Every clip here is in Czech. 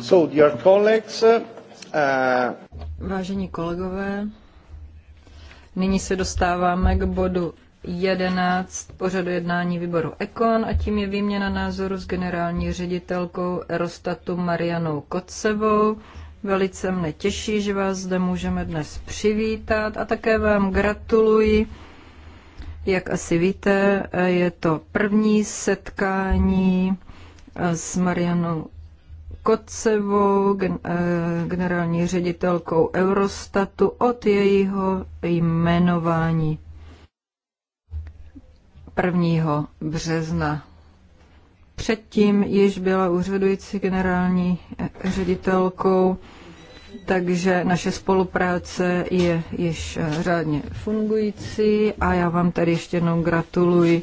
So, dear colleagues, uh... Vážení kolegové, nyní se dostáváme k bodu 11 pořadu jednání výboru Ekon a tím je výměna názoru s generální ředitelkou Erostatu Marianou Kocevou. Velice mne těší, že vás zde můžeme dnes přivítat a také vám gratuluji. Jak asi víte, je to první setkání s Marianou Kocevou, eh, generální ředitelkou Eurostatu, od jejího jmenování 1. března. Předtím již byla úřadující generální eh, ředitelkou, takže naše spolupráce je již eh, řádně fungující a já vám tady ještě jednou gratuluji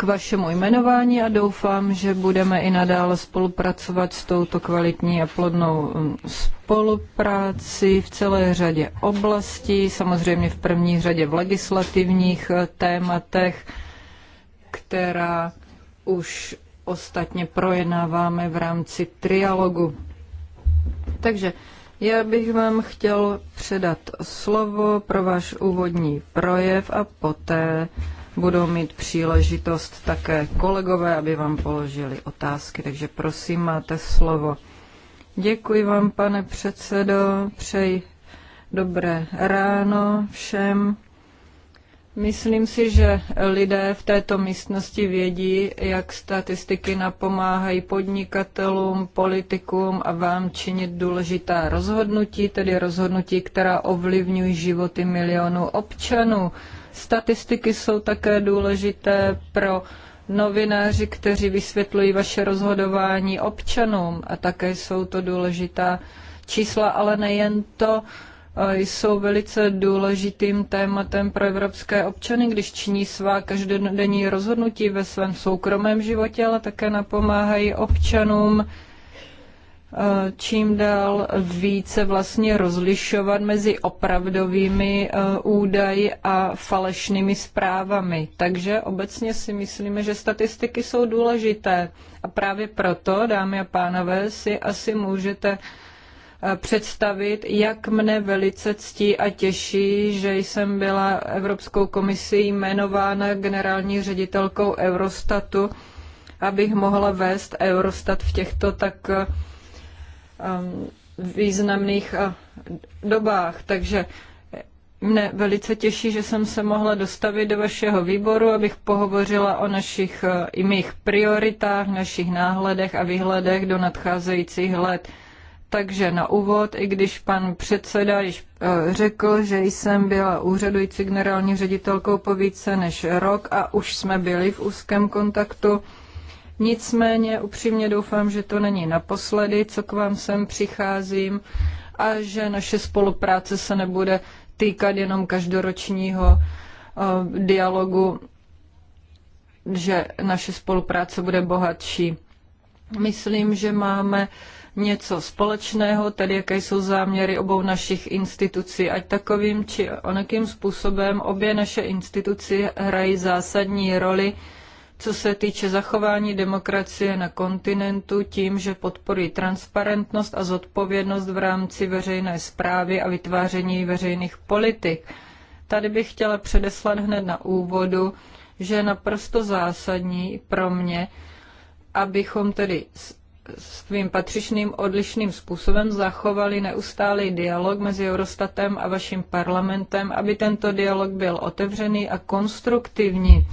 k vašemu jmenování a doufám, že budeme i nadále spolupracovat s touto kvalitní a plodnou um, spolupráci v celé řadě oblastí, samozřejmě v první řadě v legislativních eh, tématech, která už ostatně projednáváme v rámci trialogu. Takže já bych vám chtěl předat slovo pro váš úvodní projev a poté Budou mít příležitost také kolegové, aby vám položili otázky, takže prosím, máte slovo. Děkuji vám, pane předsedo, přeji dobré ráno všem. Myslím si, že lidé v této místnosti vědí, jak statistiky napomáhají podnikatelům, politikům a vám činit důležitá rozhodnutí, tedy rozhodnutí, která ovlivňují životy milionů občanů. Statistiky jsou také důležité pro novináři, kteří vysvětlují vaše rozhodování občanům a také jsou to důležitá čísla, ale nejen to, eh, jsou velice důležitým tématem pro evropské občany, když činí svá každodenní rozhodnutí ve svém soukromém životě, ale také napomáhají občanům Eh, čím dál více vlastně rozlišovat mezi opravdovými eh, údaji a falešnými zprávami. Takže obecně si myslíme, že statistiky jsou důležité. A právě proto, dámy a pánové, si asi můžete eh, představit, jak mne velice ctí a těší, že jsem byla Evropskou komisí jmenována generální ředitelkou Eurostatu, abych mohla vést Eurostat v těchto tak Um, významných uh, dobách. Takže mne velice těší, že jsem se mohla dostavit do vašeho výboru, abych pohovořila o našich uh, i mých prioritách, našich náhledech a výhledech do nadcházejících let. Takže na úvod, i když pan předseda již uh, řekl, že jsem byla úřadující generální ředitelkou po více než rok a už jsme byli v úzkém kontaktu, Nicméně upřímně doufám, že to není naposledy, co k vám sem přicházím a že naše spolupráce se nebude týkat jenom každoročního eh, dialogu, že naše spolupráce bude bohatší. Myslím, že máme něco společného, tedy jaké jsou záměry obou našich institucí, ať takovým či onakým způsobem obě naše instituci hrají zásadní roli co se týče zachování demokracie na kontinentu tím, že podporují transparentnost a zodpovědnost v rámci veřejné zprávy a vytváření veřejných politik. Tady bych chtěla předeslat hned na úvodu, že je naprosto zásadní pro mě, abychom tedy svým patřičným odlišným způsobem zachovali neustálý dialog mezi Eurostatem a vaším parlamentem, aby tento dialog byl otevřený a konstruktivní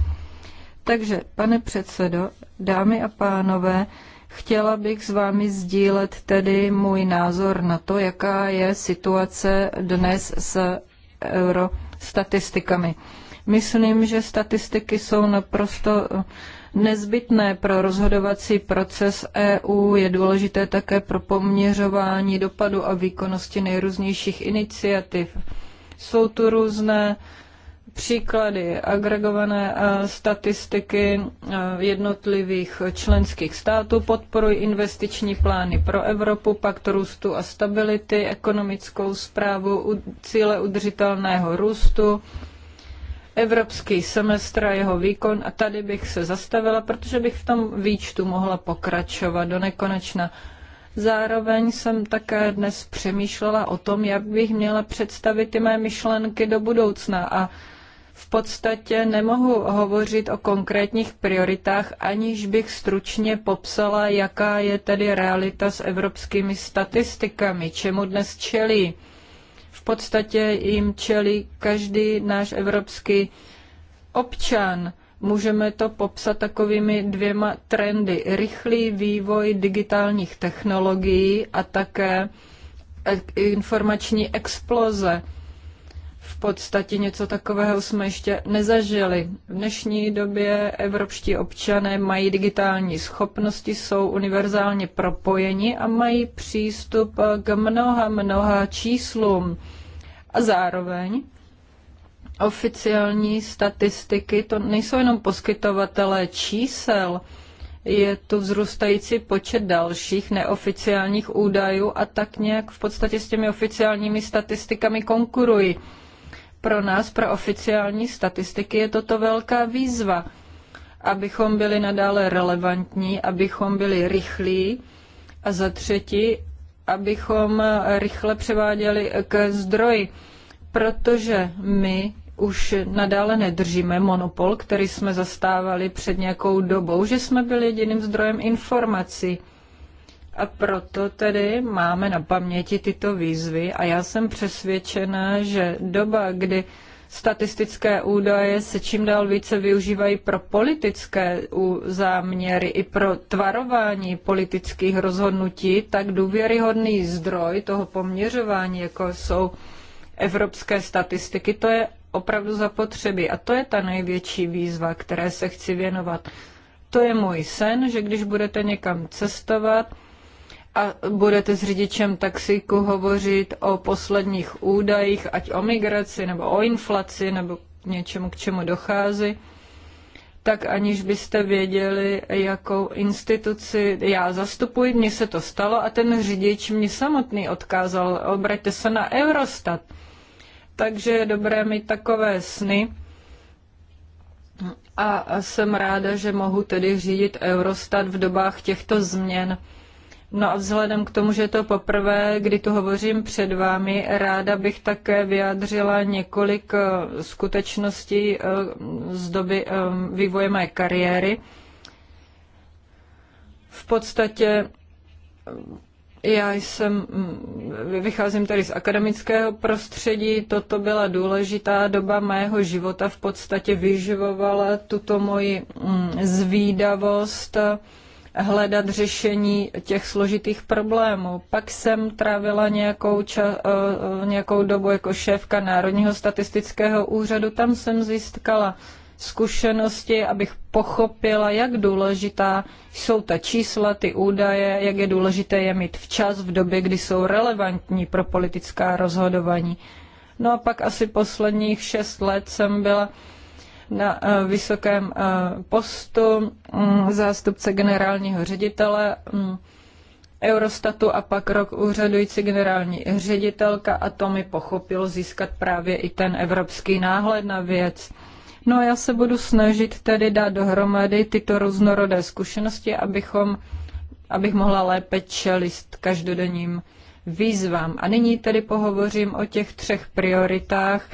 takže, pane předsedo, dámy a pánové, chtěla bych s vámi sdílet tedy můj názor na to, jaká je situace dnes s eurostatistikami. Myslím, že statistiky jsou naprosto eh, nezbytné pro rozhodovací proces EU, je důležité také pro poměřování dopadu a výkonnosti nejrůznějších iniciativ. Jsou tu různé příklady, agregované eh, statistiky eh, jednotlivých členských států, podporují investiční plány pro Evropu, pakt růstu a stability, ekonomickou zprávu, cíle udržitelného růstu, evropský semestr a jeho výkon a tady bych se zastavila, protože bych v tom výčtu mohla pokračovat do nekonečna. Zároveň jsem také dnes přemýšlela o tom, jak bych měla představit ty mé myšlenky do budoucna a v podstatě nemohu hovořit o konkrétních prioritách, aniž bych stručně popsala, jaká je tedy realita s evropskými statistikami, čemu dnes čelí. V podstatě jim čelí každý náš evropský občan. Můžeme to popsat takovými dvěma trendy. Rychlý vývoj digitálních technologií a také informační exploze v podstatě něco takového jsme ještě nezažili. V dnešní době evropští občané mají digitální schopnosti, jsou univerzálně propojeni a mají přístup k mnoha, mnoha číslům. A zároveň oficiální statistiky to nejsou jenom poskytovatelé čísel, je tu vzrůstající počet dalších neoficiálních údajů a tak nějak v podstatě s těmi oficiálními statistikami konkurují pro nás, pro oficiální statistiky, je toto velká výzva, abychom byli nadále relevantní, abychom byli rychlí a za třetí, abychom rychle převáděli k zdroji, protože my už nadále nedržíme monopol, který jsme zastávali před nějakou dobou, že jsme byli jediným zdrojem informací. A proto tedy máme na paměti tyto výzvy a já jsem přesvědčena, že doba, kdy statistické údaje se čím dál více využívají pro politické záměry i pro tvarování politických rozhodnutí, tak důvěryhodný zdroj toho poměřování, jako jsou evropské statistiky, to je opravdu zapotřebí. A to je ta největší výzva, které se chci věnovat. To je můj sen, že když budete někam cestovat, a budete s řidičem taxíku hovořit o posledních údajích, ať o migraci nebo o inflaci nebo něčemu, k čemu dochází, tak aniž byste věděli, jakou instituci já zastupuji, mně se to stalo a ten řidič mě samotný odkázal, obraťte se na Eurostat. Takže je dobré mít takové sny. A jsem ráda, že mohu tedy řídit Eurostat v dobách těchto změn No a vzhledem k tomu, že je to poprvé, kdy tu hovořím před vámi, ráda bych také vyjádřila několik eh, skutečností eh, z doby eh, vývoje mé kariéry. V podstatě já jsem, mm, vycházím tady z akademického prostředí, toto byla důležitá doba mého života, v podstatě vyživovala tuto moji mm, zvídavost, hledat řešení těch složitých problémů. Pak jsem trávila nějakou, ča, eh, eh, nějakou dobu jako šéfka Národního statistického úřadu. Tam jsem získala zkušenosti, abych pochopila, jak důležitá jsou ta čísla, ty údaje, jak je důležité je mít včas v době, kdy jsou relevantní pro politická rozhodování. No a pak asi posledních šest let jsem byla na eh, vysokém eh, postu mm, zástupce generálního ředitele mm, Eurostatu a pak rok úřadující generální ředitelka a to mi pochopilo získat právě i ten evropský náhled na věc. No a já se budu snažit tedy dát dohromady tyto různorodé zkušenosti, abychom, abych mohla lépe čelist každodenním výzvám. A nyní tedy pohovořím o těch třech prioritách,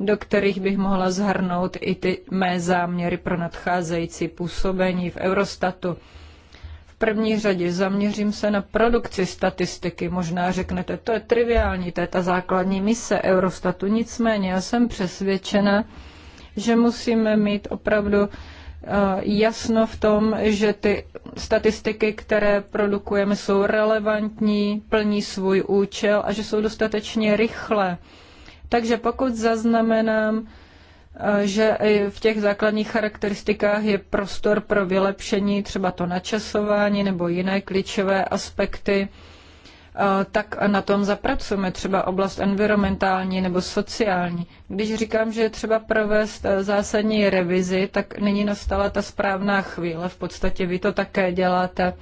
do kterých bych mohla zhrnout i ty mé záměry pro nadcházející působení v Eurostatu. V první řadě zaměřím se na produkci statistiky. Možná řeknete, to je triviální, to je ta základní mise Eurostatu. Nicméně já jsem přesvědčena, že musíme mít opravdu eh, jasno v tom, že ty statistiky, které produkujeme, jsou relevantní, plní svůj účel a že jsou dostatečně rychlé. Takže pokud zaznamenám, eh, že v těch základních charakteristikách je prostor pro vylepšení, třeba to načasování nebo jiné klíčové aspekty, eh, tak na tom zapracujeme třeba oblast environmentální nebo sociální. Když říkám, že je třeba provést eh, zásadní revizi, tak nyní nastala ta správná chvíle. V podstatě vy to také děláte.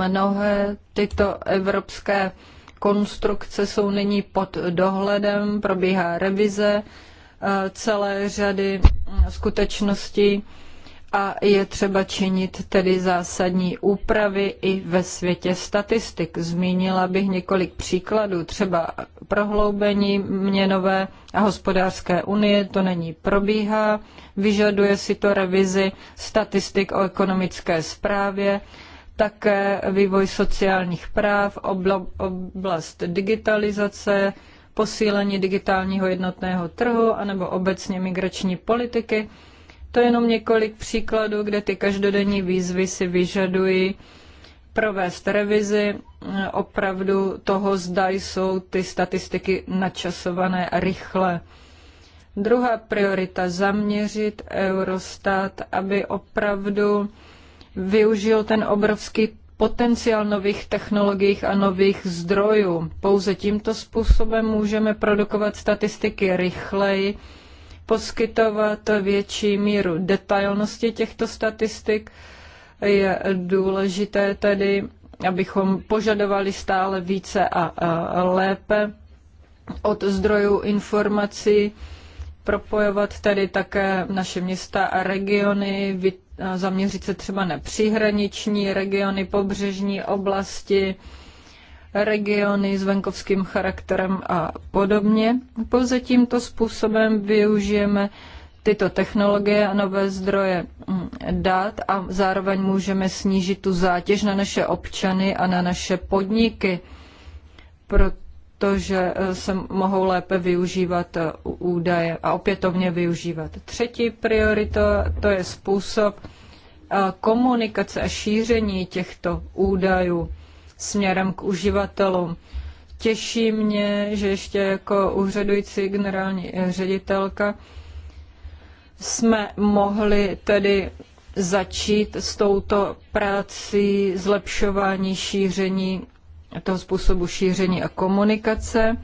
Mnohé tyto evropské konstrukce jsou nyní pod dohledem, probíhá revize eh, celé řady skutečností a je třeba činit tedy zásadní úpravy i ve světě statistik. Zmínila bych několik příkladů, třeba prohloubení měnové a hospodářské unie, to není probíhá, vyžaduje si to revizi statistik o ekonomické zprávě, také vývoj sociálních práv, oblast digitalizace, posílení digitálního jednotného trhu anebo obecně migrační politiky. To je jenom několik příkladů, kde ty každodenní výzvy si vyžadují provést revizi eh, opravdu toho, zda jsou ty statistiky načasované rychle. Druhá priorita zaměřit Eurostat, aby opravdu využil ten obrovský potenciál nových technologií a nových zdrojů. Pouze tímto způsobem můžeme produkovat statistiky rychleji, poskytovat větší míru detailnosti těchto statistik. Je důležité tedy, abychom požadovali stále více a, a lépe od zdrojů informací, propojovat tedy také naše města a regiony, zaměřit se třeba na příhraniční regiony, pobřežní oblasti, regiony s venkovským charakterem a podobně. Pouze tímto způsobem využijeme tyto technologie a nové zdroje mm, dat a zároveň můžeme snížit tu zátěž na naše občany a na naše podniky, protože to, že eh, se mohou lépe využívat eh, údaje a opětovně využívat. Třetí priorita to je způsob eh, komunikace a šíření těchto údajů směrem k uživatelům. Těší mě, že ještě jako úřadující generální ředitelka jsme mohli tedy začít s touto prací zlepšování šíření toho způsobu šíření a komunikace.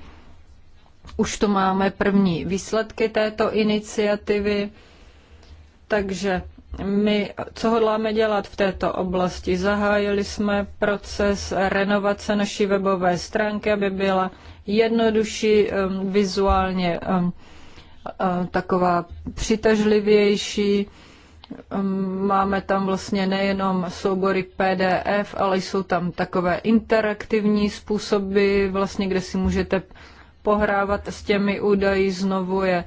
Už to máme první výsledky této iniciativy, takže my, co hodláme dělat v této oblasti? Zahájili jsme proces renovace naší webové stránky, aby byla jednodušší um, vizuálně um, uh, taková přitažlivější. Ehm, máme tam vlastně nejenom soubory PDF, ale jsou tam takové interaktivní způsoby, vlastně, kde si můžete pohrávat s těmi údaji, znovu je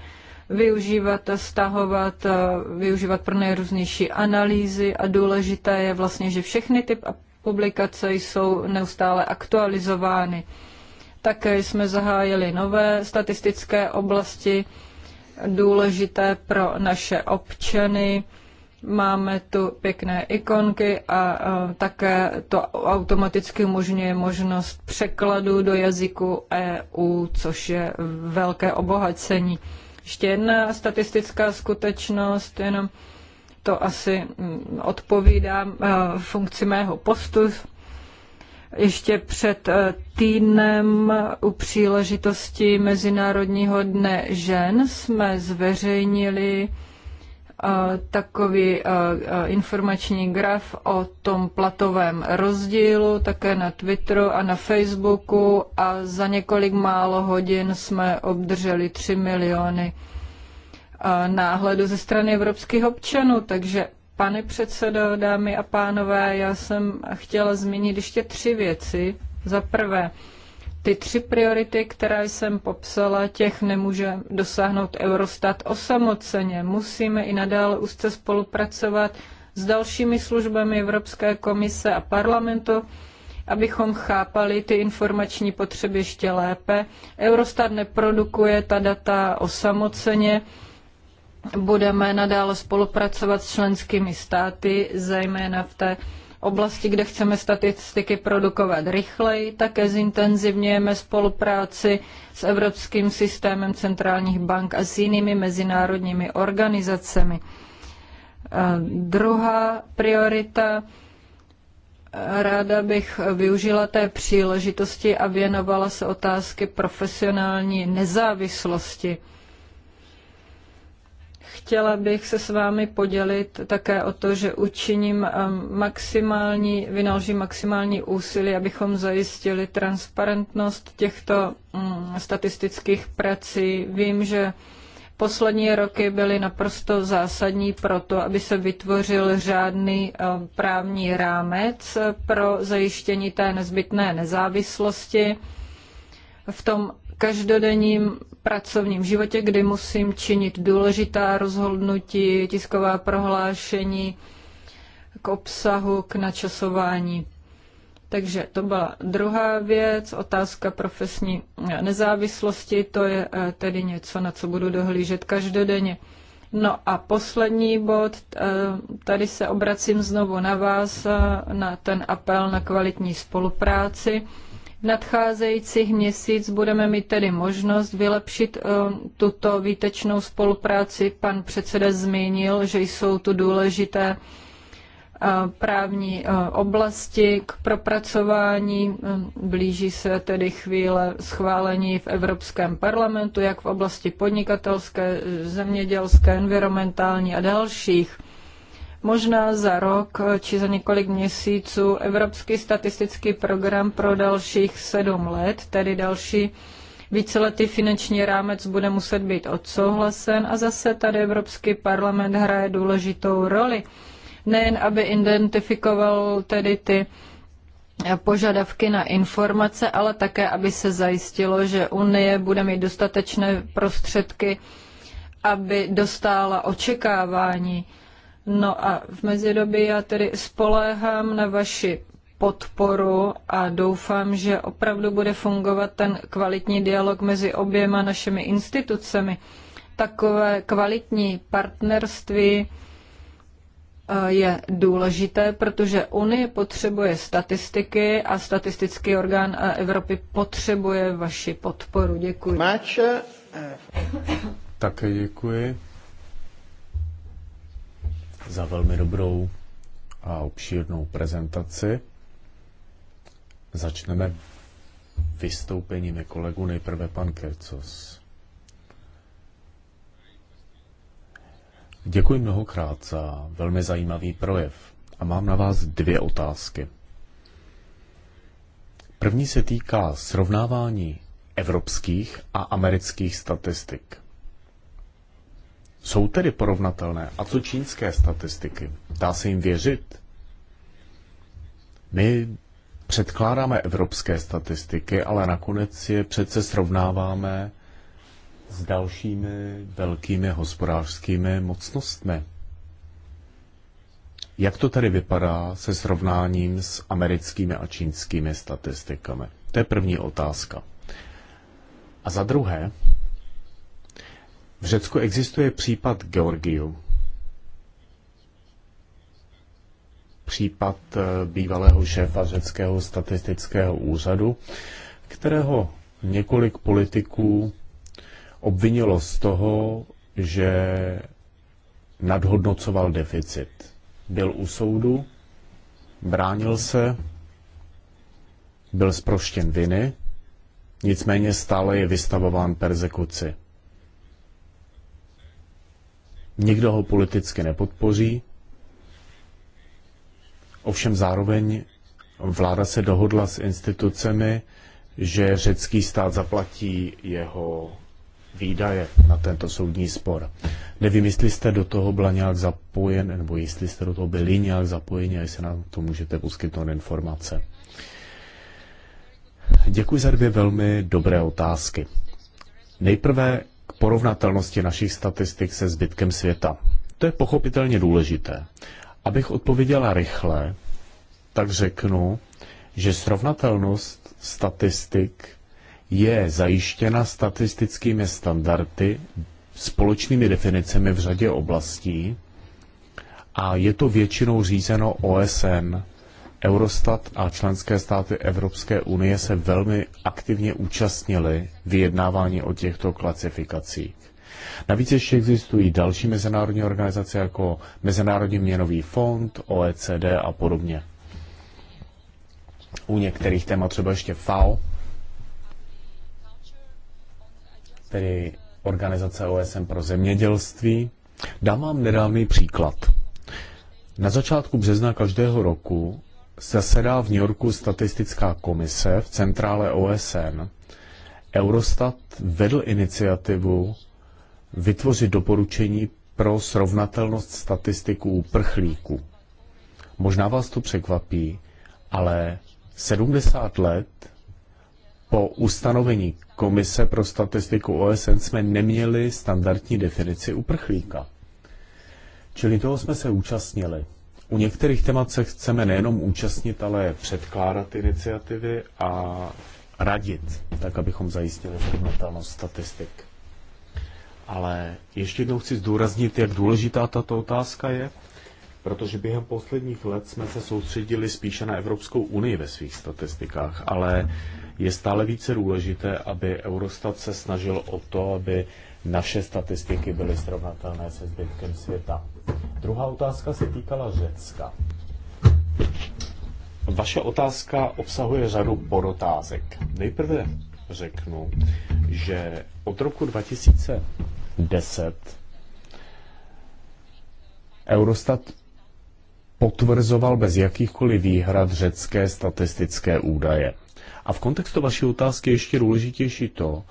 využívat, stahovat, eh, využívat pro nejrůznější analýzy a důležité je vlastně, že všechny ty publikace jsou neustále aktualizovány. Také jsme zahájili nové statistické oblasti důležité pro naše občany Máme tu pěkné ikonky a, a také to automaticky umožňuje možnost překladu do jazyku EU, což je velké obohacení. Ještě jedna statistická skutečnost, jenom to asi mm, odpovídá e, funkci mého postu. Ještě před e, týdnem u příležitosti Mezinárodního dne žen jsme zveřejnili takový informační graf o tom platovém rozdílu, také na Twitteru a na Facebooku a za několik málo hodin jsme obdrželi 3 miliony náhledu ze strany evropských občanů, takže Pane předsedo, dámy a pánové, já jsem chtěla zmínit ještě tři věci. Za prvé, ty tři priority, které jsem popsala, těch nemůže dosáhnout Eurostat osamoceně. Musíme i nadále úzce spolupracovat s dalšími službami Evropské komise a parlamentu, abychom chápali ty informační potřeby ještě lépe. Eurostat neprodukuje ta data osamoceně, budeme nadále spolupracovat s členskými státy, zejména v té oblasti, kde chceme statistiky produkovat rychleji. Také zintenzivňujeme spolupráci s Evropským systémem centrálních bank a s jinými mezinárodními organizacemi. A e, druhá priorita e, Ráda bych využila té příležitosti a věnovala se otázky profesionální nezávislosti. Chtěla bych se s vámi podělit také o to, že učiním eh, maximální, vynaložím maximální úsilí, abychom zajistili transparentnost těchto mm, statistických prací. Vím, že poslední roky byly naprosto zásadní pro to, aby se vytvořil řádný eh, právní rámec eh, pro zajištění té nezbytné nezávislosti v tom každodenním pracovním životě, kdy musím činit důležitá rozhodnutí, tisková prohlášení k obsahu, k načasování. Takže to byla druhá věc, otázka profesní nezávislosti, to je eh, tedy něco, na co budu dohlížet každodenně. No a poslední bod, eh, tady se obracím znovu na vás, eh, na ten apel na kvalitní spolupráci. V nadcházejících měsíc budeme mít tedy možnost vylepšit eh, tuto výtečnou spolupráci. Pan předseda zmínil, že jsou tu důležité eh, právní eh, oblasti k propracování. Blíží se tedy chvíle schválení v Evropském parlamentu, jak v oblasti podnikatelské, zemědělské, environmentální a dalších. Možná za rok eh, či za několik měsíců Evropský statistický program pro dalších sedm let, tedy další víceletý finanční rámec bude muset být odsouhlasen a zase tady Evropský parlament hraje důležitou roli. Nejen, aby identifikoval tedy ty eh, požadavky na informace, ale také, aby se zajistilo, že Unie bude mít dostatečné prostředky, aby dostála očekávání No a v mezidobí já tedy spoléhám na vaši podporu a doufám, že opravdu bude fungovat ten kvalitní dialog mezi oběma našimi institucemi. Takové kvalitní partnerství eh, je důležité, protože Unie potřebuje statistiky a statistický orgán Evropy potřebuje vaši podporu. Děkuji. Máče. Také děkuji za velmi dobrou a obšírnou prezentaci. Začneme vystoupením kolegu Nejprve pan Kercos. Děkuji mnohokrát za velmi zajímavý projev a mám na vás dvě otázky. První se týká srovnávání evropských a amerických statistik. Jsou tedy porovnatelné. A co čínské statistiky? Dá se jim věřit? My předkládáme evropské statistiky, ale nakonec je přece srovnáváme s dalšími velkými hospodářskými mocnostmi. Jak to tedy vypadá se srovnáním s americkými a čínskými statistikami? To je první otázka. A za druhé, v Řecku existuje případ Georgiu, případ eh, bývalého šéfa Řeckého statistického úřadu, kterého několik politiků obvinilo z toho, že nadhodnocoval deficit. Byl u soudu, bránil se, byl zproštěn viny, nicméně stále je vystavován persekuci. Nikdo ho politicky nepodpoří, ovšem zároveň vláda se dohodla s institucemi, že řecký stát zaplatí jeho výdaje na tento soudní spor. Nevím, jestli jste do toho byla nějak zapojen, nebo jestli jste do toho byli nějak zapojeni a jestli nám to můžete poskytnout informace. Děkuji za dvě velmi dobré otázky. Nejprve porovnatelnosti našich statistik se zbytkem světa. To je pochopitelně důležité. Abych odpověděla rychle, tak řeknu, že srovnatelnost statistik je zajištěna statistickými standardy, společnými definicemi v řadě oblastí a je to většinou řízeno OSN Eurostat a členské státy Evropské unie se velmi aktivně účastnili vyjednávání o těchto klasifikacích. Navíc ještě existují další mezinárodní organizace jako Mezinárodní měnový fond, OECD a podobně. U některých témat třeba ještě FAO, tedy organizace OSN pro zemědělství. Dám vám nedávný příklad. Na začátku března každého roku zasedá v New Yorku statistická komise v centrále OSN. Eurostat vedl iniciativu vytvořit doporučení pro srovnatelnost statistiků uprchlíků. Možná vás to překvapí, ale 70 let po ustanovení Komise pro statistiku OSN jsme neměli standardní definici uprchlíka. Čili toho jsme se účastnili. U některých témat se chceme nejenom účastnit, ale předkládat iniciativy a radit, tak abychom zajistili srovnatelnost statistik. Ale ještě jednou chci zdůraznit, jak důležitá tato otázka je, protože během posledních let jsme se soustředili spíše na Evropskou unii ve svých statistikách, ale je stále více důležité, aby Eurostat se snažil o to, aby naše statistiky byly srovnatelné se zbytkem světa. Druhá otázka se týkala Řecka. Vaše otázka obsahuje řadu podotázek. Nejprve řeknu, že od roku 2010 Eurostat potvrzoval bez jakýchkoliv výhrad řecké statistické údaje. A v kontextu vaší otázky je ještě důležitější to,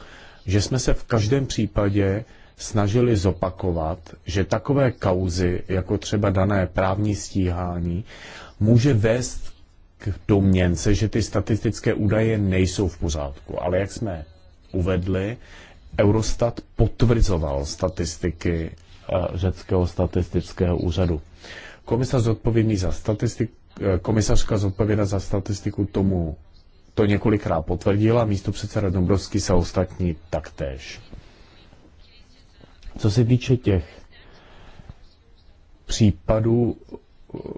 že jsme se v každém případě snažili zopakovat, že takové kauzy, jako třeba dané právní stíhání, může vést k domněnce, že ty statistické údaje nejsou v pořádku. Ale jak jsme uvedli, Eurostat potvrzoval statistiky eh, řeckého statistického úřadu. Komisař zodpovědný za statistik, eh, komisařka zodpovědná za statistiku tomu to několikrát potvrdila, místo předseda Dombrovský se ostatní taktéž. Co se týče těch případů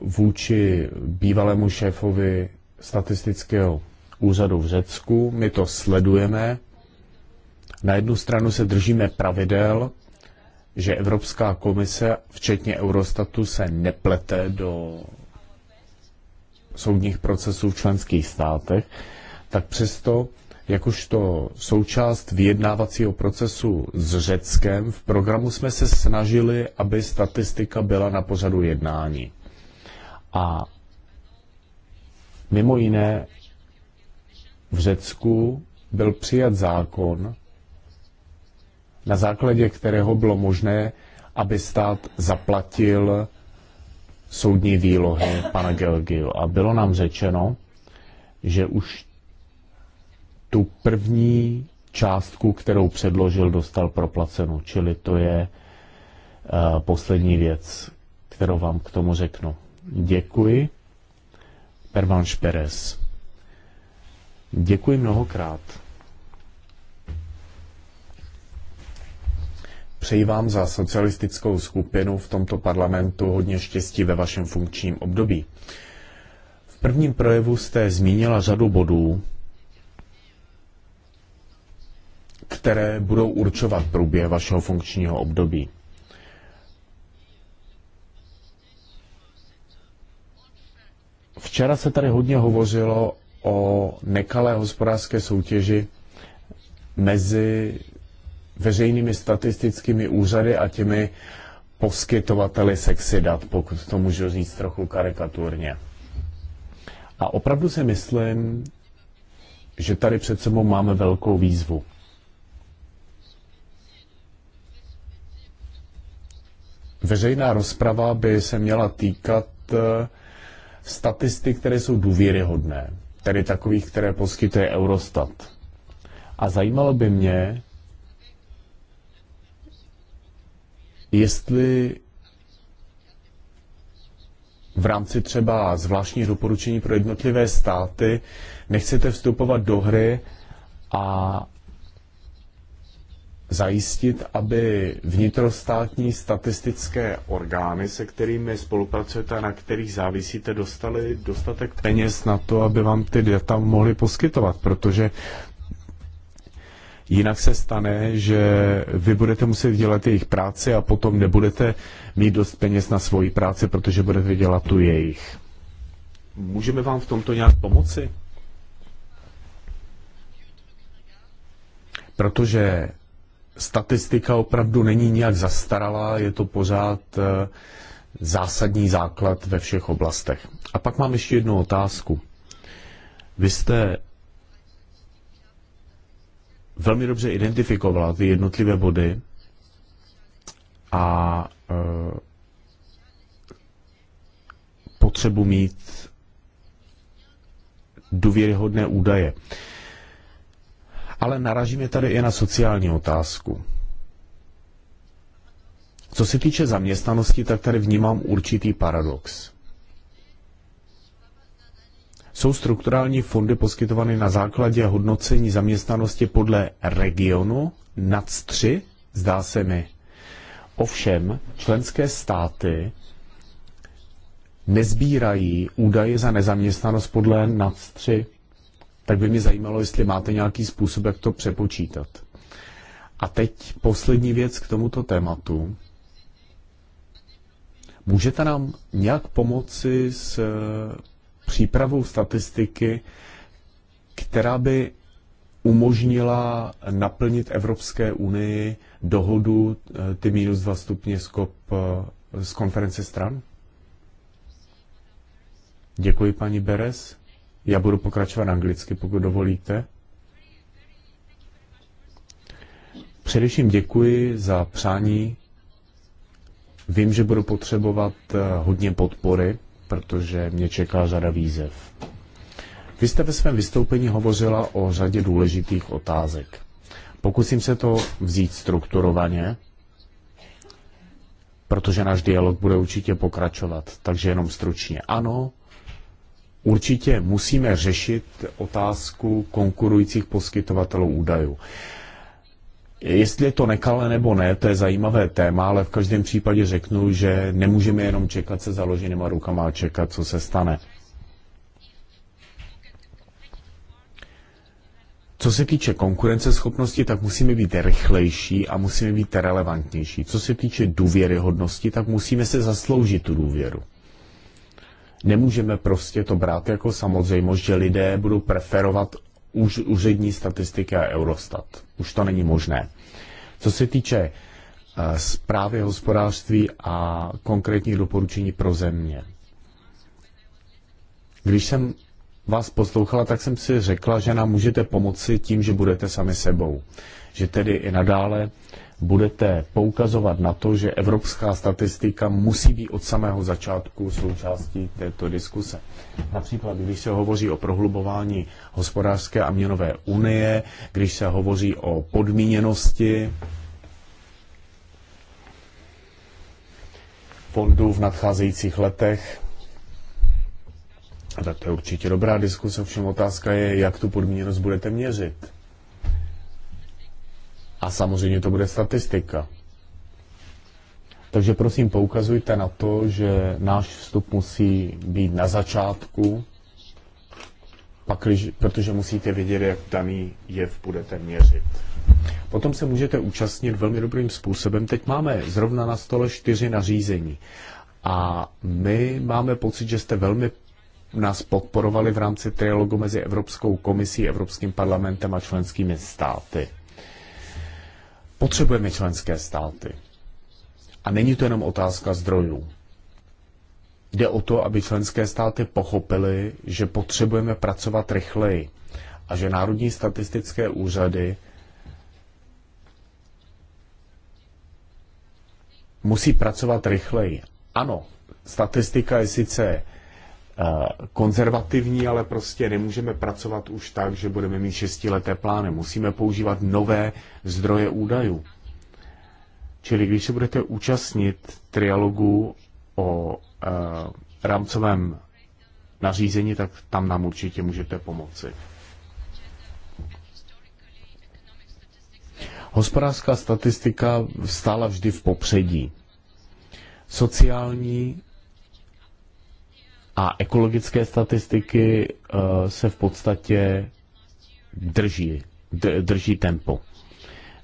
vůči bývalému šéfovi statistického úřadu v Řecku, my to sledujeme. Na jednu stranu se držíme pravidel, že Evropská komise, včetně Eurostatu, se neplete do soudních procesů v členských státech, tak přesto jakožto součást vyjednávacího procesu s Řeckem. V programu jsme se snažili, aby statistika byla na pořadu jednání. A mimo jiné v Řecku byl přijat zákon, na základě kterého bylo možné, aby stát zaplatil soudní výlohy pana Gelgil. A bylo nám řečeno, že už tu první částku, kterou předložil, dostal proplacenou, Čili to je eh, poslední věc, kterou vám k tomu řeknu. Děkuji. Pervan Šperes. Děkuji mnohokrát. Přeji vám za socialistickou skupinu v tomto parlamentu hodně štěstí ve vašem funkčním období. V prvním projevu jste zmínila řadu bodů, které budou určovat průběh vašeho funkčního období. Včera se tady hodně hovořilo o nekalé hospodářské soutěži mezi veřejnými statistickými úřady a těmi poskytovateli sexy dat, pokud to můžu říct trochu karikaturně. A opravdu si myslím, že tady před sebou máme velkou výzvu. veřejná rozprava by se měla týkat eh, statistik, které jsou důvěryhodné, tedy takových, které poskytuje Eurostat. A zajímalo by mě, jestli v rámci třeba zvláštních doporučení pro jednotlivé státy nechcete vstupovat do hry a zajistit, aby vnitrostátní statistické orgány, se kterými spolupracujete a na kterých závisíte, dostali dostatek peněz na to, aby vám ty data mohly poskytovat, protože Jinak se stane, že vy budete muset dělat jejich práci a potom nebudete mít dost peněz na svoji práci, protože budete dělat tu jejich. Můžeme vám v tomto nějak pomoci? Protože statistika opravdu není nijak zastaralá, je to pořád eh, zásadní základ ve všech oblastech. A pak mám ještě jednu otázku. Vy jste velmi dobře identifikovala ty jednotlivé body a eh, potřebu mít důvěryhodné údaje. Ale naražíme tady i na sociální otázku. Co se týče zaměstnanosti, tak tady vnímám určitý paradox. Jsou strukturální fondy poskytovány na základě hodnocení zaměstnanosti podle regionu nad 3, zdá se mi. Ovšem, členské státy nezbírají údaje za nezaměstnanost podle NAC 3 tak by mě zajímalo, jestli máte nějaký způsob, jak to přepočítat. A teď poslední věc k tomuto tématu. Můžete nám nějak pomoci s eh, přípravou statistiky, která by umožnila naplnit Evropské unii dohodu eh, ty minus dva stupně z, COP, eh, z konference stran? Děkuji, paní Beres. Já budu pokračovat anglicky, pokud dovolíte. Především děkuji za přání. Vím, že budu potřebovat eh, hodně podpory, protože mě čeká řada výzev. Vy jste ve svém vystoupení hovořila o řadě důležitých otázek. Pokusím se to vzít strukturovaně, protože náš dialog bude určitě pokračovat, takže jenom stručně. Ano, určitě musíme řešit otázku konkurujících poskytovatelů údajů. Jestli je to nekalé nebo ne, to je zajímavé téma, ale v každém případě řeknu, že nemůžeme jenom čekat se založenýma rukama a čekat, co se stane. Co se týče konkurenceschopnosti, tak musíme být rychlejší a musíme být relevantnější. Co se týče důvěryhodnosti, tak musíme se zasloužit tu důvěru. Nemůžeme prostě to brát jako samozřejmost, že lidé budou preferovat už úřední statistiky a Eurostat. Už to není možné. Co se týče eh, zprávy hospodářství a konkrétních doporučení pro země. Když jsem vás poslouchala, tak jsem si řekla, že nám můžete pomoci tím, že budete sami sebou. Že tedy i nadále budete poukazovat na to, že evropská statistika musí být od samého začátku součástí této diskuse. Například, když se hovoří o prohlubování hospodářské a měnové unie, když se hovoří o podmíněnosti fondů v nadcházejících letech, tak to je určitě dobrá diskuse, všem otázka je, jak tu podmíněnost budete měřit. A samozřejmě to bude statistika. Takže prosím, poukazujte na to, že náš vstup musí být na začátku, pakliž, protože musíte vědět, jak daný jev budete měřit. Potom se můžete účastnit velmi dobrým způsobem. Teď máme zrovna na stole čtyři nařízení. A my máme pocit, že jste velmi nás podporovali v rámci trialogu mezi Evropskou komisí, Evropským parlamentem a členskými státy. Potřebujeme členské státy. A není to jenom otázka zdrojů. Jde o to, aby členské státy pochopily, že potřebujeme pracovat rychleji a že národní statistické úřady musí pracovat rychleji. Ano, statistika je sice Eh, konzervativní, ale prostě nemůžeme pracovat už tak, že budeme mít šestileté plány. Musíme používat nové zdroje údajů. Čili když se budete účastnit trialogu o uh, rámcovém nařízení, tak tam nám určitě můžete pomoci. Hospodářská statistika stála vždy v popředí. Sociální a ekologické statistiky eh, se v podstatě drží, drží tempo.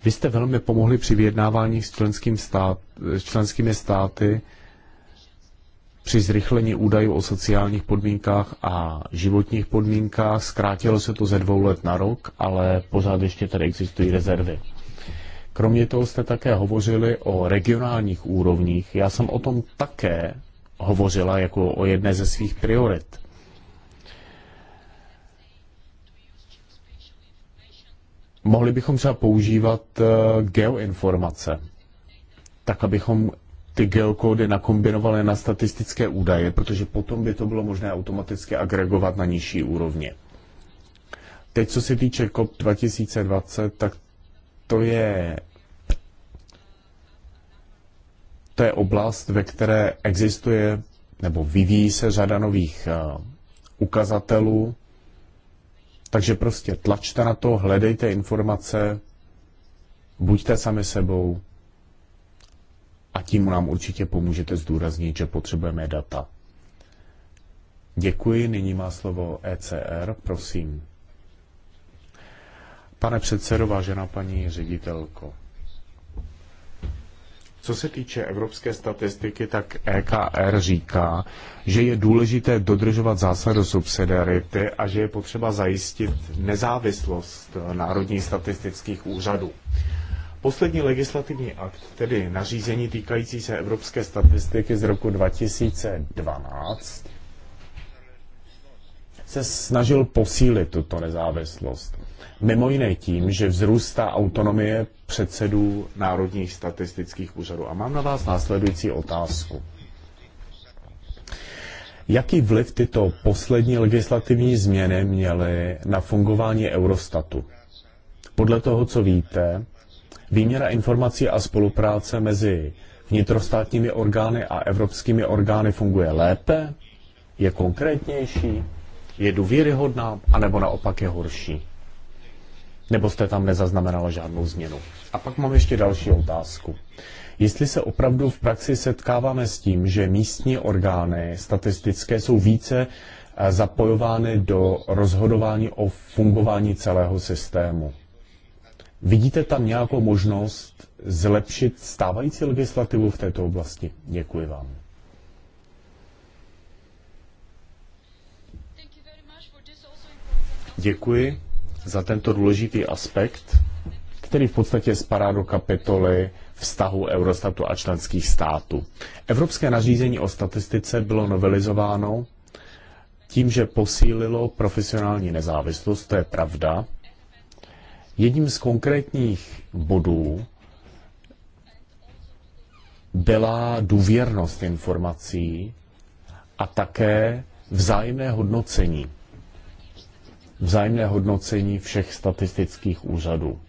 Vy jste velmi pomohli při vyjednávání s členským stát, s členskými státy při zrychlení údajů o sociálních podmínkách a životních podmínkách. Zkrátilo se to ze dvou let na rok, ale pořád ještě tady existují rezervy. Kromě toho jste také hovořili o regionálních úrovních. Já jsem o tom také hovořila jako o jedné ze svých priorit. Mohli bychom třeba používat eh, geoinformace, tak abychom ty geokódy nakombinovali na statistické údaje, protože potom by to bylo možné automaticky agregovat na nižší úrovni. Teď, co se týče COP 2020, tak to je to je oblast, ve které existuje nebo vyvíjí se řada nových eh, ukazatelů, takže prostě tlačte na to, hledejte informace, buďte sami sebou a tím nám určitě pomůžete zdůraznit, že potřebujeme data. Děkuji, nyní má slovo ECR, prosím. Pane předsedo, vážená paní ředitelko, co se týče evropské statistiky, tak EKR říká, že je důležité dodržovat zásadu subsidiarity a že je potřeba zajistit nezávislost národních statistických úřadů. Poslední legislativní akt, tedy nařízení týkající se evropské statistiky z roku 2012, se snažil posílit tuto nezávislost. Mimo jiné tím, že vzrůstá autonomie předsedů národních statistických úřadů. A mám na vás následující otázku. Jaký vliv tyto poslední legislativní změny měly na fungování Eurostatu? Podle toho, co víte, výměra informací a spolupráce mezi vnitrostátními orgány a evropskými orgány funguje lépe, je konkrétnější, je důvěryhodná, anebo naopak je horší. Nebo jste tam nezaznamenala žádnou změnu? A pak mám ještě další otázku. Jestli se opravdu v praxi setkáváme s tím, že místní orgány statistické jsou více eh, zapojovány do rozhodování o fungování celého systému. Vidíte tam nějakou možnost zlepšit stávající legislativu v této oblasti? Děkuji vám. Děkuji za tento důležitý aspekt, který v podstatě spadá do kapitoly vztahu Eurostatu a členských států. Evropské nařízení o statistice bylo novelizováno tím, že posílilo profesionální nezávislost, to je pravda. Jedním z konkrétních bodů byla důvěrnost informací a také vzájemné hodnocení vzájemné hodnocení všech statistických úřadů.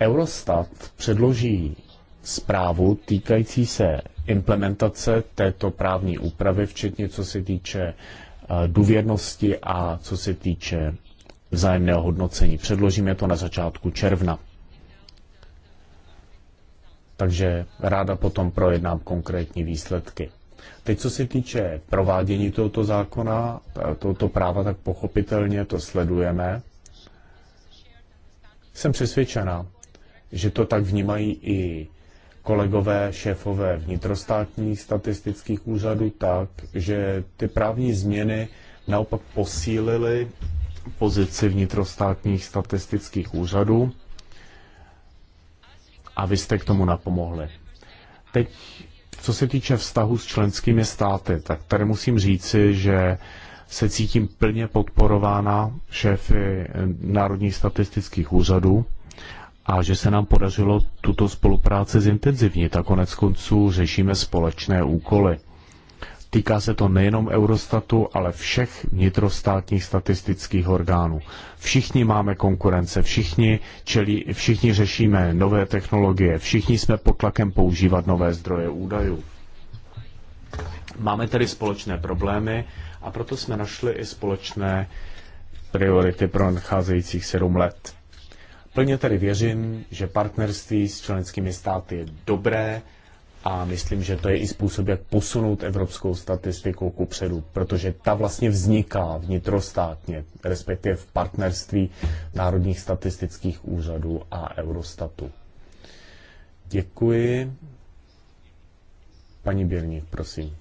Eurostat předloží zprávu týkající se implementace této právní úpravy, včetně co se týče eh, důvěrnosti a co se týče vzájemného hodnocení. Předložíme to na začátku června. Takže ráda potom projednám konkrétní výsledky. Teď, co se týče provádění tohoto zákona, tohoto práva, tak pochopitelně to sledujeme. Jsem přesvědčena, že to tak vnímají i kolegové, šéfové vnitrostátních statistických úřadů tak, že ty právní změny naopak posílily pozici vnitrostátních statistických úřadů a vy jste k tomu napomohli. Teď co se týče vztahu s členskými státy, tak tady musím říci, že se cítím plně podporována šéfy Národních statistických úřadů a že se nám podařilo tuto spolupráci zintenzivnit a konec konců řešíme společné úkoly. Týká se to nejenom Eurostatu, ale všech vnitrostátních statistických orgánů. Všichni máme konkurence, všichni, čelí, všichni řešíme nové technologie, všichni jsme pod tlakem používat nové zdroje údajů. Máme tedy společné problémy a proto jsme našli i společné priority pro nadcházejících sedm let. Plně tedy věřím, že partnerství s členskými státy je dobré, a myslím, že to je i způsob, jak posunout evropskou statistiku ku předu, protože ta vlastně vzniká vnitrostátně, respektive v partnerství národních statistických úřadů a Eurostatu. Děkuji. Paní Běrník, prosím.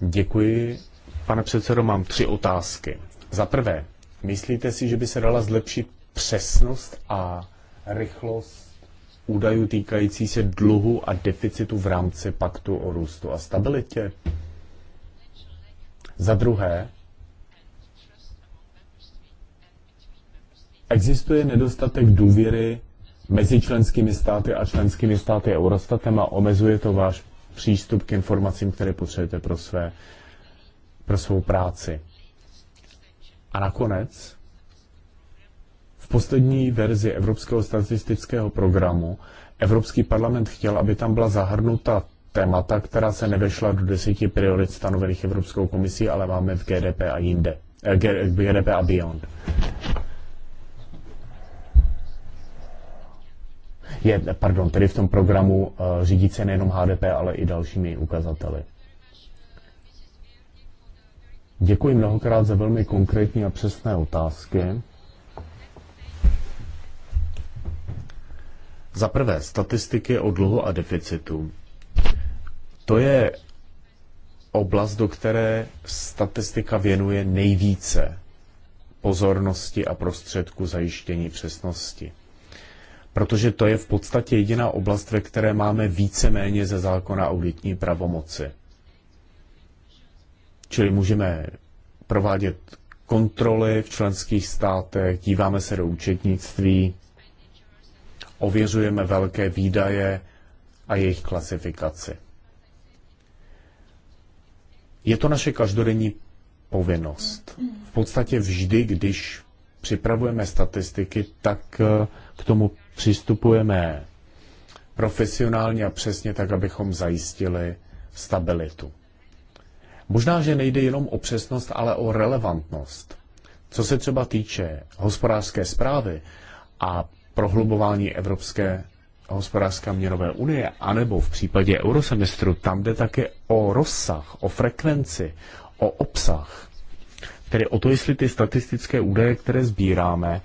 Děkuji. Pane předsedo, mám tři otázky. Za prvé, myslíte si, že by se dala zlepšit přesnost a rychlost údajů týkající se dluhu a deficitu v rámci paktu o růstu a stabilitě? Za druhé, existuje nedostatek důvěry mezi členskými státy a členskými státy Eurostatem a omezuje to váš přístup k informacím, které potřebujete pro, své, pro svou práci. A nakonec, poslední verzi Evropského statistického programu Evropský parlament chtěl, aby tam byla zahrnuta témata, která se nevešla do deseti priorit stanovených Evropskou komisí, ale máme v GDP a jinde. Eh, GDP eh, a beyond. Je, pardon, tedy v tom programu uh, eh, řídí se nejenom HDP, ale i dalšími ukazateli. Děkuji mnohokrát za velmi konkrétní a přesné otázky. Za prvé, statistiky o dluhu a deficitu. To je oblast, do které statistika věnuje nejvíce pozornosti a prostředku zajištění přesnosti. Protože to je v podstatě jediná oblast, ve které máme více-méně ze zákona auditní pravomoci. Čili můžeme provádět kontroly v členských státech, díváme se do účetnictví, ověřujeme velké výdaje a jejich klasifikaci. Je to naše každodenní povinnost. V podstatě vždy, když připravujeme statistiky, tak eh, k tomu přistupujeme profesionálně a přesně tak, abychom zajistili stabilitu. Možná, že nejde jenom o přesnost, ale o relevantnost. Co se třeba týče hospodářské zprávy a prohlubování Evropské hospodářské měnové unie, anebo v případě eurosemestru, tam jde také o rozsah, o frekvenci, o obsah. Tedy o to, jestli ty statistické údaje, které sbíráme,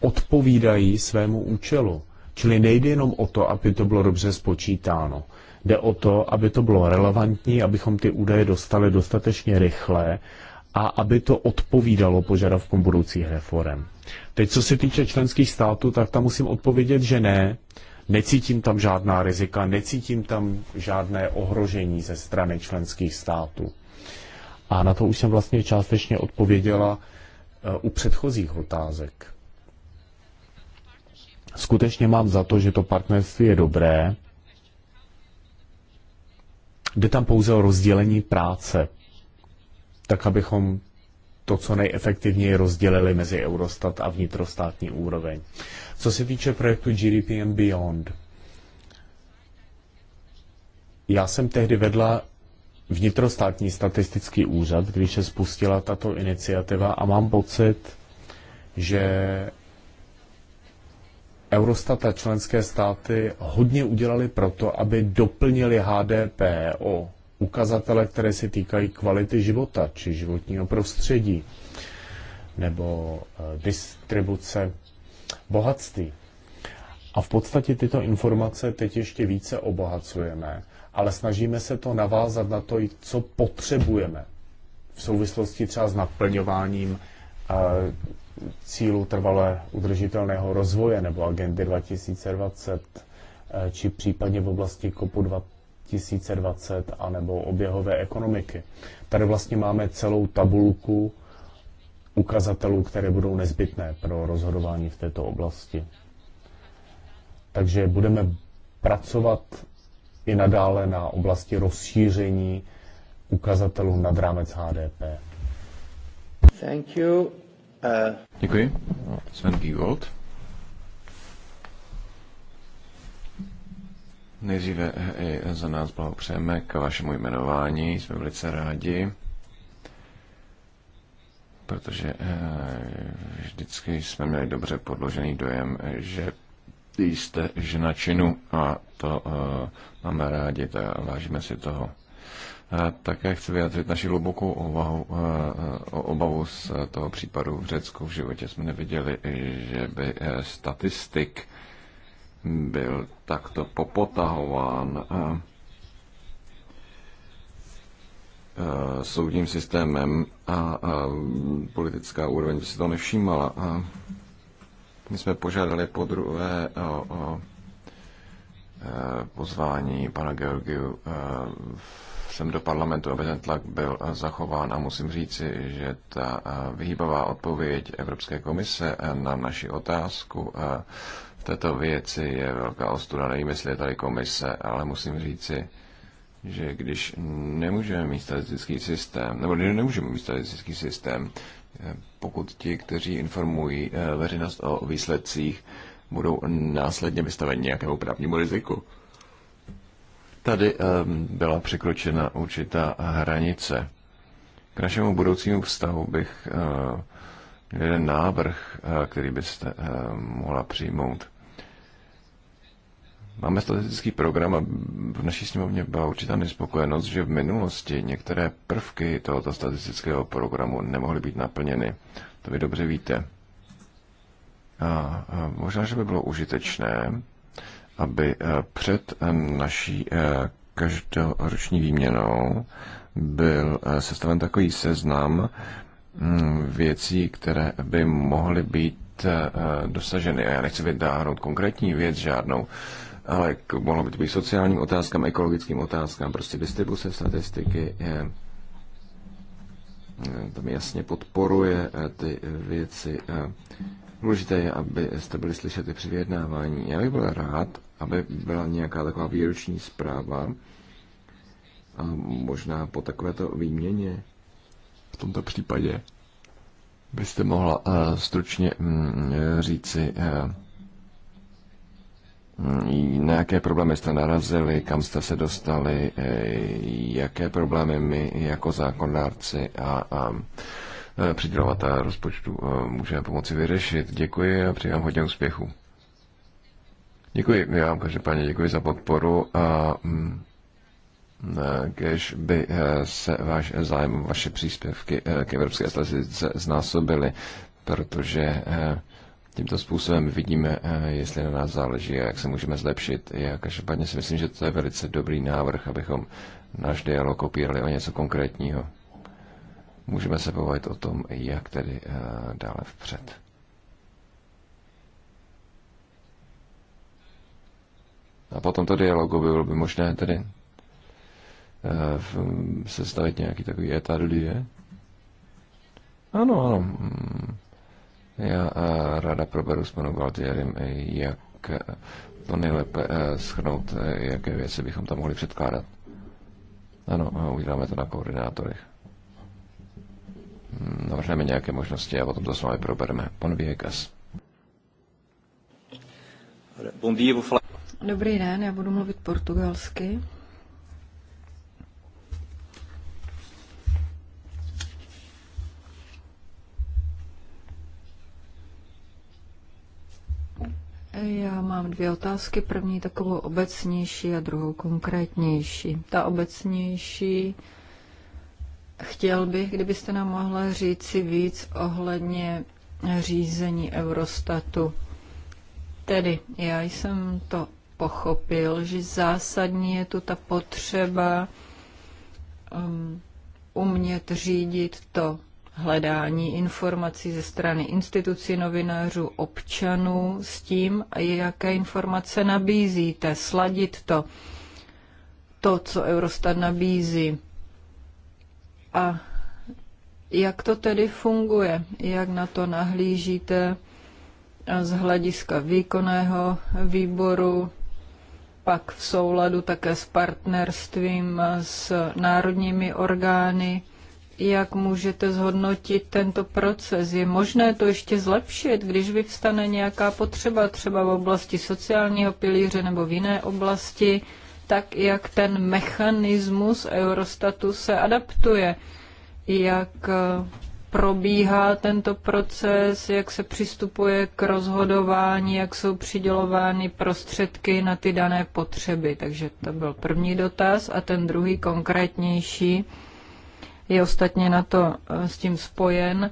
odpovídají svému účelu. Čili nejde jenom o to, aby to bylo dobře spočítáno. Jde o to, aby to bylo relevantní, abychom ty údaje dostali dostatečně rychle a aby to odpovídalo požadavkům budoucích reform. Teď, co se týče členských států, tak tam musím odpovědět, že ne. Necítím tam žádná rizika, necítím tam žádné ohrožení ze strany členských států. A na to už jsem vlastně částečně odpověděla eh, u předchozích otázek. Skutečně mám za to, že to partnerství je dobré. Jde tam pouze o rozdělení práce, tak abychom to, co nejefektivněji rozdělili mezi Eurostat a vnitrostátní úroveň. Co se týče projektu GDP and Beyond, já jsem tehdy vedla vnitrostátní statistický úřad, když se spustila tato iniciativa a mám pocit, že Eurostat a členské státy hodně udělali proto, aby doplnili HDP o ukazatele, které se týkají kvality života či životního prostředí nebo eh, distribuce bohatství. A v podstatě tyto informace teď ještě více obohacujeme, ale snažíme se to navázat na to, co potřebujeme v souvislosti třeba s naplňováním eh, cílu trvalé udržitelného rozvoje nebo agendy 2020, eh, či případně v oblasti COP, 2020 anebo oběhové ekonomiky. Tady vlastně máme celou tabulku ukazatelů, které budou nezbytné pro rozhodování v této oblasti. Takže budeme pracovat i nadále na oblasti rozšíření ukazatelů nad rámec HDP. Thank you. Uh... Děkuji. Sven Giewold. Nejdříve eh, i za nás blahopřejeme k vašemu jmenování. Jsme velice rádi, protože eh, vždycky jsme měli dobře podložený dojem, že jste žena činu a to eh, máme rádi a vážíme si toho. A také chci vyjádřit naši hlubokou obavu, obavu z toho případu v Řecku. V životě jsme neviděli, že by statistik byl takto popotahován eh, eh, soudním systémem a politická úroveň by si to nevšímala. My jsme požádali po druhé o, o eh, pozvání pana Georgiu sem do parlamentu, aby ten tlak byl zachován a musím říci, že ta vyhýbavá odpověď Evropské komise na naši otázku této věci je velká ostuda. Nevím, jestli je tady komise, ale musím říci, že když nemůžeme mít statistický systém, nebo když nemůžeme mít statistický systém, pokud ti, kteří informují eh, veřejnost o výsledcích, budou následně vystaveni nějakému právnímu riziku. Tady eh, byla překročena určitá hranice. K našemu budoucímu vztahu bych eh, jeden návrh, který byste mohla přijmout. Máme statistický program a v naší sněmovně byla určitá nespokojenost, že v minulosti některé prvky tohoto statistického programu nemohly být naplněny. To vy dobře víte. A, možná, že by bylo užitečné, aby e, před naší e, každoroční výměnou byl e, sestaven takový seznam mm, věcí, které by mohly být dosaženy. A já nechci vydáhnout konkrétní věc žádnou, ale k, mohlo by to být sociálním otázkám, ekologickým otázkám, prostě distribuce statistiky je, eh, tam jasně podporuje eh, ty věci. Eh. Důležité je, abyste byli slyšet i při vyjednávání. Já bych byl rád, aby byla nějaká taková výroční zpráva a možná po takovéto výměně v tomto případě byste mohla stručně mm, říci, Mm, na jaké problémy jste narazili, kam jste se dostali, e, jaké problémy my jako zákonárci a, a e, přidělovatelé rozpočtu e, můžeme pomoci vyřešit. Děkuji a přeji vám hodně úspěchu. Děkuji, já vám každopádně děkuji za podporu a mm, když by se váš zájem, vaše příspěvky k Evropské statistice znásobily, protože Tímto způsobem vidíme, eh, jestli na nás záleží a jak se můžeme zlepšit. Já každopádně si myslím, že to je velice dobrý návrh, abychom náš dialog opírali o něco konkrétního. Můžeme se povědět o tom, jak tedy eh, dále vpřed. A po tomto dialogu by bylo by možné tedy eh, sestavit nějaký takový etat die. Ano, ano, já eh, ráda proberu s panem Gualtierem, eh, jak eh, to nejlépe schrnout, jaké věci bychom tam mohli předkládat. Ano, uděláme to na koordinátorech. Hmm, navrhneme nějaké možnosti a potom to s vámi probereme. Pan Viegas. Dobrý den, já budu mluvit portugalsky. Já mám dvě otázky. První takovou obecnější a druhou konkrétnější. Ta obecnější, chtěl bych, kdybyste nám mohla říci víc ohledně řízení Eurostatu. Tedy, já jsem to pochopil, že zásadní je tu ta potřeba um, umět řídit to hledání informací ze strany institucí, novinářů, občanů s tím, jaké informace nabízíte, sladit to, to, co Eurostat nabízí. A jak to tedy funguje? Jak na to nahlížíte z hlediska výkonného výboru, pak v souladu také s partnerstvím s národními orgány? Jak můžete zhodnotit tento proces? Je možné to ještě zlepšit, když vyvstane nějaká potřeba, třeba v oblasti sociálního pilíře nebo v jiné oblasti, tak jak ten mechanismus Eurostatu se adaptuje, jak eh, probíhá tento proces, jak se přistupuje k rozhodování, jak jsou přidělovány prostředky na ty dané potřeby. Takže to byl první dotaz a ten druhý konkrétnější je ostatně na to eh, s tím spojen.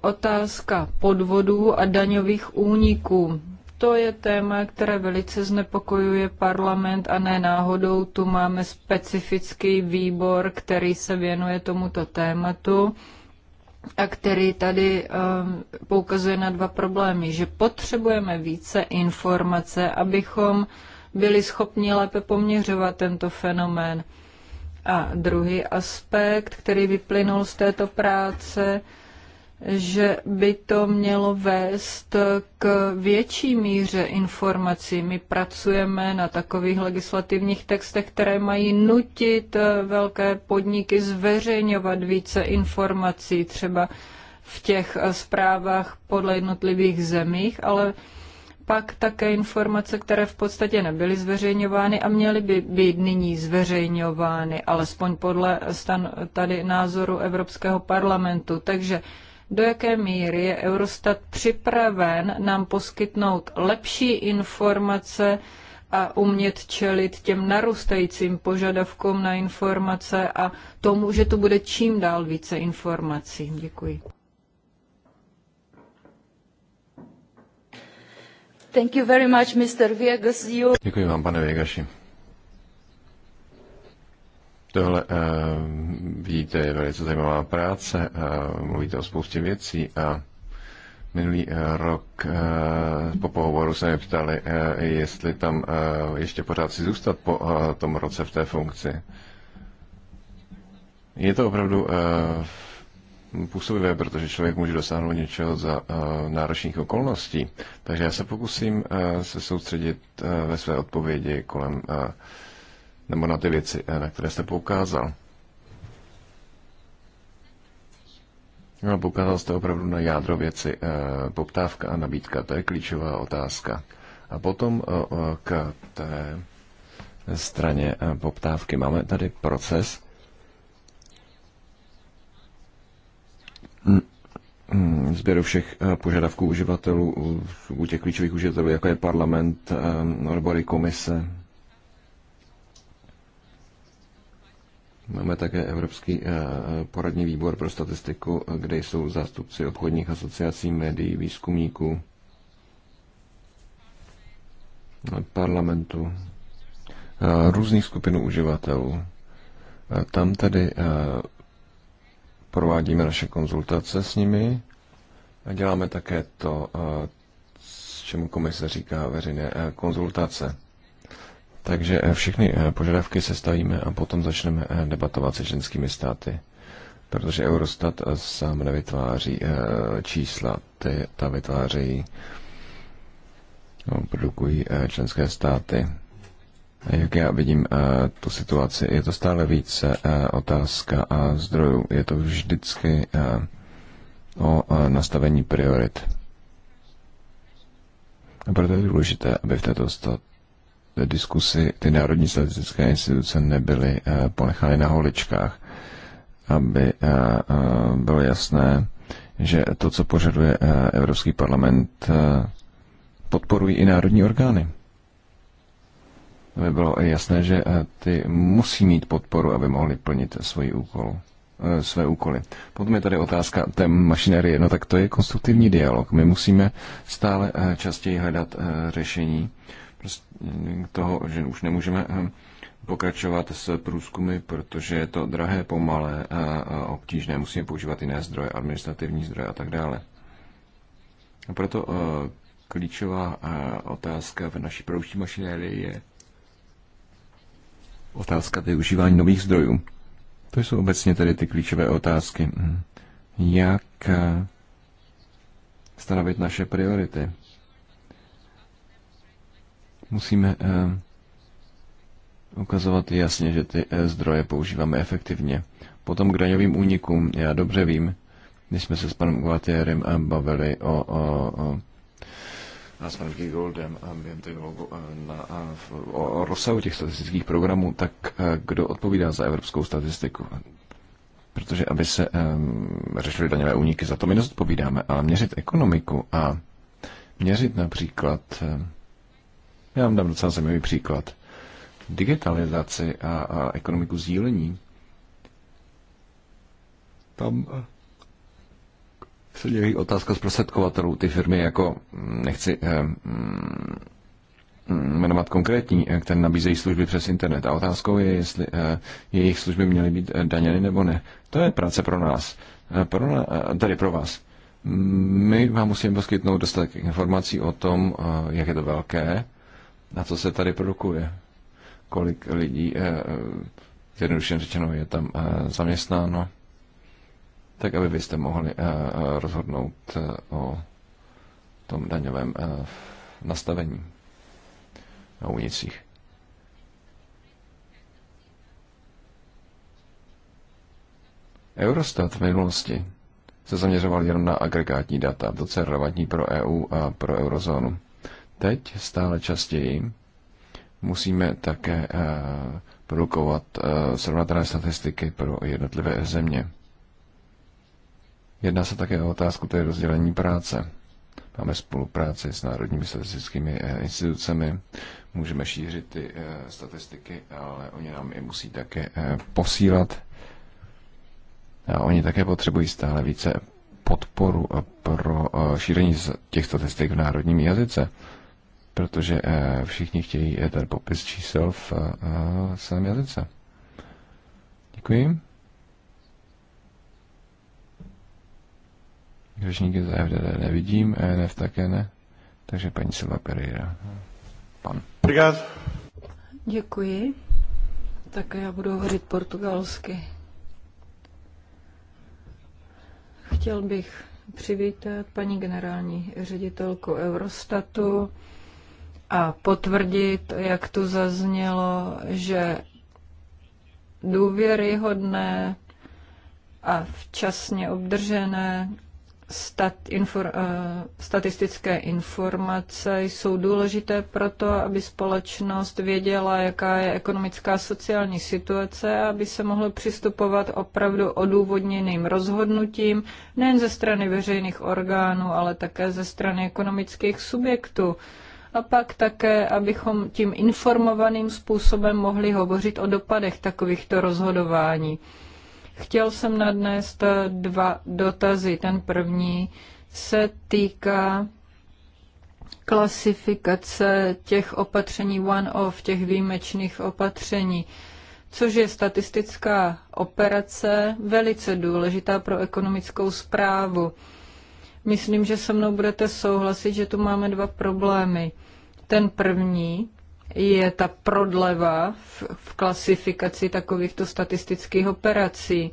Otázka podvodů a daňových úniků. To je téma, které velice znepokojuje parlament a ne náhodou tu máme specifický výbor, který se věnuje tomuto tématu a který tady um, poukazuje na dva problémy, že potřebujeme více informace, abychom byli schopni lépe poměřovat tento fenomén. A druhý aspekt, který vyplynul z této práce, že by to mělo vést k větší míře informací. My pracujeme na takových legislativních textech, které mají nutit velké podniky zveřejňovat více informací, třeba v těch zprávách podle jednotlivých zemích, ale pak také informace, které v podstatě nebyly zveřejňovány a měly by být nyní zveřejňovány, alespoň podle stan, tady názoru Evropského parlamentu. Takže do jaké míry je Eurostat připraven nám poskytnout lepší informace a umět čelit těm narůstajícím požadavkům na informace a tomu, že tu bude čím dál více informací. Děkuji. Thank you very much, Mr. Viegas. You... Děkuji vám, pane Viegaši. Tohle, uh, vidíte, je velice zajímavá práce. Uh, mluvíte o spoustě věcí a minulý uh, rok uh, po pohovoru se mě ptali, uh, jestli tam uh, ještě pořád si zůstat po uh, tom roce v té funkci. Je to opravdu uh, působivé, protože člověk může dosáhnout něčeho za eh, náročných okolností. Takže já se pokusím eh, se soustředit eh, ve své odpovědi kolem nebo na ty věci, na které jste poukázal. No, poukázal jste opravdu na jádro věci. Poptávka a nabídka, to je klíčová otázka. A potom k té straně poptávky máme tady proces, Mm, sběru všech eh, požadavků uživatelů u těch klíčových uživatelů, jako je parlament, eh, odbory, komise. Máme také Evropský eh, poradní výbor pro statistiku, kde jsou zástupci obchodních asociací, médií, výzkumníků, parlamentu, různých skupin uživatelů. Tam tedy provádíme naše konzultace s nimi a děláme také to, eh, s čemu komise říká veřejné eh, konzultace. Takže eh, všechny požadavky se stavíme a potom začneme debatovat se ženskými státy. Protože Eurostat sám nevytváří čísla, ty ta vytvářejí, no, produkují členské státy. Jak já vidím eh, tu situaci, je to stále více eh, otázka a zdrojů. Je to vždycky eh, o nastavení priorit. A proto je důležité, aby v této diskusi ty národní statistické instituce nebyly ponechány na holičkách, aby bylo jasné, že to, co požaduje Evropský parlament, podporují i národní orgány aby bylo jasné, že eh, ty musí mít podporu, aby mohli plnit svoji úkol, eh, své úkoly. Potom je tady otázka té mašinerie. No tak to je konstruktivní dialog. My musíme stále eh, častěji hledat řešení prostě toho, že už nemůžeme pokračovat s průzkumy, protože je to drahé, pomalé a obtížné. Musíme používat jiné zdroje, administrativní zdroje a tak dále. A proto klíčová otázka v naší produkční mašinérii je, otázka využívání nových zdrojů. To jsou obecně tedy ty klíčové otázky. Jak eh, stanovit naše priority? Musíme eh, ukazovat jasně, že ty eh, zdroje používáme efektivně. Potom k daňovým únikům. Já dobře vím, když jsme se s panem Guatierem bavili o, o, o s panem Gigoldem během trialogu eh, na, o rozsahu těch statistických programů, tak eh, kdo odpovídá za evropskou statistiku? Protože aby se um, řešily daňové úniky, za to my nezodpovídáme, ale měřit ekonomiku a měřit například, eh, já vám dám docela zajímavý příklad, digitalizaci a, a ekonomiku sdílení, tam co dělí otázka zprostředkovatelů. Ty firmy jako, mm, nechci eh, mm, jmenovat konkrétní, eh, které nabízejí služby přes internet. A otázkou je, jestli eh, jejich služby měly být daněny nebo ne. To je práce pro nás, pro, na, tady pro vás. My vám musíme poskytnout dostatek informací o tom, jak je to velké, na co se tady produkuje, kolik lidí, jednoduše řečeno, je tam zaměstnáno tak aby byste mohli eh, eh, rozhodnout eh, o tom daňovém nastavení na unicích. Eurostat v minulosti se zaměřoval jenom na agregátní data, docela relevantní pro EU a pro eurozónu. Teď stále častěji musíme také produkovat srovnatelné statistiky pro jednotlivé země. Jedná se také o otázku té rozdělení práce. Máme spolupráci s národními statistickými eh, institucemi, můžeme šířit ty eh, statistiky, ale oni nám je musí také eh, posílat. A oni také potřebují stále více podporu pro šíření těch statistik v národním jazyce, protože všichni chtějí ten popis čísel v svém jazyce. Děkuji. Řečníky to FDD nevidím, ENF také ne, takže paní Silva Pereira. Pan. Děkuji. Tak já budu hovořit portugalsky. Chtěl bych přivítat paní generální ředitelku Eurostatu a potvrdit, jak tu zaznělo, že důvěryhodné a včasně obdržené stat, infor, eh, statistické informace jsou důležité proto, aby společnost věděla, jaká je ekonomická a sociální situace, aby se mohlo přistupovat opravdu odůvodněným rozhodnutím, nejen ze strany veřejných orgánů, ale také ze strany ekonomických subjektů. A pak také, abychom tím informovaným způsobem mohli hovořit o dopadech takovýchto rozhodování. Chtěl jsem nadnést eh, dva dotazy. Ten první se týká klasifikace těch opatření one-off, těch výjimečných opatření, což je statistická operace velice důležitá pro ekonomickou zprávu. Myslím, že se mnou budete souhlasit, že tu máme dva problémy. Ten první je ta prodleva v, v klasifikaci takovýchto statistických operací.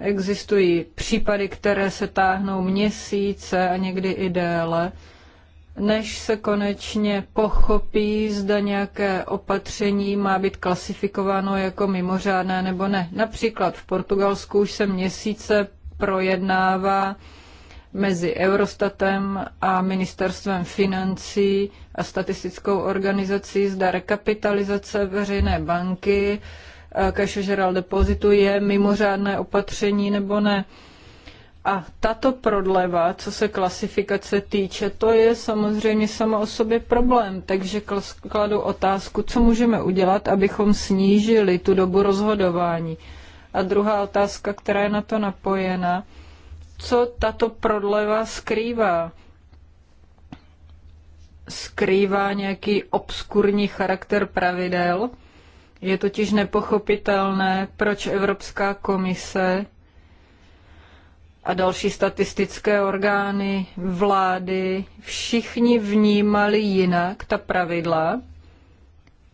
Existují případy, které se táhnou měsíce a někdy i déle, než se konečně pochopí, zda nějaké opatření má být klasifikováno jako mimořádné nebo ne. Například v Portugalsku už se měsíce projednává mezi Eurostatem a ministerstvem financí a statistickou organizací, zda rekapitalizace veřejné banky, eh, cash žeral depositu je mimořádné opatření nebo ne. A tato prodleva, co se klasifikace týče, to je samozřejmě sama o sobě problém. Takže kladu otázku, co můžeme udělat, abychom snížili tu dobu rozhodování. A druhá otázka, která je na to napojena, co tato prodleva skrývá? skrývá nějaký obskurní charakter pravidel. Je totiž nepochopitelné, proč Evropská komise a další statistické orgány, vlády, všichni vnímali jinak ta pravidla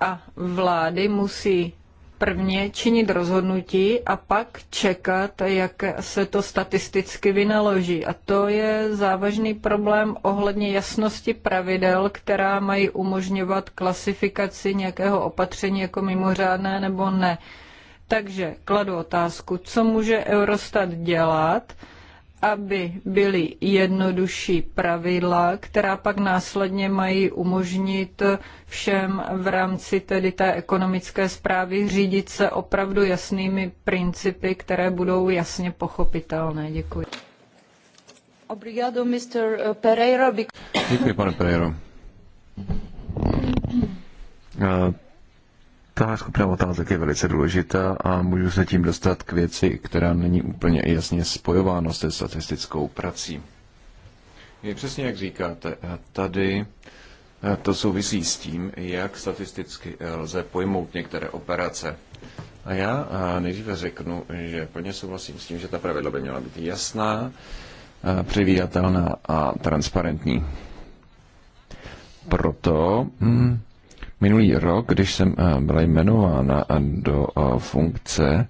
a vlády musí prvně činit rozhodnutí a pak čekat, jak se to statisticky vynaloží. A to je závažný problém ohledně jasnosti pravidel, která mají umožňovat klasifikaci nějakého opatření jako mimořádné nebo ne. Takže kladu otázku, co může Eurostat dělat, aby byly jednodušší pravidla, která pak následně mají umožnit všem v rámci tedy té ekonomické zprávy řídit se opravdu jasnými principy, které budou jasně pochopitelné. Děkuji. Obrigado, Mr. Eh, Pereira. Děkuji, pane Pereiro. Eh, ta skupina otázek je velice důležitá a můžu se tím dostat k věci, která není úplně jasně spojována se statistickou prací. Je přesně jak říkáte, tady to souvisí s tím, jak statisticky lze pojmout některé operace. A já nejdříve řeknu, že plně souhlasím s tím, že ta pravidla by měla být jasná, předvídatelná a transparentní. Proto hm, Minulý rok, když jsem eh, byla jmenována do eh, funkce,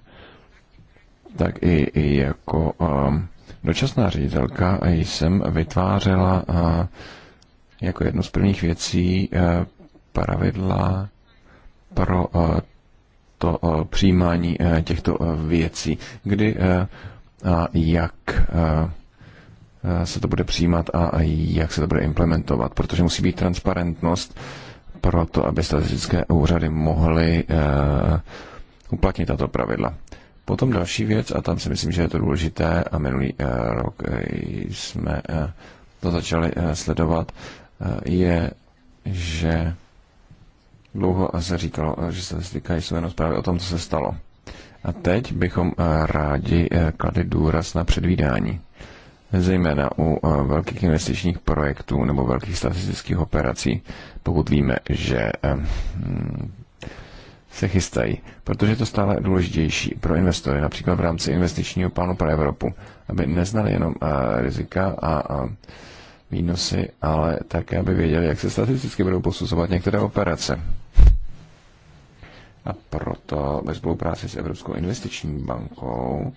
tak i, i jako eh, dočasná ředitelka jsem vytvářela jako jednu z prvních věcí pravidla pro to přijímání těchto věcí, kdy a jak se to bude přijímat a jak se to bude implementovat, protože musí být transparentnost proto, aby statistické úřady mohly eh, uplatnit tato pravidla. Potom další věc, a tam si myslím, že je to důležité, a minulý eh, rok eh, jsme to začali sledovat, je, že dlouho se říkalo, že statistika jsou jenom zprávy o tom, co se stalo. A teď bychom rádi kladli důraz na předvídání zejména u eh, velkých investičních projektů nebo velkých statistických operací, pokud víme, že eh, hm, se chystají, protože je to stále důležitější pro investory, například v rámci investičního plánu pro Evropu, aby neznali jenom eh, rizika a výnosy, ale také, aby věděli, jak se statisticky budou posuzovat některé operace. A proto ve spolupráci s Evropskou investiční bankou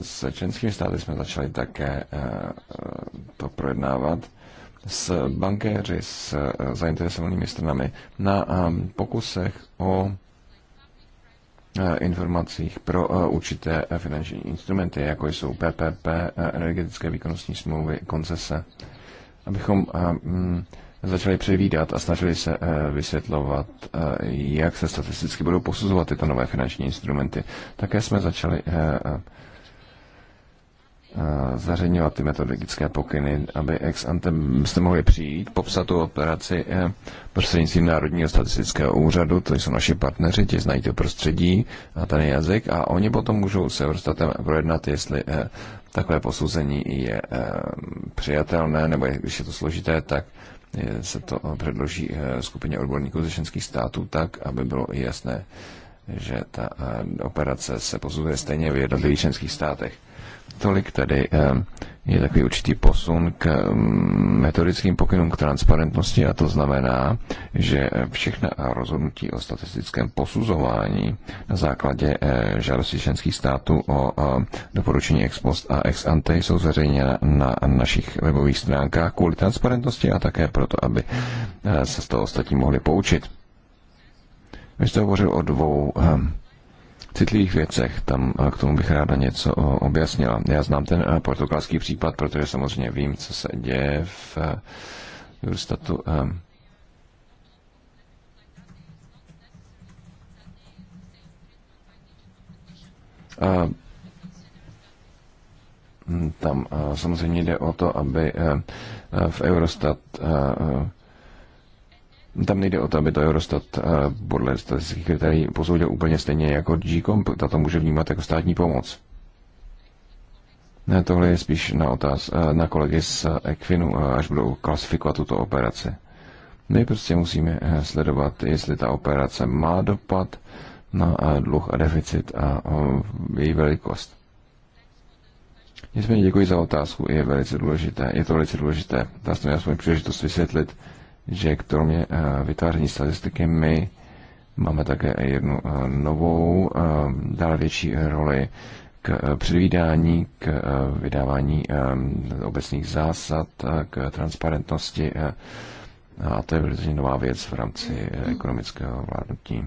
s členskými státy jsme začali také eh, to projednávat s bankéři, s eh, zainteresovanými stranami na eh, pokusech o informacích pro určité finanční instrumenty, jako jsou PPP, energetické výkonnostní smlouvy, koncese, abychom mm, začali předvídat a snažili se vysvětlovat, jak se statisticky budou posuzovat tyto nové finanční instrumenty. Také jsme začali Eh, zařeňovat ty metodické pokyny, aby ex ante jste mohli přijít, popsat tu operaci eh, prostřednictvím Národního statistického úřadu, to jsou naši partneři, ti znají to prostředí a ten jazyk a oni potom můžou se vrstatem projednat, jestli eh, takové posouzení je přijatelné, nebo když je to složité, tak se to předloží skupině odborníků ze členských států tak, aby bylo jasné, že ta operace se posuzuje stejně v jednotlivých členských státech. Tolik tady eh, je takový určitý posun k mm, metodickým pokynům k transparentnosti a to znamená, že všechna rozhodnutí o statistickém posuzování na základě eh, žádosti členských států o eh, doporučení ex post a ex ante jsou zveřejněna na našich webových stránkách kvůli transparentnosti a také proto, aby se z toho ostatní mohli poučit. Vy jste hovořil o dvou citlivých věcech. Tam k tomu bych ráda něco objasnila. Já znám ten portugalský případ, protože samozřejmě vím, co se děje v Jurstatu. tam samozřejmě jde o to, aby v Eurostat tam nejde o to, aby to Eurostat eh, podle statistických kritérií posoudil úplně stejně jako G-Comp. Ta to může vnímat jako státní pomoc. Ne, tohle je spíš na otáz eh, na kolegy z eh, Equinu, až budou klasifikovat tuto operaci. My prostě musíme sledovat, jestli ta operace má dopad na dluh a deficit a její velikost. Nicméně děkuji za otázku, je velice důležité, je to velice důležité, dá se mi aspoň příležitost vysvětlit, že kromě eh, vytváření statistiky my máme také jednu eh, novou, eh, dále větší roli k předvídání, k vydávání obecných zásad, k transparentnosti. A to je velice nová věc v rámci ekonomického vládnutí.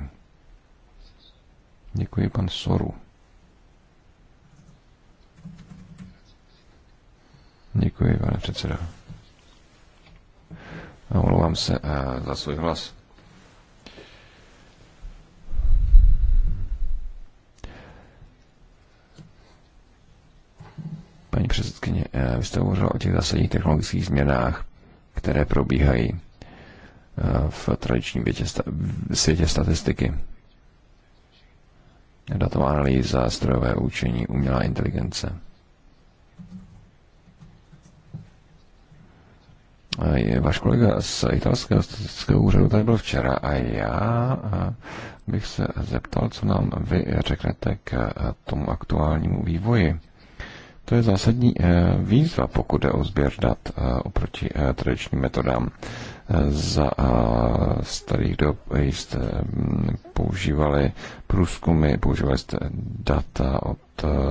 Děkuji, pan Soru. Děkuji, pane předsedo. Omlouvám se eh, za svůj hlas. Paní předsedkyně, eh, vy jste hovořila o těch zásadních technologických změnách, které probíhají eh, v tradičním větě, světě statistiky. Datová analýza, strojové učení, umělá inteligence. je váš kolega z italského statistického úřadu tady byl včera a já bych se zeptal, co nám vy řeknete k e, tomu aktuálnímu vývoji. To je zásadní e, výzva, pokud jde o sběr dat e, oproti tradičním metodám. Za starých dob jste mm, používali průzkumy, používali jste data od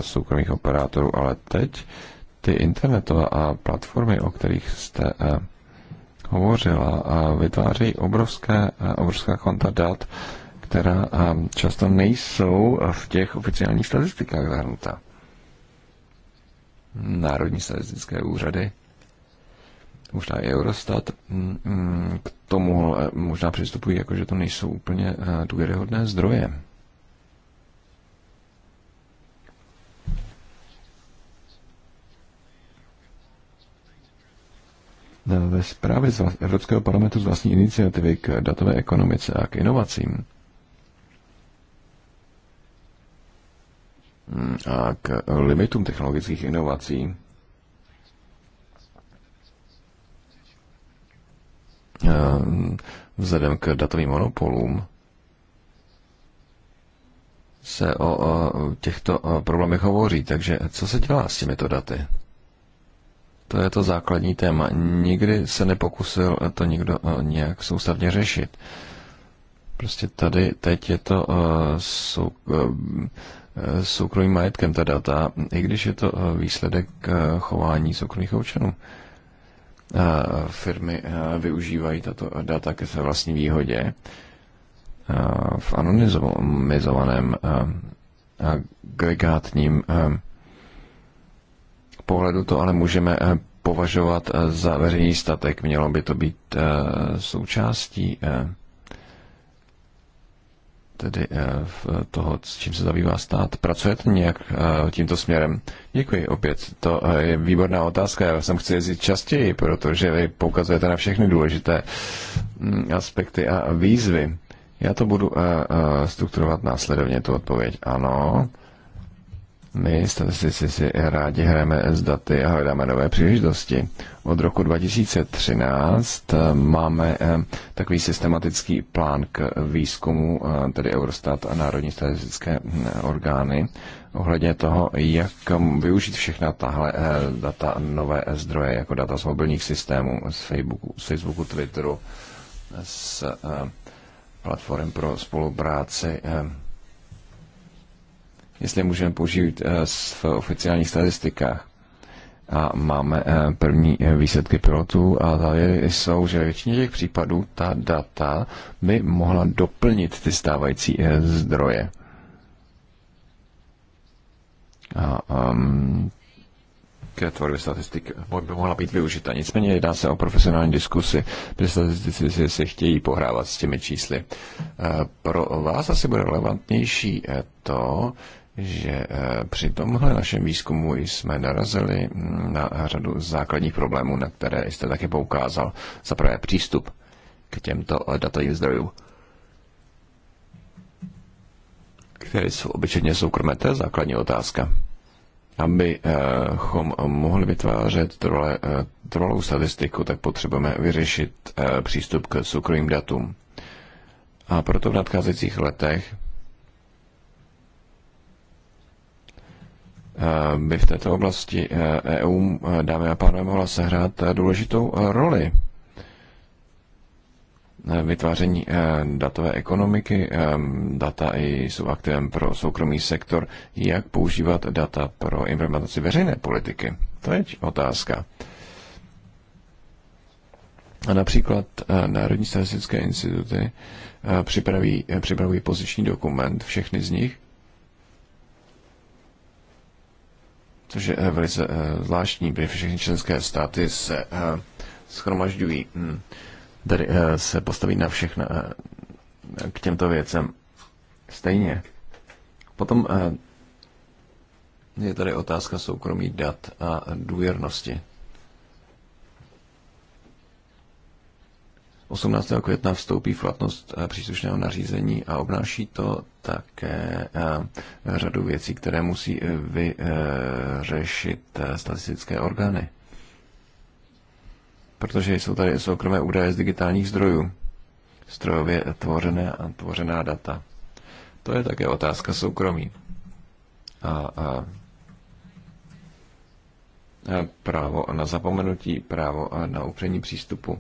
soukromých operátorů, ale teď ty internetové a platformy, o kterých jste eh, hovořila, vytvářejí obrovské, eh, obrovská konta dat, která eh, často nejsou v těch oficiálních statistikách zahrnuta. Národní statistické úřady, možná i Eurostat, mm, mm, k tomu možná přistupují jako, že to nejsou úplně důvěryhodné zdroje. Ve zprávě z Evropského parlamentu z vlastní iniciativy k datové ekonomice a k inovacím hmm, a k limitům technologických inovací eh, vzhledem k datovým monopolům se o, o těchto problémech hovoří. Takže co se dělá s těmito daty? To je to základní téma. Nikdy se nepokusil to nikdo eh, nějak soustavně řešit. Prostě tady, teď je to eh, sou, eh, soukromým majetkem ta data, i když je to výsledek chování soukromých občanů. Firmy využívají tato data ke své vlastní výhodě v anonymizovaném agregátním pohledu to ale můžeme eh, považovat eh, za veřejný statek. Mělo by to být eh, součástí tedy v toho, s čím se zabývá stát. Pracujete nějak tímto směrem? Děkuji opět. To je výborná otázka. Já jsem chci jezdit častěji, protože vy poukazujete na všechny důležité mm, aspekty a výzvy. Já to budu strukturovat následovně, tu odpověď. Ano, my, statistici, si rádi hrajeme s daty a hledáme nové příležitosti. Od roku 2013 eh, máme eh, takový systematický plán k výzkumu, eh, tedy Eurostat a Národní statistické orgány, ohledně toho, jak využít všechna tahle data, nové zdroje, jako data z mobilních systémů, z Facebooku, z Facebooku Twitteru, z platform pro spolupráci jestli můžeme použít eh, v oficiálních statistikách. A máme eh, první eh, výsledky pilotů a závěry jsou, že většině těch případů ta data by mohla doplnit ty stávající zdroje. A, um, ke tvorbě statistik by mohla být využita. Nicméně jedná se o profesionální diskusy, kde statistici si, si chtějí pohrávat s těmi čísly. Pro vás asi bude relevantnější to, že eh, při tomhle našem výzkumu jsme narazili na řadu základních problémů, na které jste také poukázal. Za prvé přístup k těmto eh, datovým zdrojům, které jsou obyčejně soukromé, to je základní otázka. Abychom eh, mohli vytvářet trvalou statistiku, tak potřebujeme vyřešit přístup k soukromým datům. A proto v nadcházejících letech by eh, v této oblasti EU, eh, e eh, dámy a pánové, mohla sehrát důležitou roli. Vytváření datové ekonomiky, data jsou aktivem pro soukromý sektor, jak používat data pro implementaci veřejné politiky. To je otázka. A například Národní statistické instituty připraví, připravují poziční dokument, všechny z nich, což je eh, velice eh, zvláštní, protože všechny členské státy se eh, schromažďují, hmm. tedy se postaví na všechno k těmto věcem stejně. Potom je tady otázka soukromí dat a důvěrnosti. 18. května vstoupí v platnost eh, příslušného nařízení a obnáší to také eh, řadu věcí, které musí eh, vyřešit statistické orgány. Protože jsou tady soukromé údaje z digitálních zdrojů, strojově tvořené a tvořená data. To je také otázka soukromí. A, a právo na zapomenutí, právo na upření přístupu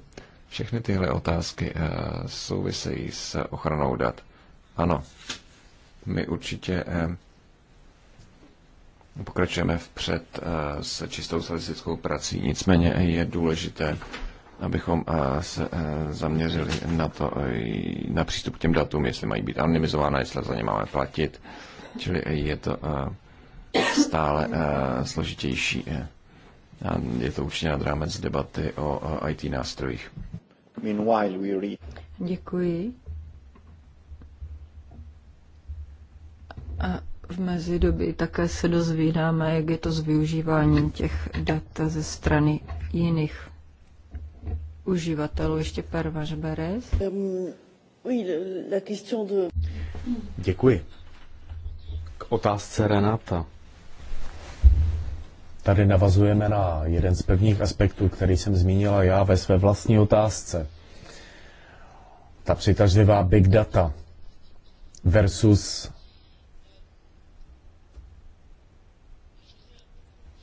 všechny tyhle otázky eh, souvisejí s ochranou dat. Ano, my určitě eh, pokračujeme vpřed eh, s čistou statistickou prací, nicméně je důležité, abychom se zaměřili na, to, na přístup k těm datům, jestli mají být anonymizována, jestli za ně máme platit. Čili je to stále složitější. A je to určitě nad rámec debaty o IT nástrojích. Meanwhile, we read. Děkuji. A v mezidobí také se dozvídáme, jak je to s využíváním těch dat ze strany jiných uživatelů. Ještě Pervaš Berez. Um, Děkuji. K otázce Renata. Tady navazujeme na jeden z prvních aspektů, který jsem zmínila já ve své vlastní otázce. Ta přitažlivá big data versus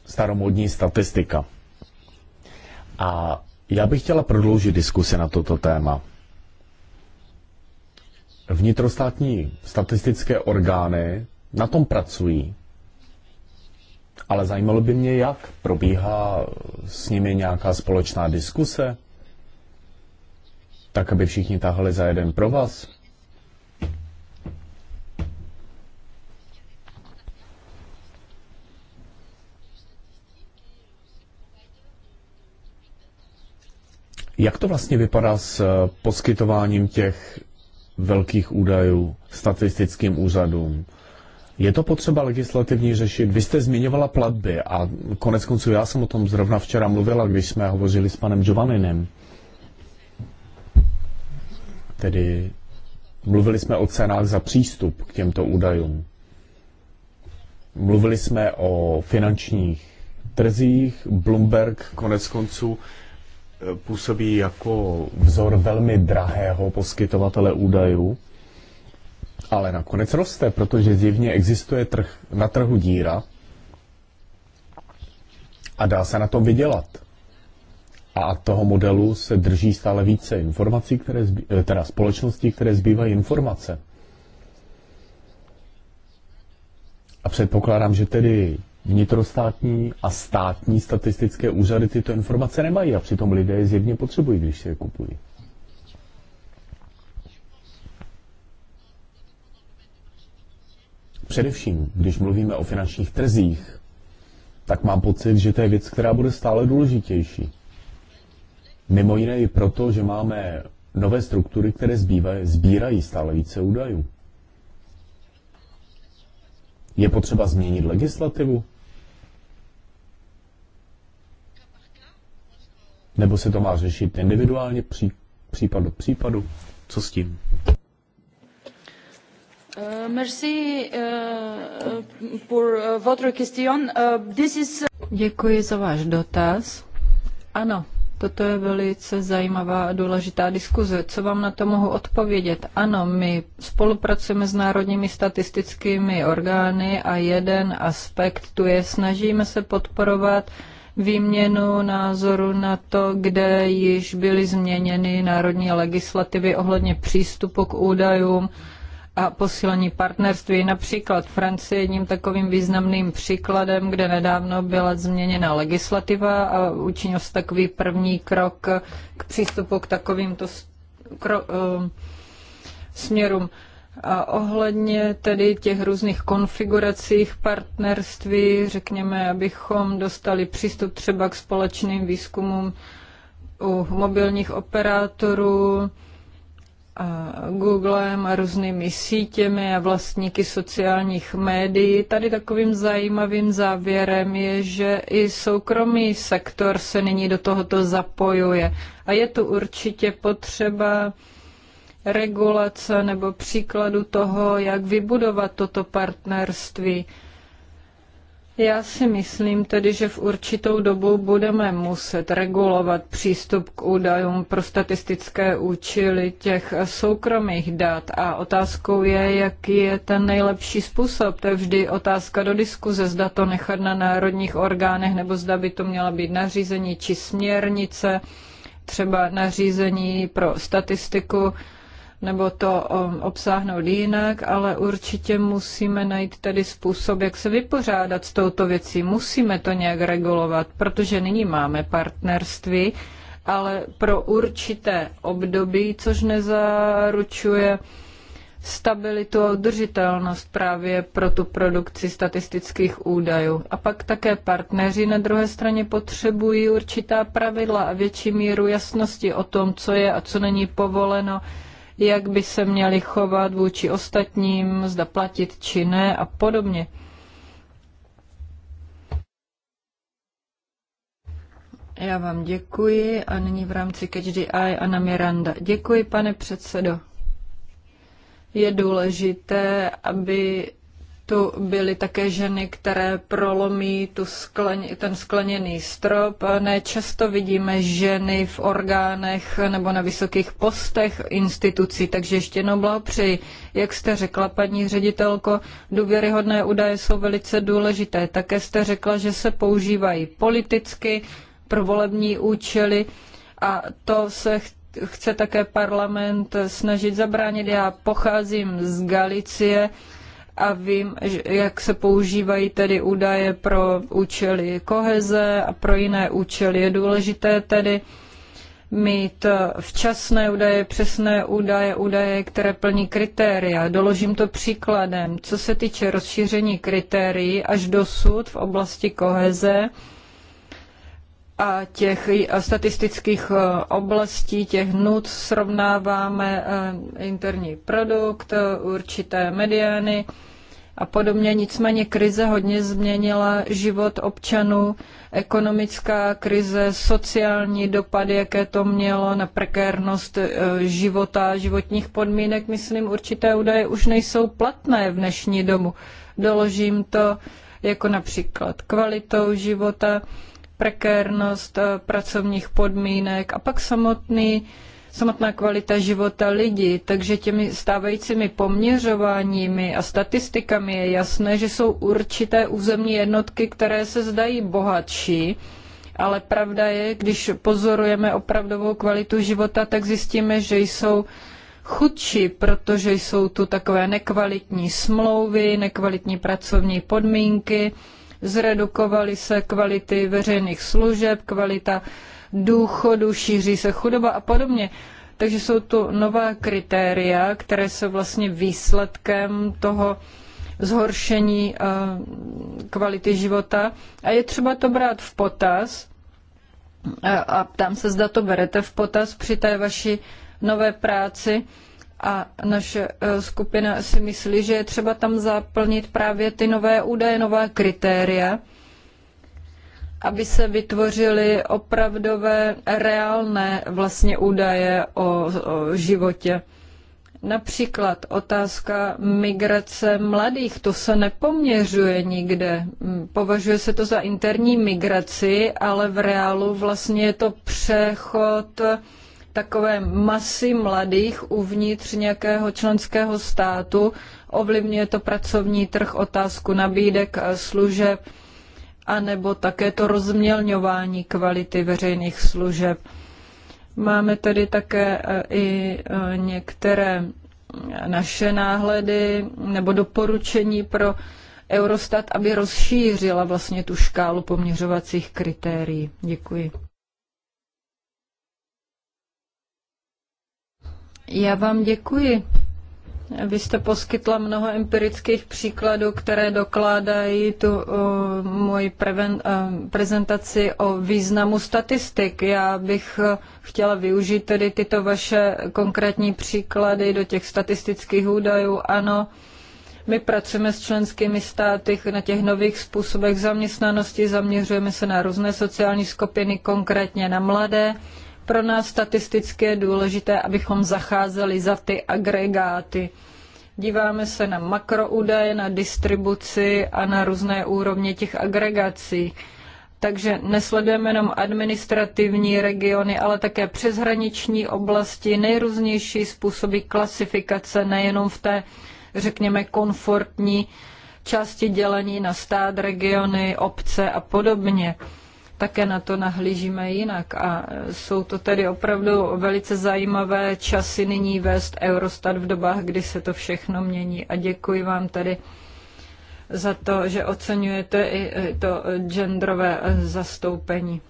staromodní statistika. A já bych chtěla prodloužit diskusi na toto téma. Vnitrostátní statistické orgány na tom pracují, ale zajímalo by mě, jak probíhá s nimi nějaká společná diskuse, tak aby všichni tahali za jeden pro vás. Jak to vlastně vypadá s eh, poskytováním těch velkých údajů statistickým úřadům? Je to potřeba legislativně řešit. Vy jste zmiňovala platby a konec konců já jsem o tom zrovna včera mluvila, když jsme hovořili s panem Giovanninem. Tedy mluvili jsme o cenách za přístup k těmto údajům. Mluvili jsme o finančních trzích. Bloomberg konec konců eh, působí jako vzor velmi drahého poskytovatele údajů ale nakonec roste, protože zjevně existuje trh, na trhu díra a dá se na to vydělat. A toho modelu se drží stále více informací, které zbý, eh, teda společnosti, které zbývají informace. A předpokládám, že tedy vnitrostátní a státní statistické úřady tyto informace nemají a přitom lidé je zjevně potřebují, když si je kupují. především, když mluvíme o finančních trzích, tak mám pocit, že to je věc, která bude stále důležitější. Mimo jiné i proto, že máme nové struktury, které zbývají, sbírají stále více údajů. Je potřeba změnit legislativu? Nebo se to má řešit individuálně, pří, případ do případu? Co s tím? Uh, uh, uh, Děkuji za váš dotaz. Ano, toto je velice zajímavá a důležitá diskuze. Co vám na to mohu odpovědět? Ano, my spolupracujeme s národními statistickými orgány a jeden aspekt tu je, snažíme se podporovat výměnu názoru na to, kde již byly změněny národní legislativy ohledně přístupu k údajům, a posílení partnerství. Například Francie je jedním takovým významným příkladem, kde nedávno byla změněna legislativa a učinil se takový první krok k přístupu k takovýmto kro, eh, směrům. A ohledně tedy těch různých konfiguracích partnerství, řekněme, abychom dostali přístup třeba k společným výzkumům u mobilních operátorů, Googlem a různými sítěmi a vlastníky sociálních médií. Tady takovým zajímavým závěrem je, že i soukromý sektor se nyní do tohoto zapojuje. A je tu určitě potřeba regulace nebo příkladu toho, jak vybudovat toto partnerství. Já si myslím tedy, že v určitou dobu budeme muset regulovat přístup k údajům pro statistické účely těch soukromých dat a otázkou je, jaký je ten nejlepší způsob. To je vždy otázka do diskuze, zda to nechat na národních orgánech nebo zda by to měla být nařízení či směrnice, třeba nařízení pro statistiku nebo to um, obsáhnout jinak, ale určitě musíme najít tady způsob, jak se vypořádat s touto věcí. Musíme to nějak regulovat, protože nyní máme partnerství, ale pro určité období, což nezaručuje stabilitu a udržitelnost právě pro tu produkci statistických údajů. A pak také partneři na druhé straně potřebují určitá pravidla a větší míru jasnosti o tom, co je a co není povoleno jak by se měli chovat vůči ostatním, zda platit či ne a podobně. Já vám děkuji a nyní v rámci Catch the Eye Anna Miranda. Děkuji, pane předsedo. Je důležité, aby tu byly také ženy, které prolomí tu ten skleněný strop. Ne často vidíme ženy v orgánech nebo na vysokých postech institucí, takže ještě jednou blahopřeji. Jak jste řekla, paní ředitelko, důvěryhodné údaje jsou velice důležité. Také jste řekla, že se používají politicky pro volební účely a to se chce také parlament snažit zabránit. Já pocházím z Galicie, a vím, jak se používají tedy údaje pro účely koheze a pro jiné účely. Je důležité tedy mít eh, včasné údaje, přesné údaje, údaje, které plní kritéria. Doložím to příkladem. Co se týče rozšíření kritérií až dosud v oblasti koheze, a těch statistických eh, oblastí, těch nut srovnáváme eh, interní produkt, určité mediány, a podobně. Nicméně krize hodně změnila život občanů, ekonomická krize, sociální dopady, jaké to mělo na prekérnost e, života, životních podmínek. Myslím, určité údaje už nejsou platné v dnešní domu. Doložím to jako například kvalitou života, prekérnost e, pracovních podmínek a pak samotný samotná kvalita života lidí. Takže těmi stávajícími poměřováními a statistikami je jasné, že jsou určité územní jednotky, které se zdají bohatší, ale pravda je, když pozorujeme opravdovou kvalitu života, tak zjistíme, že jsou chudší, protože jsou tu takové nekvalitní smlouvy, nekvalitní pracovní podmínky, zredukovaly se kvality veřejných služeb, kvalita důchodu, šíří se chudoba a podobně. Takže jsou to nová kritéria, které jsou vlastně výsledkem toho zhoršení eh, kvality života. A je třeba to brát v potaz. Eh, a ptám se, zda to berete v potaz při té vaší nové práci. A naše eh, skupina si myslí, že je třeba tam zaplnit právě ty nové údaje, nová kritéria aby se vytvořily opravdové, reálné vlastně údaje o, o životě. Například otázka migrace mladých, to se nepoměřuje nikde. Považuje se to za interní migraci, ale v reálu vlastně je to přechod takové masy mladých uvnitř nějakého členského státu. Ovlivňuje to pracovní trh, otázku nabídek služeb anebo také to rozmělňování kvality veřejných služeb. Máme tedy také e, i e, některé naše náhledy nebo doporučení pro Eurostat, aby rozšířila vlastně tu škálu poměřovacích kritérií. Děkuji. Já vám děkuji. Vy jste poskytla mnoho empirických příkladů, které dokládají tu uh, moji preven, uh, prezentaci o významu statistik. Já bych uh, chtěla využít tedy tyto vaše konkrétní příklady do těch statistických údajů. Ano, my pracujeme s členskými státy na těch nových způsobech zaměstnanosti, zaměřujeme se na různé sociální skupiny, konkrétně na mladé pro nás statisticky je důležité, abychom zacházeli za ty agregáty. Díváme se na makroúdaje, na distribuci a na různé úrovně těch agregací. Takže nesledujeme jenom administrativní regiony, ale také přeshraniční oblasti, nejrůznější způsoby klasifikace, nejenom v té, řekněme, komfortní části dělení na stát, regiony, obce a podobně také na to nahlížíme jinak. A jsou to tedy opravdu velice zajímavé časy nyní vést Eurostat v dobách, kdy se to všechno mění. A děkuji vám tady za to, že oceňujete i to genderové zastoupení.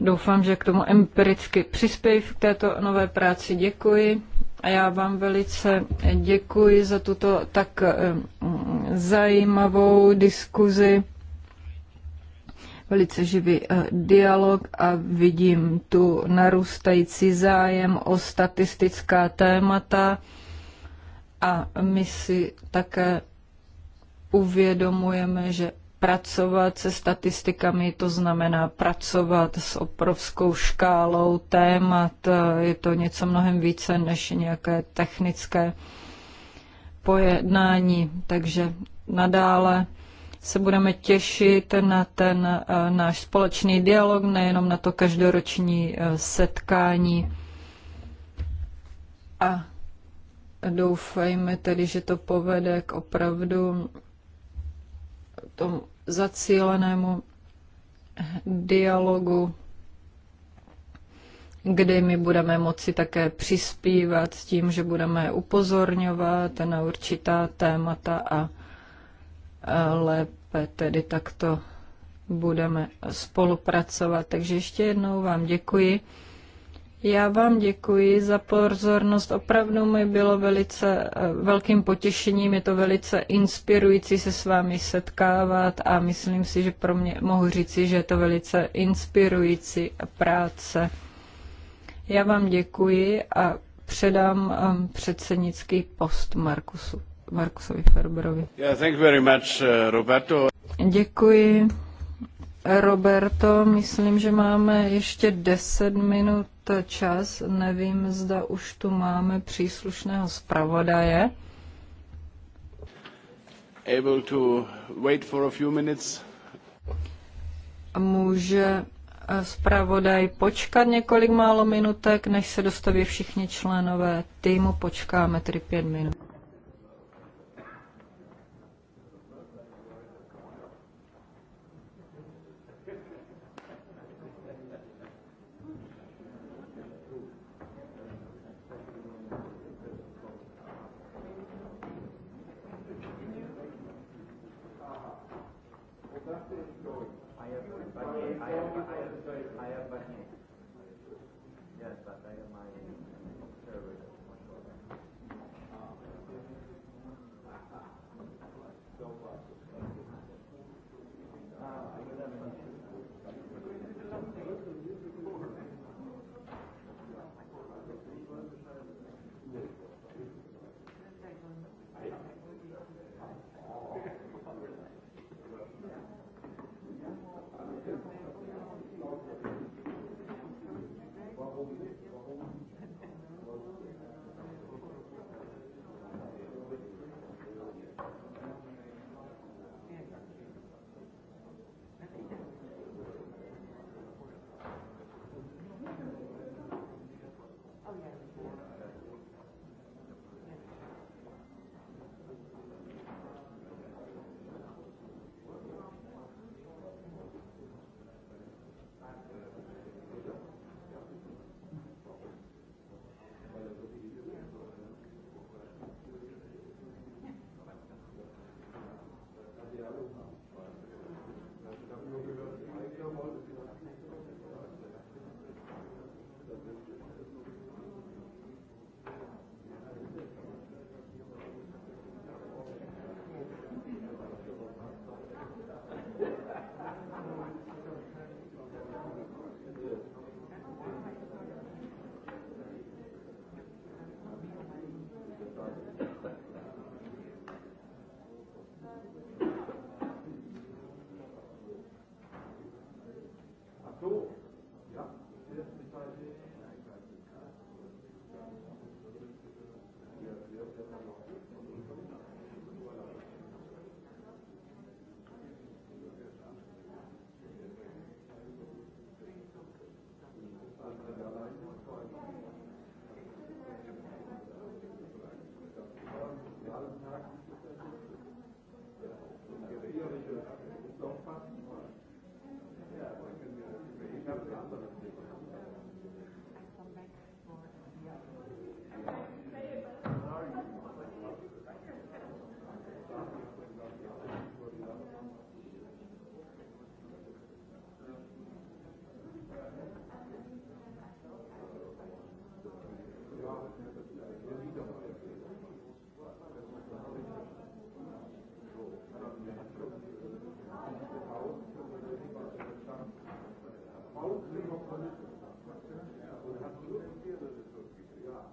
Doufám, že k tomu empiricky přispěji k této nové práci. Děkuji. A já vám velice děkuji za tuto tak eh, zajímavou diskuzi velice živý eh, dialog a vidím tu narůstající zájem o statistická témata a my si také uvědomujeme, že pracovat se statistikami, to znamená pracovat s obrovskou škálou témat. Eh, je to něco mnohem více než nějaké technické pojednání, takže nadále se budeme těšit na ten eh, náš společný dialog, nejenom na to každoroční eh, setkání. A doufejme tedy, že to povede k opravdu tomu zacílenému dialogu, kdy my budeme moci také přispívat s tím, že budeme upozorňovat na určitá témata a eh, lépe lépe tedy takto budeme spolupracovat. Takže ještě jednou vám děkuji. Já vám děkuji za pozornost. Opravdu mi bylo velice eh, velkým potěšením, je to velice inspirující se s vámi setkávat a myslím si, že pro mě mohu říci, že je to velice inspirující práce. Já vám děkuji a předám eh, předsednický post Markusu. Markusovi Ferberovi. Yeah, thank you very much, uh, Roberto. Děkuji. Roberto, myslím, že máme ještě 10 minut čas. Nevím, zda už tu máme příslušného zpravodaje. Able to wait for a few minutes. Může eh, zpravodaj počkat několik málo minutek, než se dostaví všichni členové týmu. Počkáme tedy pět minut.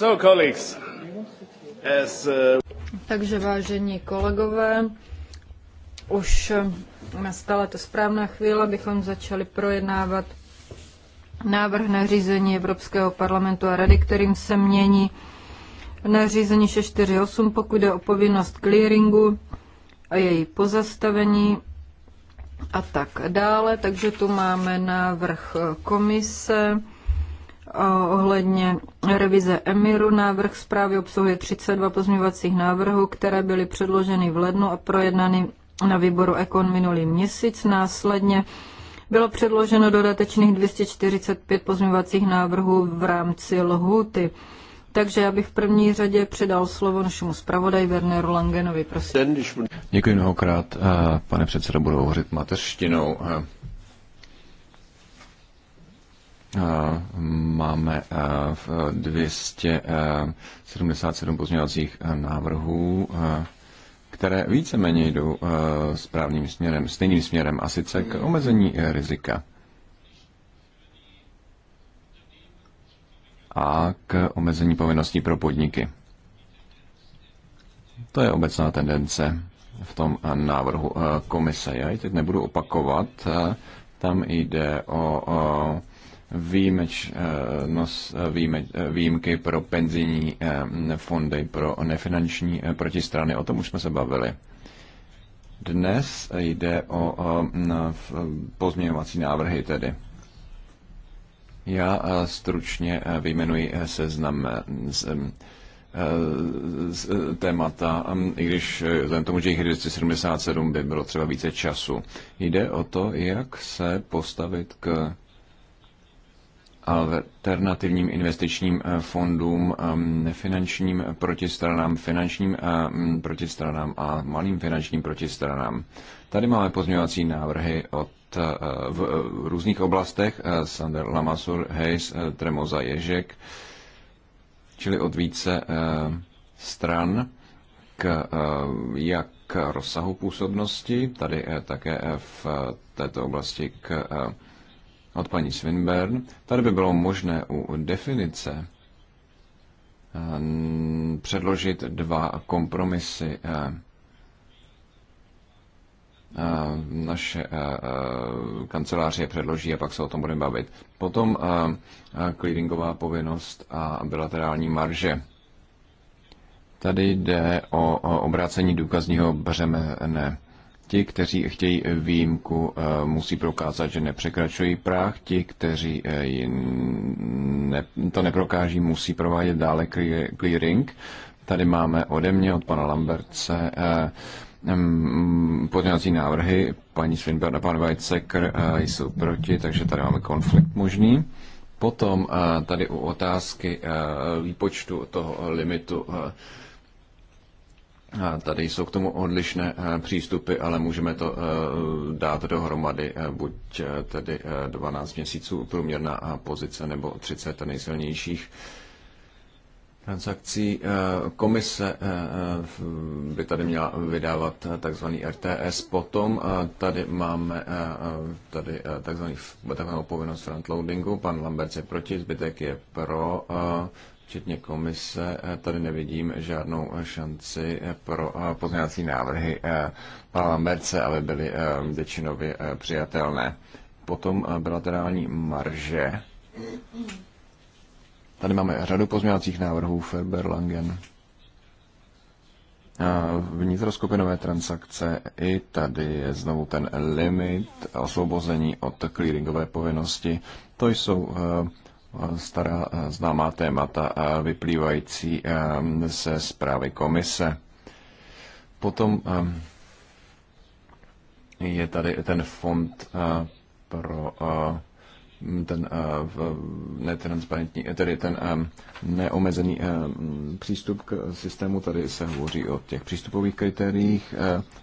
So, colleagues, as, uh... Takže vážení kolegové, už nastala to správná chvíle, abychom začali projednávat návrh řízení Evropského parlamentu a rady, kterým se mění řízení 648, pokud jde o povinnost clearingu a její pozastavení a tak dále. Takže tu máme návrh komise ohledně revize Emiru. Návrh zprávy obsahuje 32 pozměňovacích návrhů, které byly předloženy v lednu a projednany na výboru Ekon minulý měsíc. Následně bylo předloženo dodatečných 245 pozměňovacích návrhů v rámci lhuty. Takže já bych v první řadě předal slovo našemu zpravodaj Werneru Langenovi, prosím. Děkuji mnohokrát, eh, pane předsedo, budu hovořit mateřštinou. Eh. Máme 277 pozměňovacích návrhů, které víceméně jdou správným směrem, stejným směrem, a sice k omezení e, rizika. a k omezení povinností pro podniky. To je obecná tendence v tom návrhu komise. Já ji teď nebudu opakovat. Tam jde o Eh, nos eh, výjime, eh, výjimky pro penzijní fondy, pro nefinanční protistrany. O tom už jsme se bavili. Dnes jde o, o pozměňovací návrhy tedy. Já stručně vyjmenuji seznam z, z témata, i když vzhledem tomu, že jich 277 by bylo třeba více času. Jde o to, jak se postavit k alternativním investičním eh, fondům, ehm, nefinančním protistranám, finančním ehm, protistranám a malým finančním protistranám. Tady máme pozměňovací návrhy od eh, eh, v různých oblastech, Sander Lamasur, Hayes, Tremoza Ježek, čili od více stran k jak rozsahu působnosti, tady také v této oblasti k od paní Swinburne. Tady by bylo možné u definice eh, předložit dva kompromisy. Eh, eh, naše kanceláře předloží a pak se o tom budeme bavit. Potom clearingová povinnost a bilaterální marže. Tady jde o obrácení důkazního břemene Ti, kteří chtějí výjimku, eh, musí prokázat, že nepřekračují práh. Ti, kteří eh, to neprokáží, musí provádět dále clearing. Tady máme ode mě, od pana Lamberce, eh, mm, pozměňovací návrhy. Paní Svinberna a pan Weizsäcker jsou proti, takže tady máme konflikt možný. Potom tady u otázky výpočtu toho limitu tady jsou k tomu odlišné eh, přístupy, ale můžeme to eh, dát dohromady eh, buď tedy 12 měsíců průměrná pozice nebo 30 nejsilnějších transakcí. Komise by tady měla vydávat takzvaný RTS. Potom tady máme tady takzvaný, takzvanou povinnost frontloadingu. Pan Lambert je proti, zbytek je pro včetně komise, eh, tady nevidím žádnou šanci eh, pro eh, pozměňovací návrhy pana Lamberce, aby byly většinově přijatelné. Potom bilaterální marže. Tady máme řadu pozměňovacích návrhů Ferber Langen. Vnitroskupinové transakce, i tady je znovu ten limit osvobození od clearingové povinnosti. To jsou stará eh, známá témata eh, vyplývající eh, ze zprávy komise. Potom je tady ten fond pro ten netransparentní, tedy ten neomezený přístup k systému. Tady se hovoří o těch přístupových kritériích.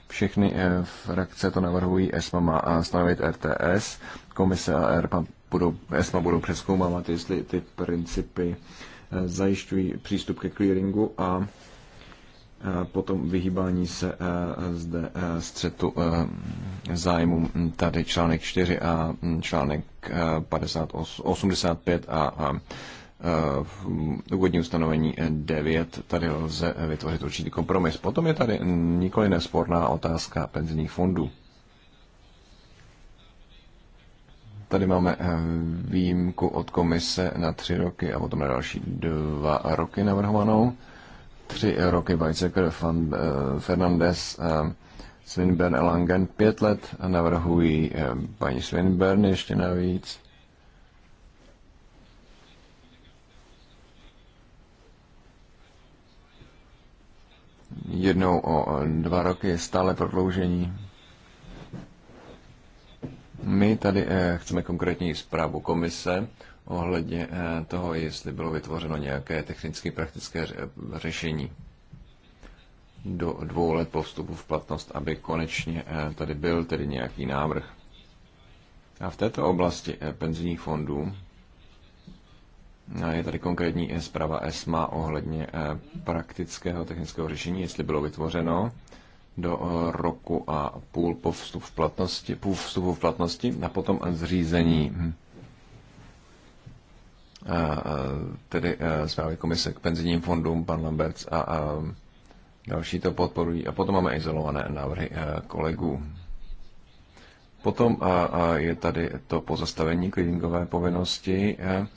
Všechny frakce to navrhují. ESMA má stanovit RTS, komise a ERPA budou, ESMA budou přeskoumávat, jestli ty principy eh, zajišťují přístup ke clearingu a eh, potom vyhýbání se eh, zde střetu zájmu tady článek 4 a hm, článek 85 a úvodní ustanovení 9. Tady lze vytvořit určitý kompromis. Potom je tady nikoli nesporná otázka penzijních fondů. Tady máme eh, výjimku od komise na tři roky a potom na další dva roky navrhovanou. Tři roky Weizsäcker, eh, Fernandez, eh, Swinburne a Langen pět let a navrhují paní Swinburne ještě navíc. Jednou o dva roky je stále prodloužení. My tady eh, chceme konkrétní zprávu komise ohledně eh, toho, jestli bylo vytvořeno nějaké technické praktické řešení do dvou let po vstupu v platnost, aby konečně eh, tady byl tedy nějaký návrh. A v této oblasti penzijních fondů je tady konkrétní zpráva ESMA ohledně praktického technického řešení, jestli bylo vytvořeno do eh, roku a půl po vstupu v platnosti, půl vstupu v platnosti a potom zřízení a, hm. eh, eh, tedy zprávy komise k penzijním fondům, pan Lamberts a, a další to podporují. A potom máme izolované návrhy kolegů. Potom a, a je tady to pozastavení klidingové povinnosti, a,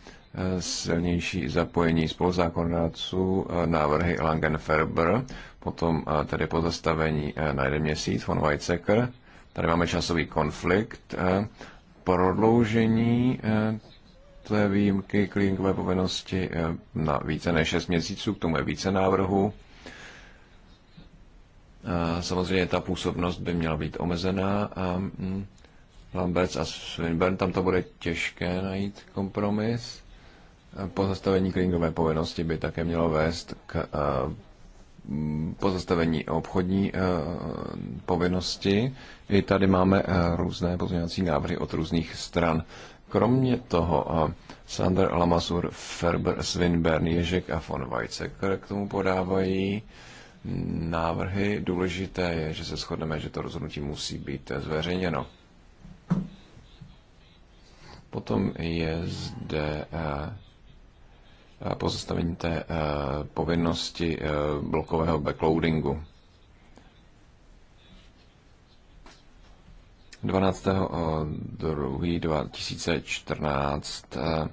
silnější zapojení spoluzákonodárců, návrhy Langenferber, potom eh, tedy pozastavení eh, na jeden měsíc von Weizsäcker. Tady máme časový konflikt, eh, prodloužení té výjimky clearingové povinnosti na více než 6 měsíců, k tomu je více návrhů. Samozřejmě ta působnost by měla být omezená a mm, Lambert a Swinburne, tam to bude těžké najít kompromis. Pozastavení klingové povinnosti by také mělo vést k pozastavení obchodní eh, povinnosti. I tady máme eh, různé pozměňovací návrhy od různých stran. Kromě toho eh, Sander Lamasur, Ferber, Svinbern, Ježek a von Weizsäcker k tomu podávají návrhy. Důležité je, že se shodneme, že to rozhodnutí musí být zveřejněno. Potom je zde pozastavení té eh, povinnosti eh, blokového backloadingu. 12.2.2014 eh,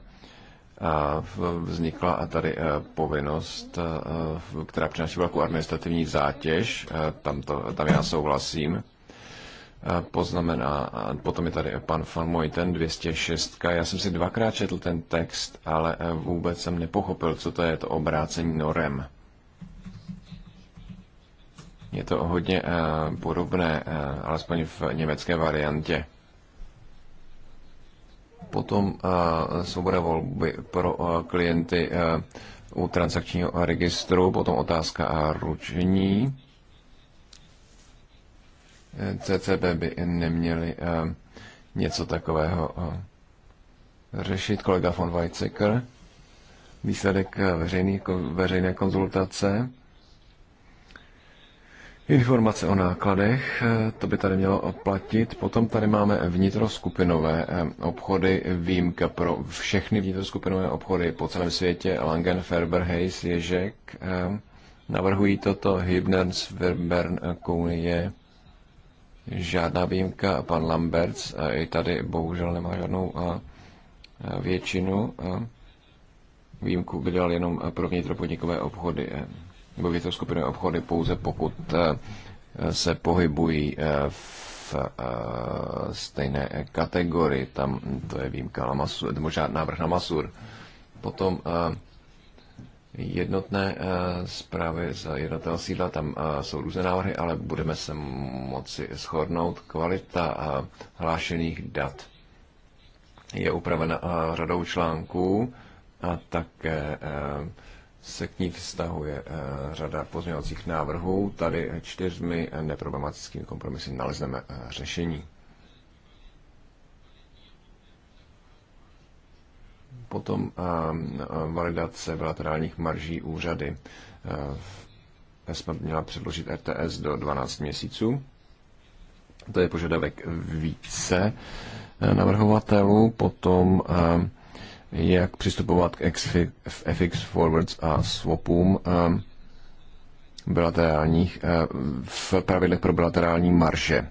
vznikla tady povinnost, která přináší velkou administrativní zátěž, tam, to, tam já souhlasím poznamená. A potom je tady pan Van Mojten 206. Já jsem si dvakrát četl ten text, ale eh, vůbec jsem nepochopil, co to je to obrácení norem. Je to hodně eh, podobné, eh, alespoň v německé variantě. Potom svoboda volby pro klienty u transakčního registru, potom otázka a ručení CCB by neměli eh, něco takového eh, řešit. Kolega von Weizsäcker, výsledek eh, veřejný, veřejné konzultace, informace o nákladech, to by tady mělo platit. Potom tady máme vnitroskupinové obchody, výjimka pro všechny vnitroskupinové obchody po celém světě, Langen, Ferber, Hayes, Ježek, navrhují toto Hibner, Werber, Kounie, žádná výjimka. Pan Lamberts eh, i tady bohužel nemá žádnou a eh, eh, většinu. Výjimku by dal jenom pro vnitropodnikové obchody nebo vnitroskupinové obchody pouze pokud se pohybují v stejné kategorii. Tam to je výjimka na masur, možná návrh na masur. Potom jednotné eh, zprávy z jednotného sídla, tam eh, jsou různé návrhy, ale budeme se moci shodnout. Kvalita eh, hlášených dat je upravena řadou článků a také se k ní vztahuje řada pozměňovacích návrhů. Tady čtyřmi neproblematickými kompromisy nalezneme řešení. potom eh, eh, validace bilaterálních marží úřady. ESMA eh, měla předložit RTS do 12 měsíců. To je požadavek více navrhovatelů. Potom jak přistupovat k FX forwards a swapům bilaterálních v pravidlech pro bilaterální marže.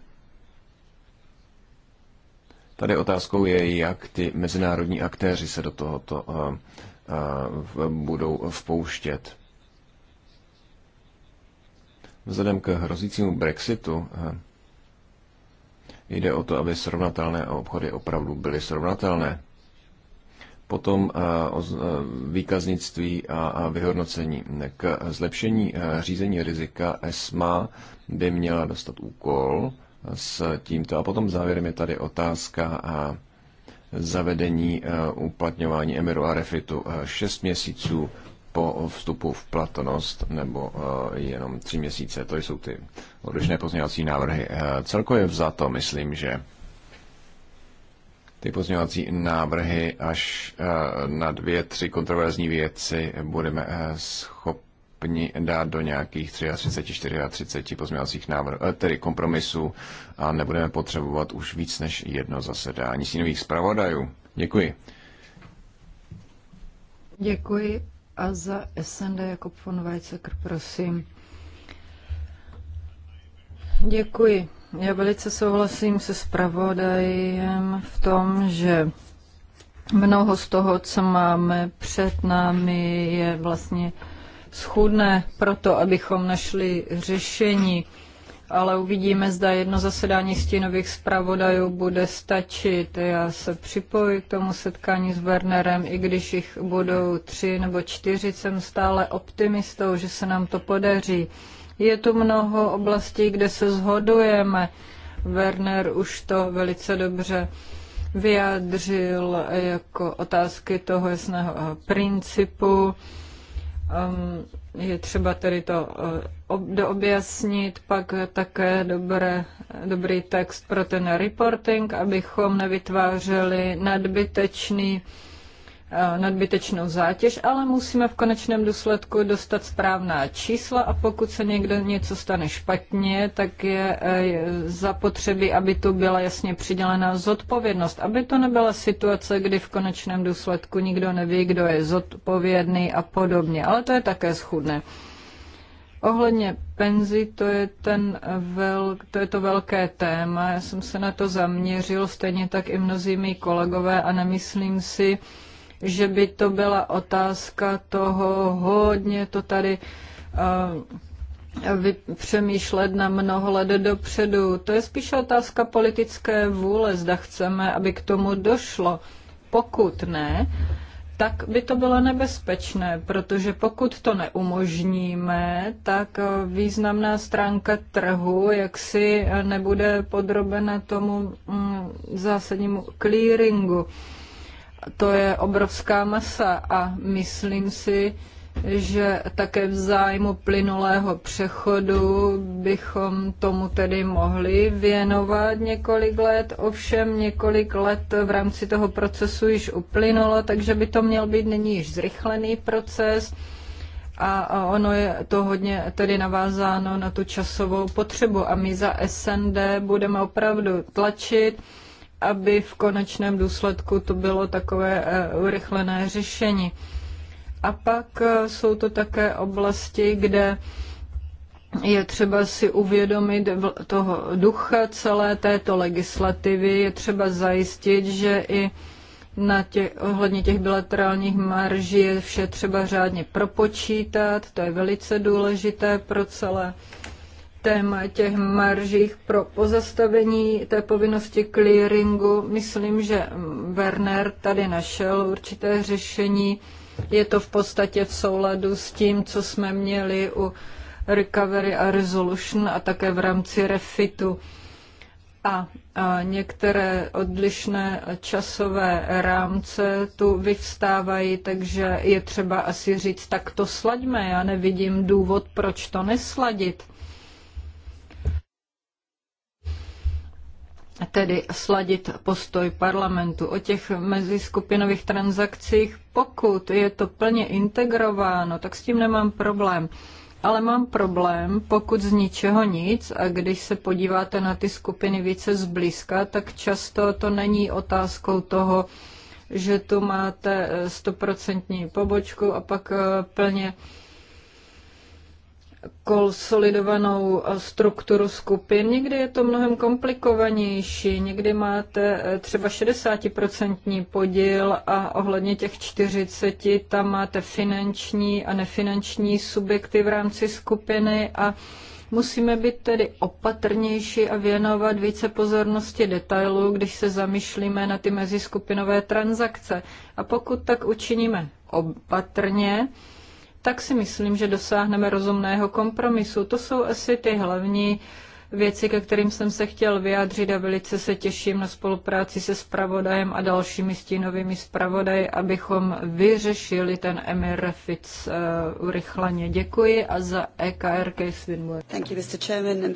Tady otázkou je, jak ty mezinárodní aktéři se do tohoto eh, eh, budou vpouštět. Vzhledem k hrozícímu Brexitu eh, jde o to, aby srovnatelné obchody opravdu byly srovnatelné. Potom o výkaznictví a vyhodnocení. K zlepšení řízení rizika ESMA by měla dostat úkol, s tímto. A potom závěrem je tady otázka a zavedení e, uplatňování Emiru a Refitu 6 e, měsíců po vstupu v platnost nebo e, jenom 3 měsíce. To jsou ty odlišné pozměňovací návrhy. Celkově vzato myslím, že ty pozměňovací návrhy až na dvě, tři kontroverzní věci budeme schopni schopni dát do nějakých 33, 34 pozměňovacích návrhů, eh, tedy kompromisů a nebudeme potřebovat už víc než jedno zasedání sínových zpravodajů. Děkuji. Děkuji a za SND jako von Weizsäcker, prosím. Děkuji. Já velice souhlasím se zpravodajem v tom, že mnoho z toho, co máme před námi, je vlastně schůdné proto, abychom našli řešení. Ale uvidíme, zda jedno zasedání stínových zpravodajů bude stačit. Já se připojím k tomu setkání s Wernerem, i když jich budou tři nebo čtyři, jsem stále optimistou, že se nám to podaří. Je tu mnoho oblastí, kde se zhodujeme. Werner už to velice dobře vyjádřil jako otázky toho jasného principu Ehm, je třeba tedy to eh, objasnit, pak také dobré, dobrý text pro ten reporting, abychom nevytvářeli nadbytečný Eh, nadbytečnou zátěž, ale musíme v konečném důsledku dostat správná čísla a pokud se někde něco stane špatně, tak je eh, zapotřebí, aby tu byla jasně přidělená zodpovědnost, aby to nebyla situace, kdy v konečném důsledku nikdo neví, kdo je zodpovědný a podobně, ale to je také schudné. Ohledně penzí, to je, ten vel, to je to velké téma. Já jsem se na to zaměřil, stejně tak i mnozí mý kolegové a nemyslím si, že by to byla otázka toho hodně to tady eh, přemýšlet na mnoho let dopředu. To je spíše otázka politické vůle, zda chceme, aby k tomu došlo. Pokud ne, tak by to bylo nebezpečné, protože pokud to neumožníme, tak eh, významná stránka trhu jaksi eh, nebude podrobena tomu mm, zásadnímu clearingu to je obrovská masa a myslím si, že také v zájmu plynulého přechodu bychom tomu tedy mohli věnovat několik let. Ovšem několik let v rámci toho procesu již uplynulo, takže by to měl být nyní již zrychlený proces a ono je to hodně tedy navázáno na tu časovou potřebu a my za SND budeme opravdu tlačit aby v konečném důsledku to bylo takové eh, urychlené řešení. A pak eh, jsou to také oblasti, kde je třeba si uvědomit toho ducha celé této legislativy, je třeba zajistit, že i na těch, ohledně těch bilaterálních marží je vše třeba řádně propočítat, to je velice důležité pro celé téma těch maržích pro pozastavení té povinnosti clearingu. Myslím, že Werner tady našel určité řešení. Je to v podstatě v souladu s tím, co jsme měli u Recovery a Resolution a také v rámci Refitu. A, a některé odlišné časové rámce tu vyvstávají, takže je třeba asi říct, tak to slaďme. Já nevidím důvod, proč to nesladit tedy sladit postoj parlamentu o těch meziskupinových transakcích. Pokud je to plně integrováno, tak s tím nemám problém. Ale mám problém, pokud z ničeho nic a když se podíváte na ty skupiny více zblízka, tak často to není otázkou toho, že tu máte eh, stoprocentní pobočku a pak eh, plně konsolidovanou strukturu skupin. Někdy je to mnohem komplikovanější, někdy máte eh, třeba 60% podíl a ohledně těch 40 tam máte finanční a nefinanční subjekty v rámci skupiny a Musíme být tedy opatrnější a věnovat více pozornosti detailů, když se zamýšlíme na ty meziskupinové transakce. A pokud tak učiníme opatrně, tak si myslím, že dosáhneme rozumného kompromisu. To jsou asi ty hlavní věci, ke kterým jsem se chtěl vyjádřit a velice se těším na spolupráci se spravodajem a dalšími stínovými spravodaji, abychom vyřešili ten Emir Fitz uh, eh, urychleně. Děkuji a za EKR Swinburne. Thank you, Mr. Chairman.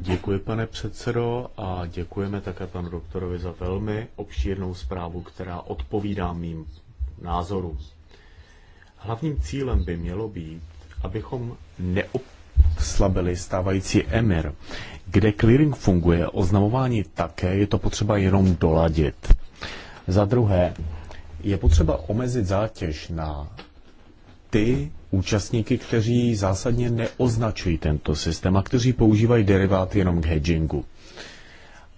Děkuji, pane předsedo, a děkujeme také panu doktorovi za velmi obšírnou zprávu, která odpovídá mým názorům. Hlavním cílem by mělo být, abychom neoslabili stávající EMIR, kde clearing funguje, oznamování také, je to potřeba jenom doladit. Za druhé, je potřeba omezit zátěž na ty účastníky, kteří zásadně neoznačují tento systém a kteří používají deriváty jenom k hedgingu.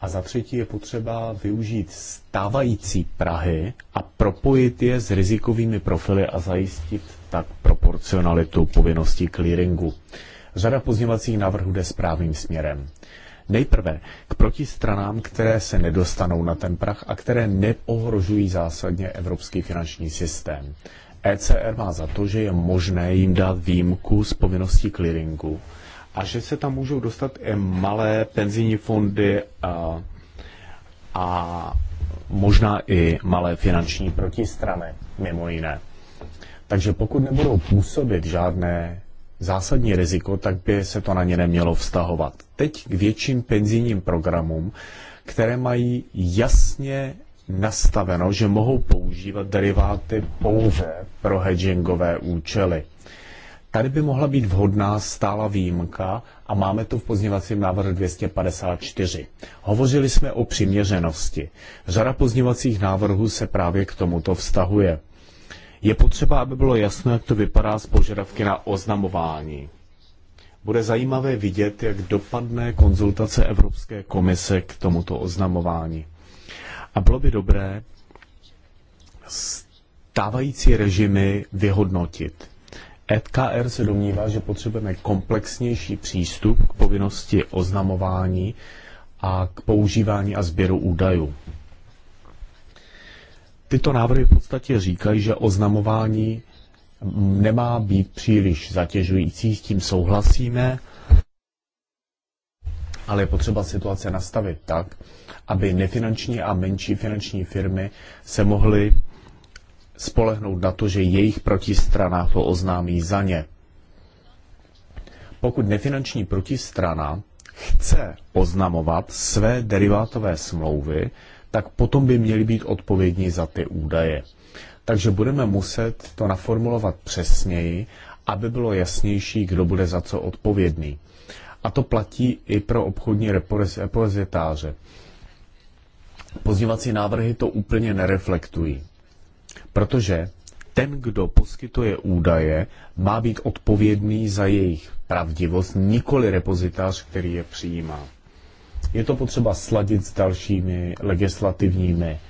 A za třetí je potřeba využít stávající Prahy a propojit je s rizikovými profily a zajistit tak proporcionalitu povinností clearingu. Řada pozněvacích návrhů jde správným směrem. Nejprve k protistranám, které se nedostanou na ten prach a které neohrožují zásadně evropský finanční systém. ECR má za to, že je možné jim dát výjimku z povinností clearingu, a že se tam můžou dostat i malé penzijní fondy a, a možná i malé finanční protistrany, mimo jiné. Takže pokud nebudou působit žádné zásadní riziko, tak by se to na ně nemělo vztahovat. Teď k větším penzijním programům, které mají jasně nastaveno, že mohou používat deriváty pouze pro hedgingové účely. Tady by mohla být vhodná stála výjimka a máme to v pozněvacím návrhu 254. Hovořili jsme o přiměřenosti. Řada pozněvacích návrhů se právě k tomuto vztahuje. Je potřeba, aby bylo jasné, jak to vypadá z požadavky na oznamování. Bude zajímavé vidět, jak dopadne konzultace Evropské komise k tomuto oznamování. A bylo by dobré stávající režimy vyhodnotit. EDKR se domnívá, že potřebujeme komplexnější přístup k povinnosti oznamování a k používání a sběru údajů. Tyto návrhy v podstatě říkají, že oznamování nemá být příliš zatěžující, s tím souhlasíme, ale je potřeba situace nastavit tak, aby nefinanční a menší finanční firmy se mohly spolehnout na to, že jejich protistrana to oznámí za ně. Pokud nefinanční protistrana chce oznamovat své derivátové smlouvy, tak potom by měli být odpovědní za ty údaje. Takže budeme muset to naformulovat přesněji, aby bylo jasnější, kdo bude za co odpovědný. A to platí i pro obchodní repozitáře. Pozdívací návrhy to úplně nereflektují. Protože ten, kdo poskytuje údaje, má být odpovědný za jejich pravdivost, nikoli repozitář, který je přijímá. Je to potřeba sladit s dalšími legislativními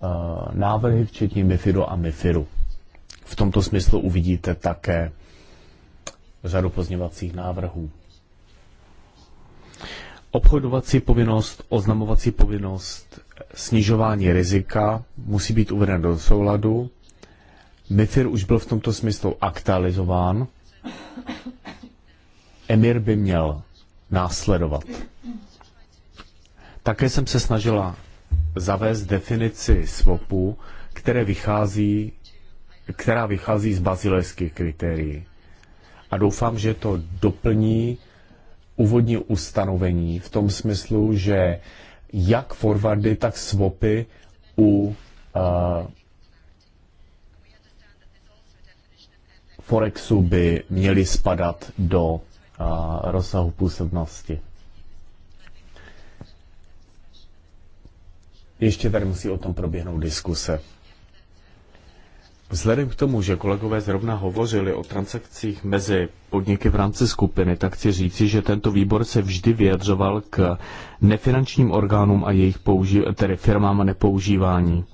uh, návrhy, včetně MIFIDu a MIFIRu. V tomto smyslu uvidíte také řadu pozněvacích návrhů. Obchodovací povinnost, oznamovací povinnost snižování rizika musí být uveden do souladu. MIFIR už byl v tomto smyslu aktualizován. Emir by měl následovat. Také jsem se snažila zavést definici swapu, které vychází, která vychází z bazilejských kritérií. A doufám, že to doplní úvodní ustanovení v tom smyslu, že jak forwardy, tak swapy u uh, Forexu by měly spadat do uh, rozsahu působnosti. Ještě tady musí o tom proběhnout diskuse. Vzhledem k tomu, že kolegové zrovna hovořili o transakcích mezi podniky v rámci skupiny, tak chci říci, že tento výbor se vždy vyjadřoval k nefinančním orgánům a jejich použi- tedy firmám a nepoužívání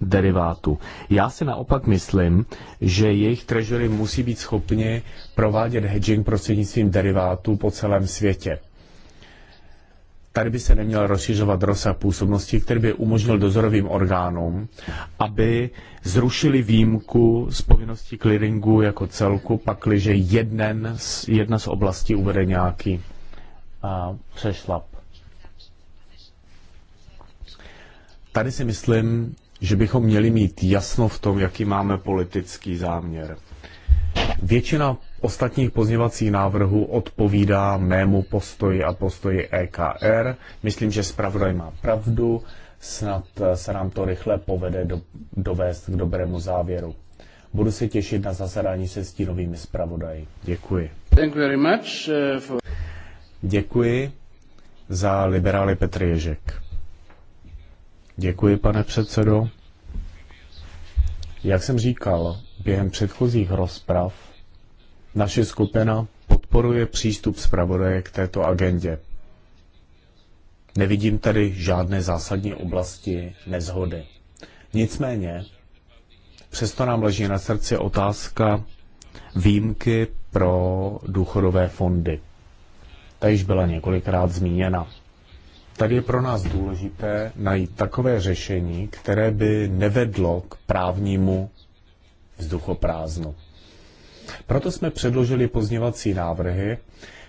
derivátu. Já si naopak myslím, že jejich treasury musí být schopni provádět hedging prostřednictvím derivátů po celém světě tady by se neměl rozšiřovat rozsah působnosti, který by umožnil dozorovým orgánům, aby zrušili výjimku z povinnosti clearingu jako celku, pakliže jeden z, jedna z oblastí uvede nějaký a, přešlap. Tady si myslím, že bychom měli mít jasno v tom, jaký máme politický záměr. Většina ostatních pozněvacích návrhů odpovídá mému postoji a postoji EKR. Myslím, že zpravodaj má pravdu, snad eh, se nám to rychle povede do, dovést k dobrému závěru. Budu se těšit na zasedání se stínovými zpravodaji. Děkuji. Thank you very much eh, for... Děkuji za liberály Petr Ježek. Děkuji, pane předsedo. Jak jsem říkal, během předchozích rozprav naše skupina podporuje přístup zpravodaje k této agendě. Nevidím tady žádné zásadní oblasti nezhody. Nicméně, přesto nám leží na srdci otázka výjimky pro důchodové fondy. Ta již byla několikrát zmíněna. Tady je pro nás důležité najít takové řešení, které by nevedlo k právnímu vzduchoprázdnu. Proto jsme předložili pozněvací návrhy,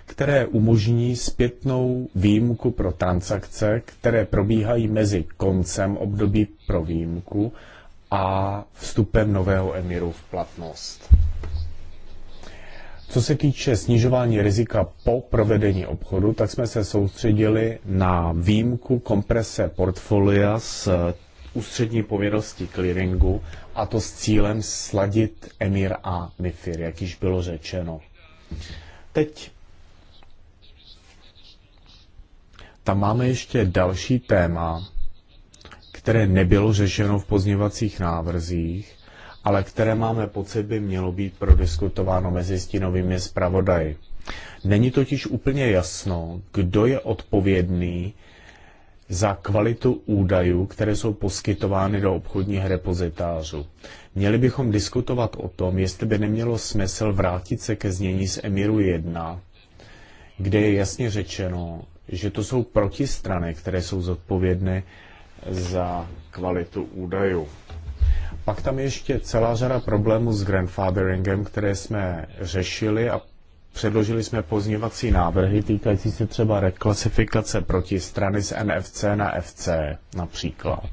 které umožní zpětnou výjimku pro transakce, které probíhají mezi koncem období pro výjimku a vstupem nového emiru v platnost. Co se týče snižování rizika po provedení obchodu, tak jsme se soustředili na výjimku komprese portfolia z ústřední povědosti clearingu, a to s cílem sladit Emir a MIFIR, jak již bylo řečeno. Teď tam máme ještě další téma, které nebylo řešeno v pozněvacích návrzích, ale které máme pocit by mělo být prodiskutováno mezi stínovými zpravodaji. Není totiž úplně jasno, kdo je odpovědný za kvalitu údajů, které jsou poskytovány do obchodních repozitářů. Měli bychom diskutovat o tom, jestli by nemělo smysl vrátit se ke znění z Emiru 1, kde je jasně řečeno, že to jsou protistrany, které jsou zodpovědné za kvalitu údajů. Pak tam ještě celá řada problémů s grandfatheringem, které jsme řešili a Předložili jsme pozněvací návrhy týkající se třeba reklasifikace proti strany z NFC na FC například.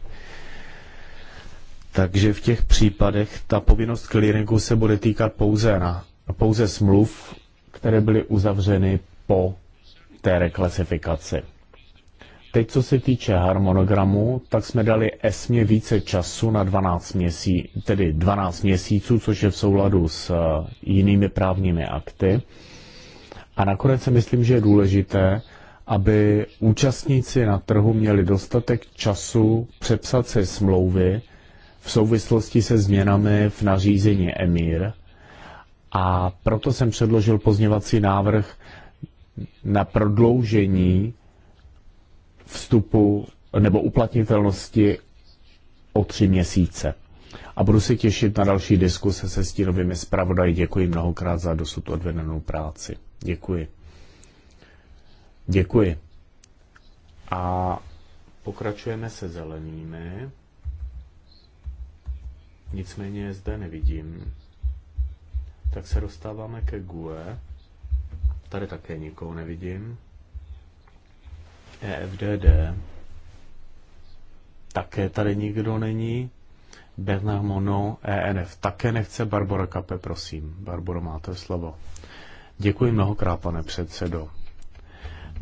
Takže v těch případech ta povinnost clearingu se bude týkat pouze, na, pouze smluv, které byly uzavřeny po té reklasifikaci. Teď, co se týče harmonogramu, tak jsme dali esmě více času na 12 měsíců, tedy 12 měsíců, což je v souladu s eh, jinými právními akty. A nakonec si myslím, že je důležité, aby účastníci na trhu měli dostatek času přepsat si smlouvy v souvislosti se změnami v nařízení EMIR. A proto jsem předložil pozněvací návrh na prodloužení vstupu nebo uplatnitelnosti o tři měsíce. A budu se těšit na další diskuse se stínovými zpravodaji. Děkuji mnohokrát za dosud odvedenou práci. Děkuji. Děkuji. A pokračujeme se zelenými. Nicméně je zde nevidím. Tak se dostáváme ke GUE. Tady také nikoho nevidím. EFDD. Také tady nikdo není. Bernard Mono, ENF také nechce. Barbara Kape, prosím. Barbara, máte slovo. Děkuji mnohokrát, pane předsedo.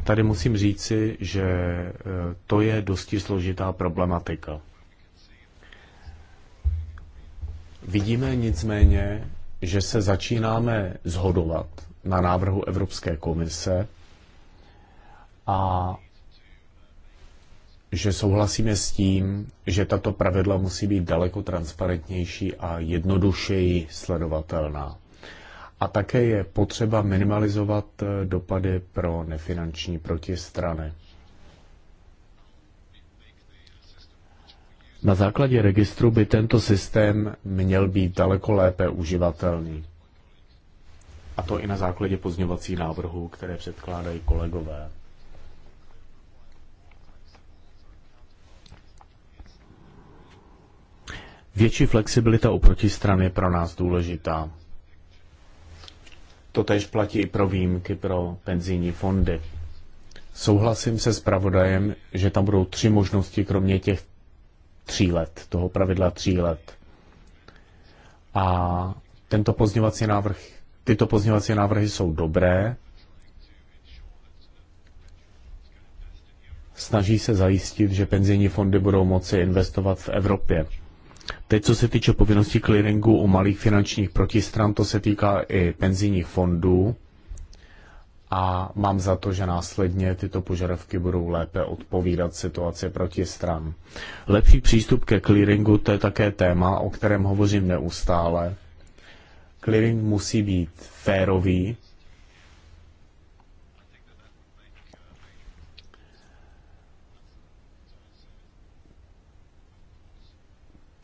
Tady musím říci, že e, to je dosti složitá problematika. Vidíme nicméně, že se začínáme zhodovat na návrhu Evropské komise a že souhlasíme s tím, že tato pravidla musí být daleko transparentnější a jednodušeji sledovatelná. A také je potřeba minimalizovat eh, dopady pro nefinanční protistrany. Na základě registru by tento systém měl být daleko lépe uživatelný. A to i na základě pozňovací návrhů, které předkládají kolegové. Větší flexibilita u protistrany je pro nás důležitá. To tež platí i pro výjimky pro penzijní fondy. Souhlasím se s pravodajem, že tam budou tři možnosti, kromě těch tří let, toho pravidla tří let. A tento pozněvací návrh, tyto pozněvací návrhy jsou dobré. Snaží se zajistit, že penzijní fondy budou moci investovat v Evropě. Teď, co se týče povinnosti clearingu u malých finančních protistran, to se týká i penzijních fondů a mám za to, že následně tyto požadavky budou lépe odpovídat situaci protistran. Lepší přístup ke clearingu to je také téma, o kterém hovořím neustále. Clearing musí být férový,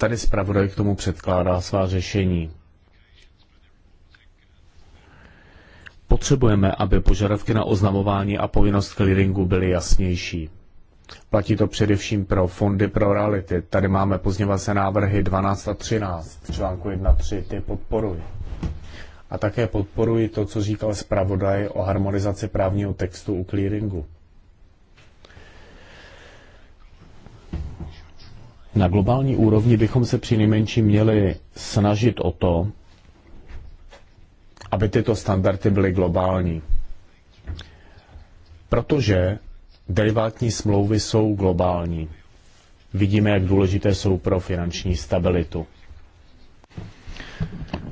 tady zpravodaj k tomu předkládá svá řešení. Potřebujeme, aby požadavky na oznamování a povinnost clearingu byly jasnější. Platí to především pro fondy pro reality. Tady máme pozněvace návrhy 12 a 13 v článku 1.3. Ty podporuji. A také podporuji to, co říkal zpravodaj o harmonizaci právního textu u clearingu. Na globální úrovni bychom se při nejmenší měli snažit o to, aby tyto standardy byly globální. Protože derivátní smlouvy jsou globální. Vidíme, jak důležité jsou pro finanční stabilitu.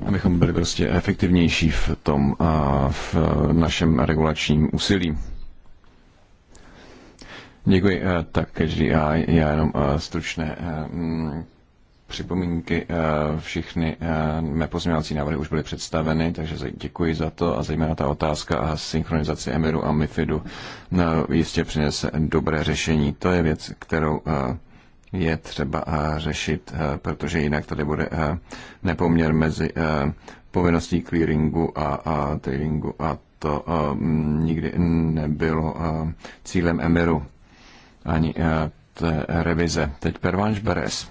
Abychom byli prostě efektivnější v tom, a v našem regulačním úsilí. Děkuji. Eh, tak každý já, já jenom eh, stručné eh, mm, připomínky. Všichni mé pozměňovací návrhy už byly představeny, takže děkuji za to a zejména ta otázka a synchronizace Emiru a Mifidu no, jistě přinese dobré řešení. To je věc, kterou je třeba řešit, protože jinak tady bude nepoměr mezi povinností clearingu a, a tradingu a to nikdy nebylo cílem Emiru ani eh, té revize. Teď Pervanš Beres.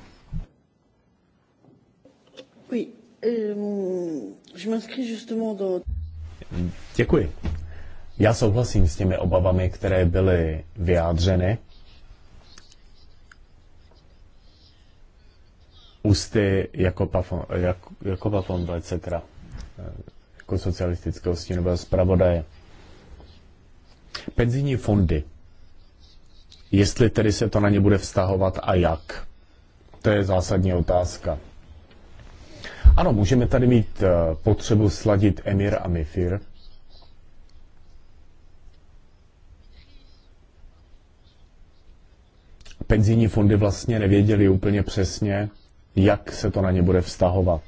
Oui, ehm, je m'inscris justement dans... Děkuji. Já souhlasím s těmi obavami, které byly vyjádřeny ústy jako Pafon, Jak, Jakoba von Weizsäckera, eh, jako socialistického stínového zpravodaje. Penzijní fondy jestli tedy se to na ně bude vztahovat a jak. To je zásadní otázka. Ano, můžeme tady mít eh, potřebu sladit Emir a Mifir. Penzijní fondy vlastně nevěděli úplně přesně, jak se to na ně bude vztahovat.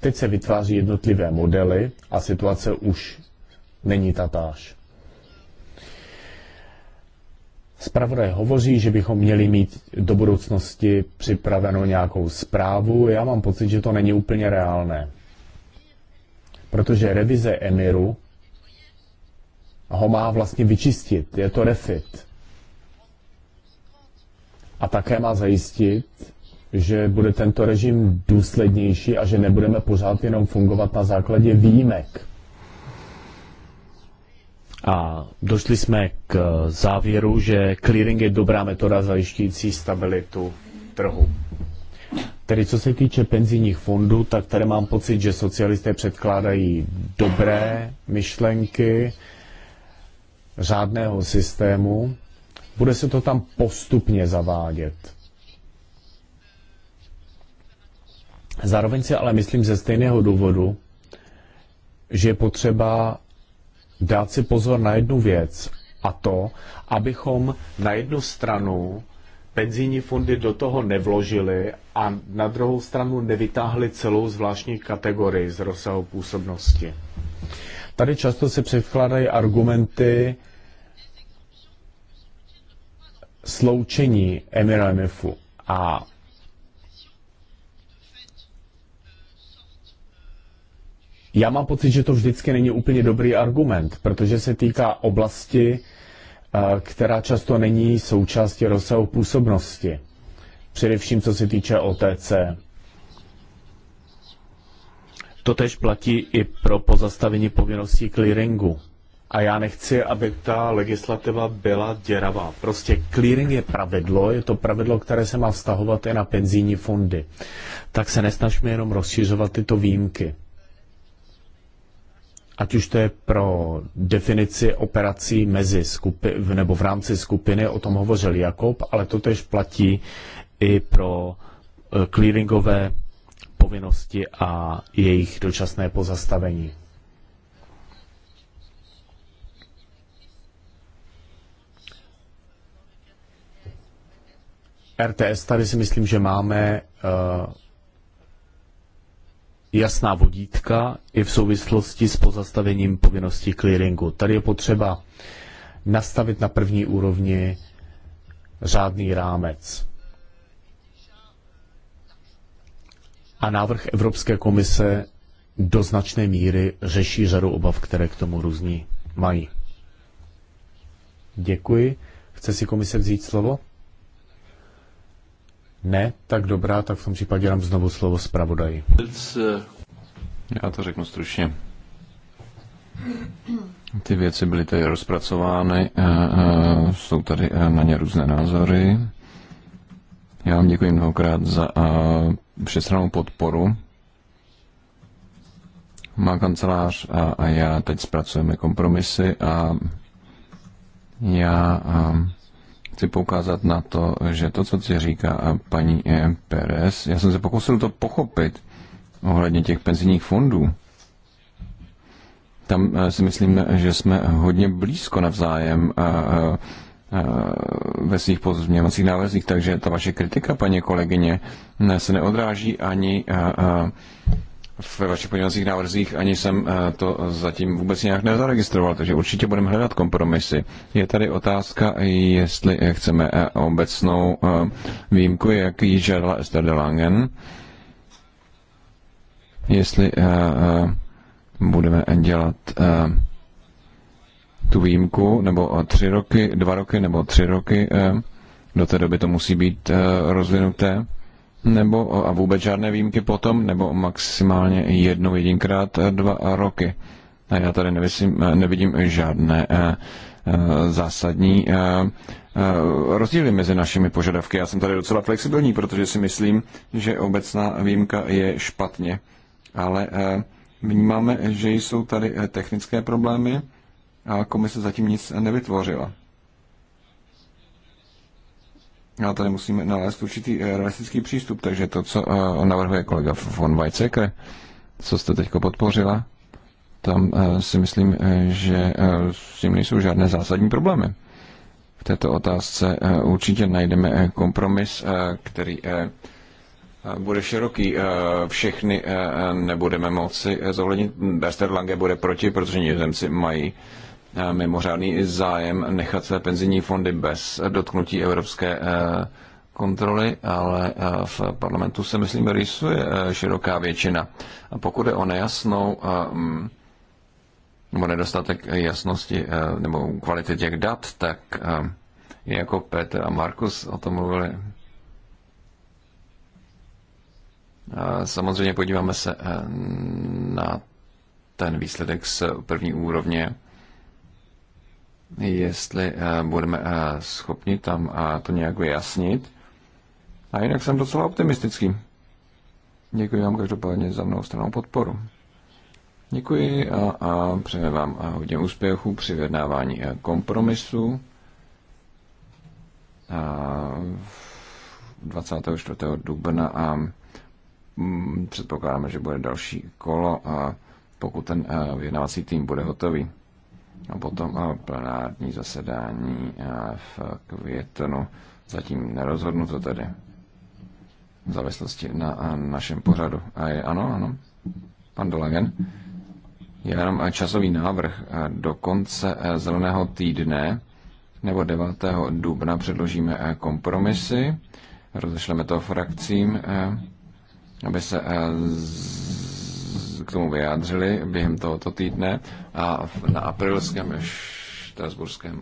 Teď se vytváří jednotlivé modely a situace už není tatáž. Spravodaj hovoří, že bychom měli mít do budoucnosti připravenou nějakou zprávu. Já mám pocit, že to není úplně reálné. Protože revize Emiru ho má vlastně vyčistit. Je to refit. A také má zajistit, že bude tento režim důslednější a že nebudeme pořád jenom fungovat na základě výjimek. A došli jsme k eh, závěru, že clearing je dobrá metoda zajišťující stabilitu trhu. Tedy co se týče penzijních fondů, tak tady mám pocit, že socialisté předkládají dobré myšlenky řádného systému. Bude se to tam postupně zavádět. Zároveň si ale myslím ze stejného důvodu, že je potřeba dát si pozor na jednu věc a to, abychom na jednu stranu penzijní fondy do toho nevložili a na druhou stranu nevytáhli celou zvláštní kategorii z rozsahu působnosti. Tady často se předkládají argumenty sloučení MRMFu a Já mám pocit, že to vždycky není úplně dobrý argument, protože se týká oblasti, eh, která často není součástí rozsahu působnosti. Především co se týče OTC. To tež platí i pro pozastavení povinností clearingu. A já nechci, aby ta legislativa byla děravá. Prostě clearing je pravidlo, je to pravidlo, které se má vztahovat i na penzijní fondy. Tak se nesnažme jenom rozšiřovat tyto výjimky ať už to je pro definici operací mezi skupi, nebo v rámci skupiny, o tom hovořil Jakob, ale to tež platí i pro eh, clearingové povinnosti a jejich dočasné pozastavení. RTS tady si myslím, že máme eh, jasná vodítka i v souvislosti s pozastavením povinnosti clearingu. Tady je potřeba nastavit na první úrovni řádný rámec. A návrh Evropské komise do značné míry řeší řadu obav, které k tomu různí mají. Děkuji. Chce si komise vzít slovo? Ne, tak dobrá, tak v tom případě dám znovu slovo zpravodaji. Já to řeknu stručně. Ty věci byly tady rozpracovány, eh, eh, jsou tady eh, na ně různé názory. Já vám děkuji mnohokrát za přesranou podporu. Má kancelář a, a já teď zpracujeme kompromisy a já a, chci poukázat na to, že to, co ti říká paní eh, Perez, já jsem se pokusil to pochopit ohledně těch penzijních fondů. Tam eh, si myslím, že jsme hodně blízko navzájem a, eh, a, ve svých pozměňovacích návrzích, takže ta vaše kritika, paní kolegyně, se neodráží ani ve vašich podněcích návrzích, ani jsem eh, to zatím vůbec nějak nezaregistroval, takže určitě budeme hledat kompromisy. Je tady otázka, jestli chceme eh, obecnou eh, výjimku, jak ji žádala Esther de Langen, jestli budeme dělat tu výjimku, nebo tři roky, dva roky, nebo tři roky, do té doby to musí být rozvinuté nebo a vůbec žádné výjimky potom, nebo maximálně jednou jedinkrát eh, dva roky. A já tady nevidím, eh, nevidím žádné eh, zásadní rozdíly mezi našimi požadavky. Já jsem tady docela flexibilní, protože si myslím, že obecná výjimka je špatně. Ale vnímáme, že jsou tady technické problémy a komise zatím nic nevytvořila. A tady musíme nalézt určitý eh, realistický přístup, takže to, co eh, navrhuje kolega von Weizsäcker, co jste teď podpořila, tam eh, si myslím, že s tím nejsou žádné zásadní problémy. V této otázce určitě najdeme kompromis, který bude široký. Všechny nebudeme moci zohlednit. Berster Lange bude proti, protože Nizemci mají Eh, mimořádný zájem nechat své penzijní fondy bez dotknutí evropské eh, kontroly, ale eh, v parlamentu se, myslím, rýsuje široká většina. A pokud je o nejasnou nebo mm, nedostatek jasnosti nebo kvality těch dat, tak jako Petr a Markus o tom mluvili. Samozřejmě podíváme se na ten výsledek z první úrovně jestli eh, budeme eh, schopni tam eh, to nějak vyjasnit. A jinak jsem docela optimistický. Děkuji vám každopádně za mnou stranou podporu. Děkuji a, a přeji vám hodně úspěchů při vyjednávání kompromisu. A 24. dubna a mm, předpokládáme, že bude další kolo a pokud ten vyjednávací tým bude hotový a potom eh, plenární zasedání eh, v květnu. Zatím nerozhodnuto tedy v závislosti na eh, našem pořadu. A je, ano, ano, pan Dolagen. Já jenom časový návrh. Do konce zeleného týdne nebo 9. dubna předložíme kompromisy, rozešleme to frakcím, aby se k tomu vyjádřili během tohoto týdne a na aprilském Štrasburském,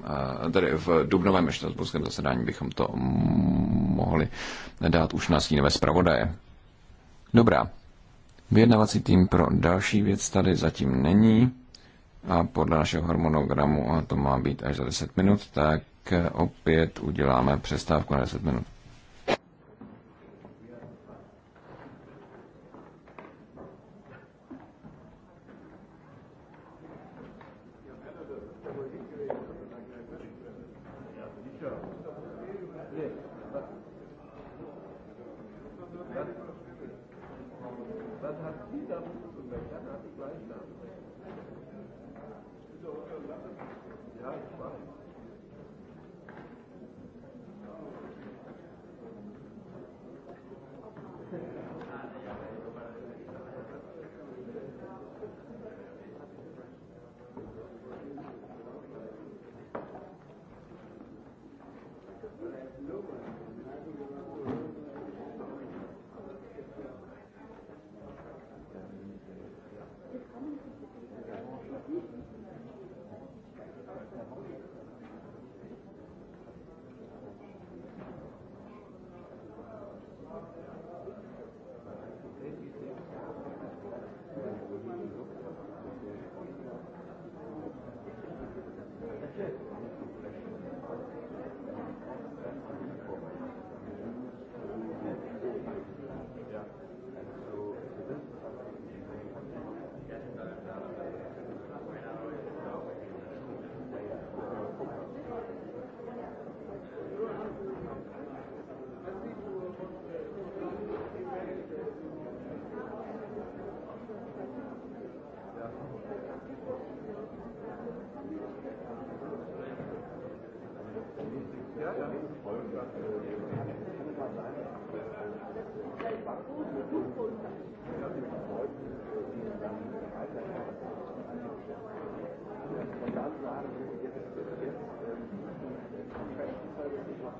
tedy v dubnovém Štrasburském zasedání bychom to mohli dát už na stínové zpravodaje. Dobrá. Vyjednavací tým pro další věc tady zatím není a podle našeho harmonogramu, a to má být až za 10 minut, tak opět uděláme přestávku na 10 minut.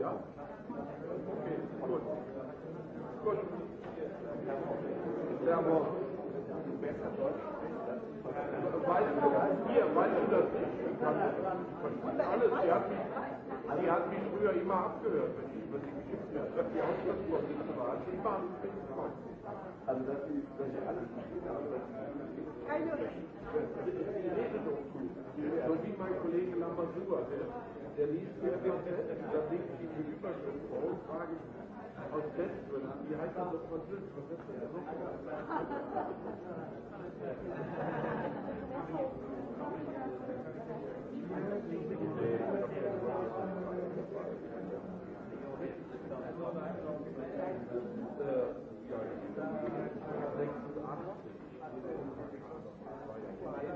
Ja? Okay, gut. Gut. Servus. Besser Deutsch Weißt du, hier, weißt du das nicht? Alles, die hat mich, die hat mich früher immer abgehört, wenn ich über sie geschimpft habe. Ich habe die Ausgangsvorsitzende war, hat sie immer abgehört. التي تجعلت So wie mein Kollege Lambasua, der liest jetzt den Test, da liegt die Überschrift vor und frage ich aus Testgründen, wie heißt das auf Französisch? Was ist das? Thank you.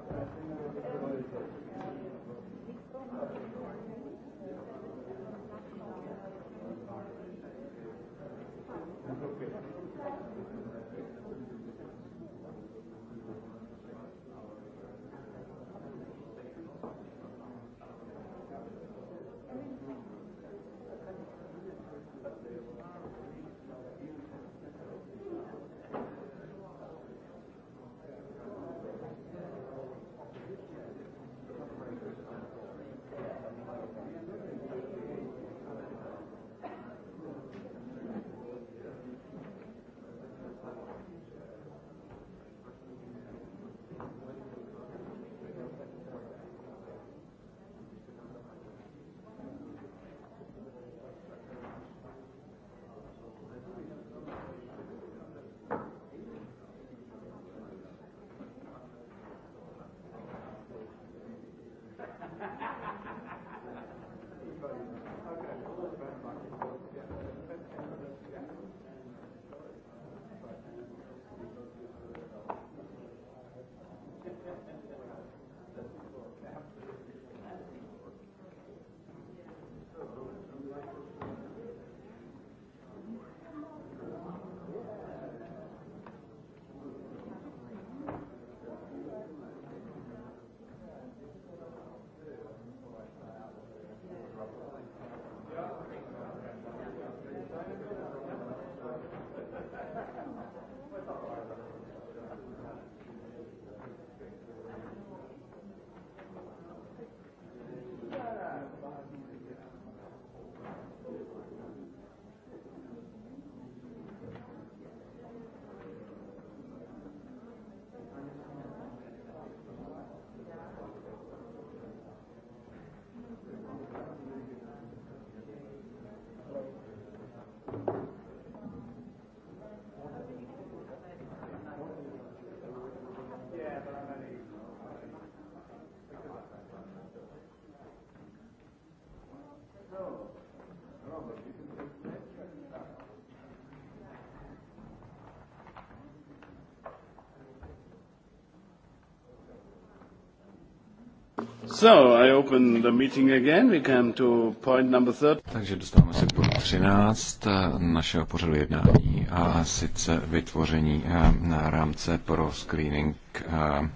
So, I open the meeting again. We come to point number Takže dostáváme se k bodu 13 eh, našeho pořadu jednání a sice vytvoření na eh, rámce pro screening eh,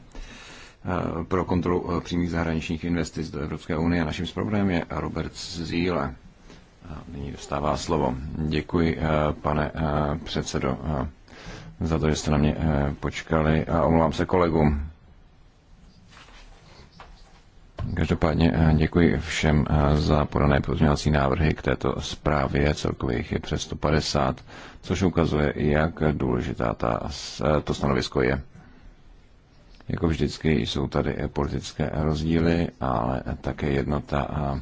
pro kontrolu přímých zahraničních investic do Evropské unie. Naším zpravodajem je Robert Zíle. nyní dostává slovo. Děkuji, pane předsedo, za to, že jste na mě počkali a omlouvám se kolegům. Každopádně eh, děkuji všem eh, za podané pozměňovací návrhy k této zprávě, celkově jich je přes 150, což ukazuje, jak důležitá ta, eh, to stanovisko je. Jako vždycky jsou tady politické rozdíly, ale také jednota a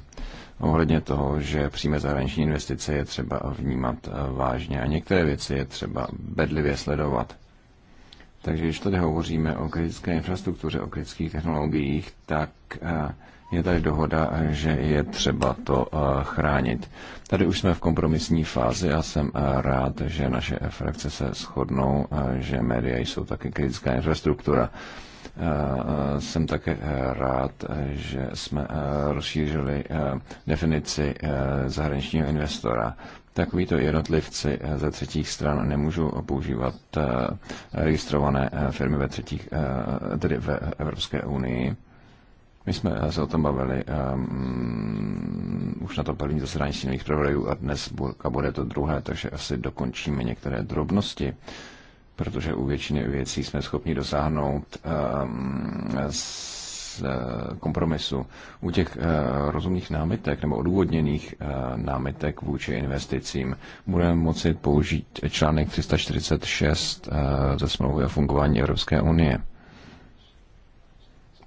ohledně toho, že přímé zahraniční investice je třeba vnímat vážně a některé věci je třeba bedlivě sledovat. Takže když tady hovoříme o kritické infrastruktuře, o kritických technologiích, tak eh, je tady dohoda, že je třeba to eh, chránit. Tady už jsme v kompromisní fázi a jsem eh, rád, že naše frakce se shodnou, že média jsou taky kritická infrastruktura. Jsem také rád, že jsme rozšířili definici zahraničního investora takovýto jednotlivci eh, ze třetích stran nemůžou používat eh, registrované eh, firmy ve třetích, tedy ve Evropské unii. My jsme se o tom bavili um, už na to první zasedání stínových zpravodajů a dnes bude to druhé, takže asi dokončíme některé drobnosti, protože u většiny věcí jsme schopni dosáhnout um, s z eh, kompromisu. U těch eh, rozumných námitek nebo odůvodněných eh, námitek vůči investicím budeme moci použít článek 346 ze smlouvy o fungování Evropské unie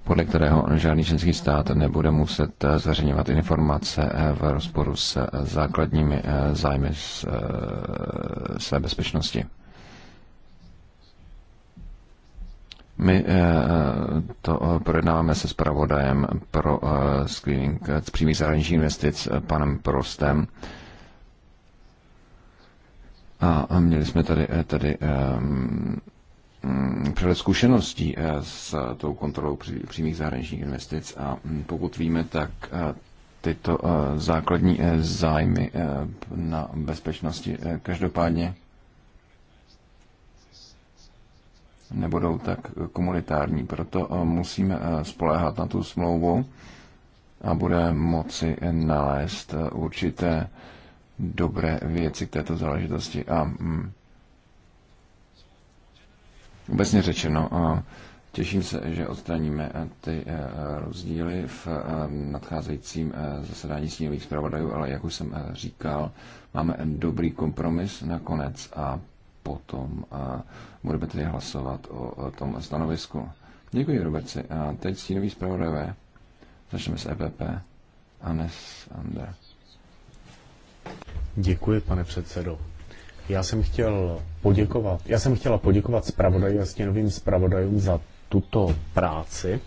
podle kterého žádný členský stát nebude muset zveřejňovat informace v rozporu s základními zájmy své bezpečnosti. My eh, to eh, projednáváme se zpravodajem pro eh, screening z přímých zahraničních investic panem Prostem. A měli jsme tady, tady mm, přehled zkušeností s tou kontrolou přímých zahraničních investic a mm, pokud víme, tak tyto základní zájmy na bezpečnosti každopádně nebudou tak komunitární. Proto eh, musíme eh, spoléhat na tu smlouvu a bude moci nalézt eh, určité dobré věci k této záležitosti. A mm, obecně řečeno, těším se, že odstraníme ty rozdíly v nadcházejícím zasedání sněhových zpravodajů, ale jak už jsem říkal, máme dobrý kompromis nakonec a potom a budeme tedy hlasovat o tom stanovisku. Děkuji, Roberci. A teď stínový zpravodajové. Začneme s EPP. Anes Ander. Děkuji, pane předsedo. Já jsem chtěl poděkovat, já jsem chtěla poděkovat zpravodaji a stěnovým zpravodajům za tuto práci,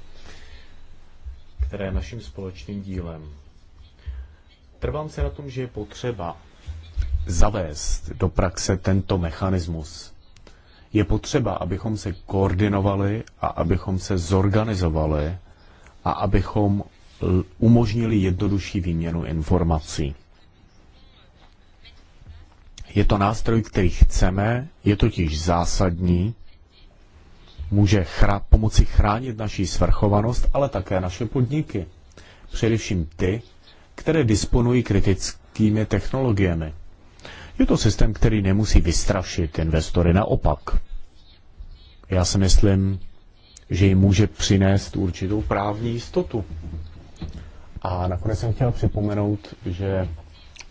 která je naším společným dílem. Trvám se na tom, že je potřeba zavést do praxe tento mechanismus. Je potřeba, abychom se koordinovali a abychom se zorganizovali a abychom umožnili jednodušší výměnu informací. Je to nástroj, který chceme, je totiž zásadní, může chra- pomoci chránit naší svrchovanost, ale také naše podniky. Především ty, které disponují kritickými technologiemi. Je to systém, který nemusí vystrašit investory, naopak. Já si myslím, že jim může přinést určitou právní jistotu. A nakonec jsem chtěl připomenout, že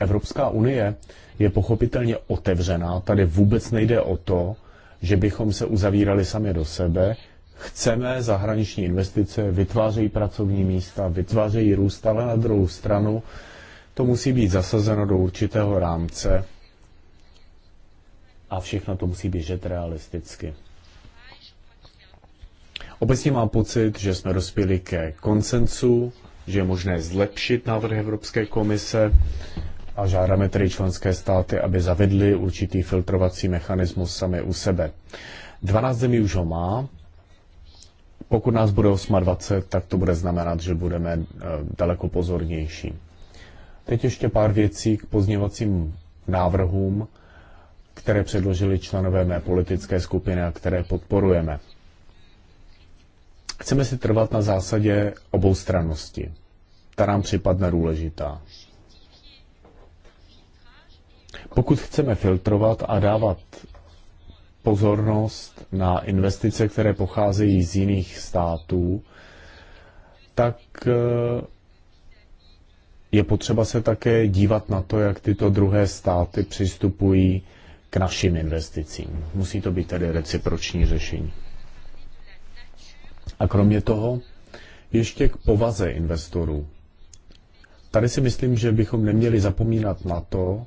Evropská unie je pochopitelně otevřená. Tady vůbec nejde o to, že bychom se uzavírali sami do sebe. Chceme zahraniční investice, vytvářejí pracovní místa, vytvářejí růst, ale na druhou stranu to musí být zasazeno do určitého rámce, a všechno to musí běžet realisticky. Obecně mám pocit, že jsme dospěli ke konsensu, že je možné zlepšit návrh Evropské komise a žádáme tedy členské státy, aby zavedly určitý filtrovací mechanismus sami u sebe. 12 zemí už ho má. Pokud nás bude 28, tak to bude znamenat, že budeme eh, daleko pozornější. Teď ještě pár věcí k pozněvacím návrhům, které předložili členové mé politické skupiny a které podporujeme. Chceme si trvat na zásadě oboustrannosti. Ta nám připadne důležitá. Pokud chceme filtrovat a dávat pozornost na investice, které pocházejí z jiných států, tak eh, je potřeba se také dívat na to, jak tyto druhé státy přistupují k našim investicím. Musí to být tedy reciproční řešení. A kromě toho ještě k povaze investorů. Tady si myslím, že bychom neměli zapomínat na to,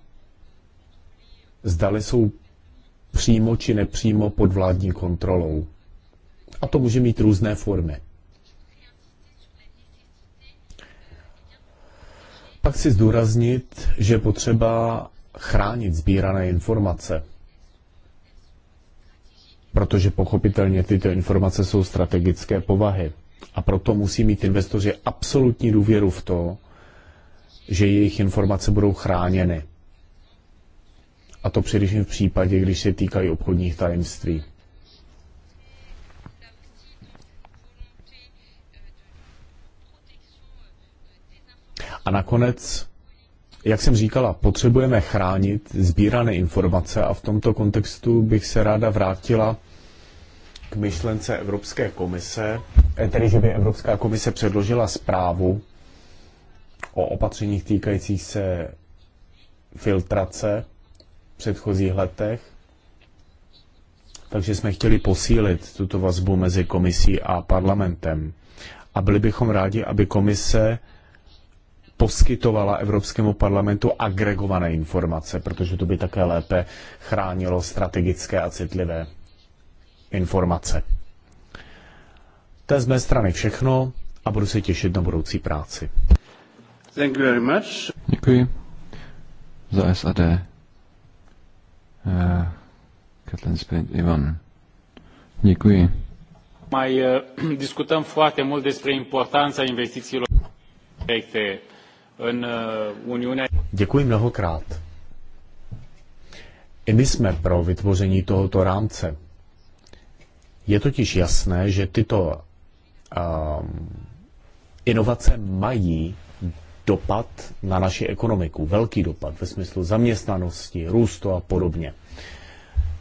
zdali jsou přímo či nepřímo pod vládní kontrolou. A to může mít různé formy. Pak si zdůraznit, že potřeba chránit sbírané informace, protože pochopitelně tyto informace jsou strategické povahy. A proto musí mít investoři absolutní důvěru v to, že jejich informace budou chráněny. A to především v případě, když se týkají obchodních tajemství. A nakonec jak jsem říkala, potřebujeme chránit sbírané informace a v tomto kontextu bych se ráda vrátila k myšlence Evropské komise, eh, tedy že by Evropská komise předložila zprávu o opatřeních týkajících se filtrace v předchozích letech. Takže jsme chtěli posílit tuto vazbu mezi komisí a parlamentem. A byli bychom rádi, aby komise poskytovala Evropskému parlamentu agregované informace, protože to by také lépe chránilo strategické a citlivé informace. To je z mé strany všechno a budu se těšit na budoucí práci. Thank you very much. Děkuji za SAD. Uh, eh, Katlin Ivan. Děkuji. Mai uh, discutăm foarte mult despre importanța investițiilor directe Uh, Děkuji mnohokrát. I my jsme pro vytvoření tohoto rámce. Je totiž jasné, že tyto um, inovace mají dopad na naši ekonomiku, velký dopad ve smyslu zaměstnanosti, růstu a podobně.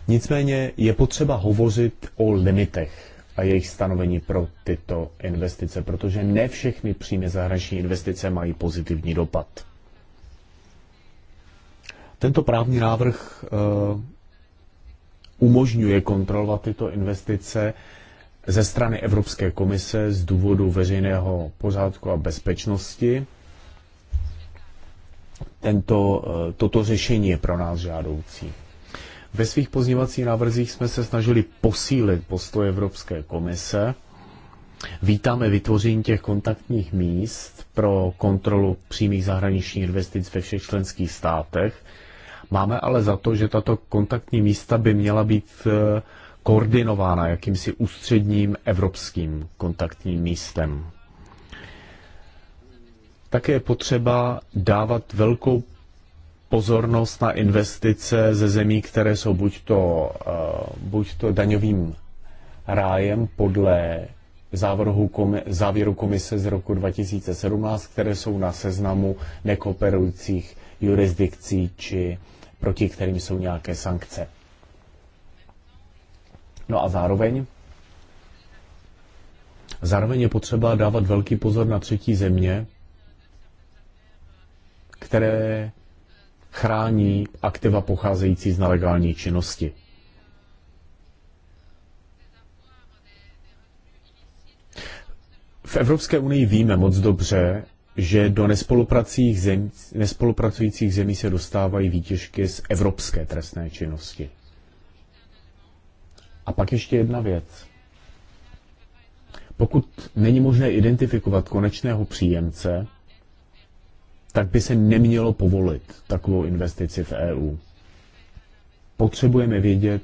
Nicméně je potřeba hovořit o limitech jejich stanovení pro tyto investice, protože ne všechny přímé zahraniční investice mají pozitivní dopad. Tento právní návrh eh, umožňuje kontrolovat tyto investice ze strany Evropské komise z důvodu veřejného pořádku a bezpečnosti. Tento, eh, toto řešení je pro nás žádoucí. Ve svých pozněvacích návrzích jsme se snažili posílit postoj Evropské komise. Vítáme vytvoření těch kontaktních míst pro kontrolu přímých zahraničních investic ve všech členských státech. Máme ale za to, že tato kontaktní místa by měla být eh, koordinována jakýmsi ústředním evropským kontaktním místem. Také je potřeba dávat velkou pozornost na investice ze zemí, které jsou buď to, eh, buď to daňovým rájem podle závěru komise z roku 2017, které jsou na seznamu nekooperujících jurisdikcí či proti kterým jsou nějaké sankce. No a zároveň Zároveň je potřeba dávat velký pozor na třetí země, které chrání aktiva pocházející z nelegální činnosti. V Evropské unii víme moc dobře, že do zem, nespolupracujících zemí se dostávají výtěžky z evropské trestné činnosti. A pak ještě jedna věc. Pokud není možné identifikovat konečného příjemce, tak by se nemělo povolit takovou investici v EU. Potřebujeme vědět,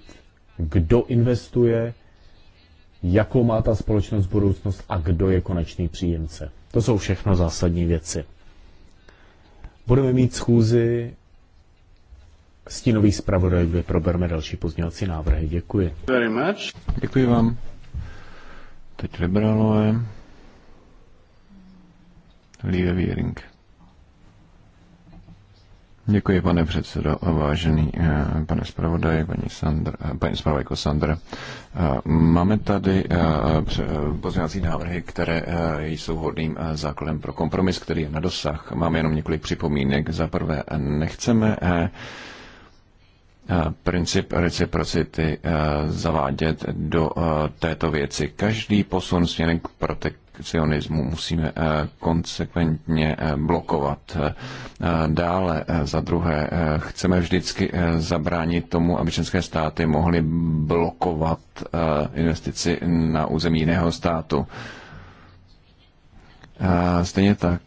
kdo investuje, jakou má ta společnost budoucnost a kdo je konečný příjemce. To jsou všechno zásadní věci. Budeme mít schůzi stínový zpravodaj, kde probereme další pozdělací návrhy. Děkuji. Very much. Děkuji vám. Teď liberálové. Lieve Wiering. Děkuji, pane předsedo, vážený eh, pane zpravodaj, paní, eh, paní zpravodajko Sandra. Eh, máme tady pozměňovací návrhy, které jsou hodným základem pro kompromis, který je na dosah. Máme jenom několik připomínek. Za prvé, nechceme Eh, princip reciprocity eh, zavádět do eh, této věci. Každý posun směrem k protekcionismu musíme konsekventně blokovat. Dále za druhé chceme vždycky zabránit tomu, aby české státy mohly blokovat investici na území jiného státu Stejně tak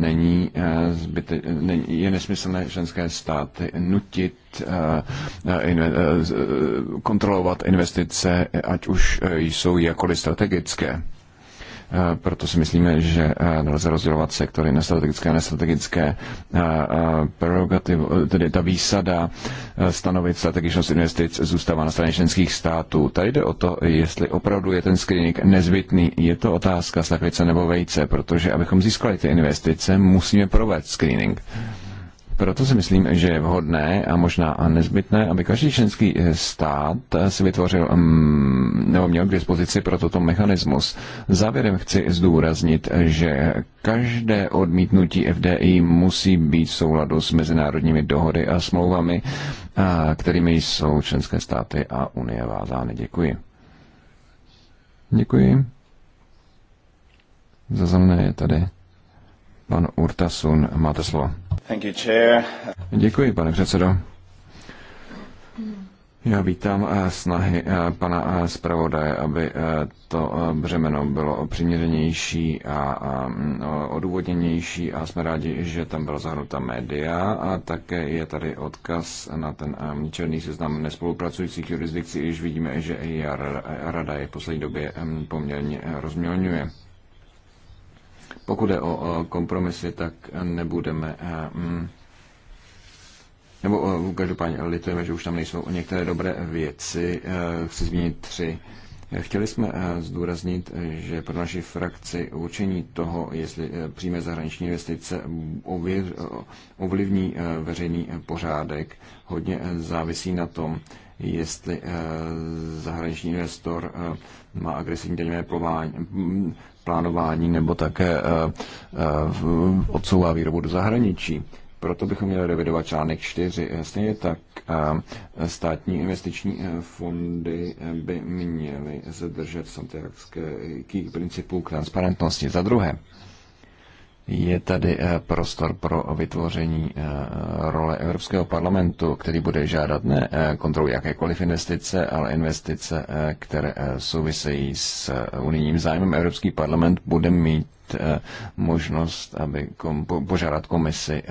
není, zbyte, není, je nesmyslné členské státy nutit kontrolovat investice, ať už jsou jakoli strategické. Eh, proto si myslíme, že eh, nelze rozdělovat sektory na strategické a nestrategické eh, prerogativy, tedy ta výsada stanovit strategičnost investic zůstává na straně členských států. Tady jde o to, jestli opravdu je ten screening nezbytný. Je to otázka slepice nebo vejce, protože abychom získali ty investice, musíme provést screening. Hmm. Proto si myslím, že je vhodné a možná a nezbytné, aby každý členský eh, stát eh, si vytvořil mm, nebo měl k dispozici pro toto mechanismus. Závěrem chci zdůraznit, že každé odmítnutí FDI musí být v souladu s mezinárodními dohody a smlouvami, kterými jsou členské státy a Unie vázány. Děkuji. Děkuji. Za je tady pan Urtasun. Máte slovo. Děkuji, pane předsedo. Já vítám eh, snahy eh, pana eh, zpravodaje, aby to břemeno bylo přiměřenější a mm, odůvodněnější a jsme rádi, že tam byla zahrnuta média a také je tady odkaz na ten černý seznam nespolupracujících jurisdikcí, když vidíme, že i rada je v poslední době mm, poměrně rozmělňuje. Pokud je o kompromisy, tak nebudeme eh, mm, nebo eh, každopádně litujeme, že už tam nejsou některé dobré věci. Eh, chci zmínit tři. Chtěli jsme zdůraznit, že pro naši frakci určení toho, jestli přímé zahraniční investice ovlivní veřejný pořádek, hodně závisí na tom, jestli zahraniční investor má agresivní daňové plánování nebo také eh, eh, odsouvá výrobu do zahraničí. Proto bychom měli revidovat článek 4. Eh, stejně tak státní investiční fondy by měly zadržet držet principů k transparentnosti. Za druhé, je tady eh, prostor pro vytvoření eh, role Evropského parlamentu, který bude žádat ne eh, kontrolu jakékoliv investice, ale investice, které souvisejí s unijním zájmem. Evropský parlament bude mít možnost, aby požádat komisi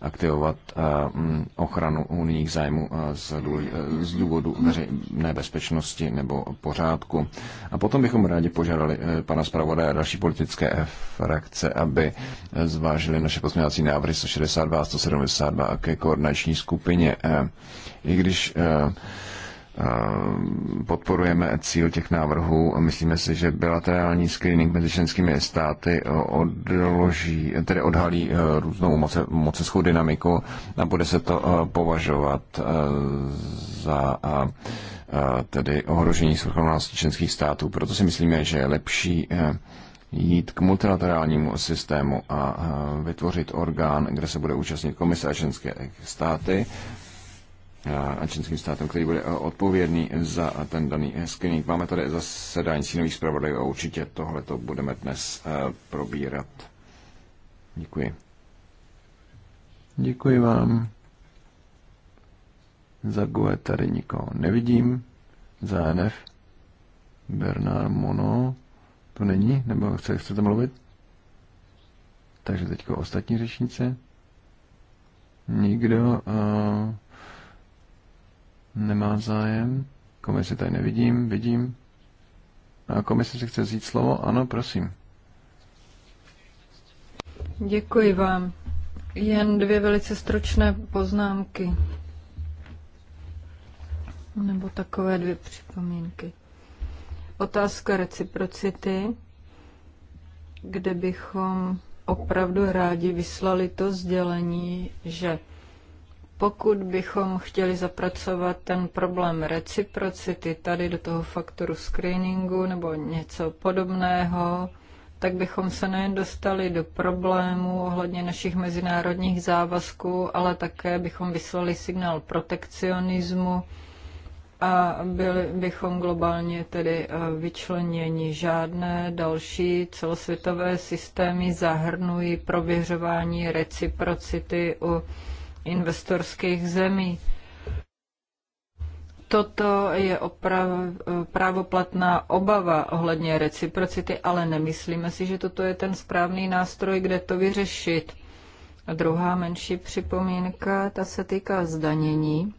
aktivovat eh, mm, ochranu unijních zájmů eh, eh, z důvodu veřejné bezpečnosti nebo pořádku. A potom bychom rádi požádali pana zpravodaje a další politické frakce, aby zvážili naše pozměňovací návrhy 162 a 172 ke koordinační skupině. I když podporujeme cíl těch návrhů a myslíme si, že bilaterální screening mezi členskými státy eh, odloží, tedy odhalí eh, různou moce, mocenskou dynamiku a bude se to eh, považovat za tedy ohrožení svrchovanosti členských států. Proto si myslíme, že je lepší jít k multilaterálnímu systému a vytvořit orgán, kde se bude účastnit komise a členské státy a členským státem, který bude eh, odpovědný za eh, ten daný eh, screening. Máme tady zasedání sínových zpravodajů a určitě tohle to budeme dnes probírat. Děkuji. Děkuji vám. Za GUE tady nikoho nevidím. Za NF Bernard Mono to není? Nebo chcete, chcete mluvit? Takže teď ostatní řečnice. Nikdo. Uh... Nemá zájem. Komisi tady nevidím, vidím. A komise si chce říct slovo? Ano, prosím. Děkuji vám. Jen dvě velice stručné poznámky. Nebo takové dvě připomínky. Otázka reciprocity, kde bychom opravdu rádi vyslali to sdělení, že pokud bychom chtěli zapracovat ten problém reciprocity tady do toho faktoru screeningu nebo něco podobného, tak bychom se nejen dostali do problémů ohledně našich mezinárodních závazků, ale také bychom vyslali signál protekcionismu a byli bychom globálně tedy eh, vyčleněni. Žádné další celosvětové systémy zahrnují prověřování reciprocity u investorských zemí. Toto je oprav, právoplatná obava ohledně reciprocity, ale nemyslíme si, že toto je ten správný nástroj, kde to vyřešit. A druhá menší připomínka, ta se týká zdanění.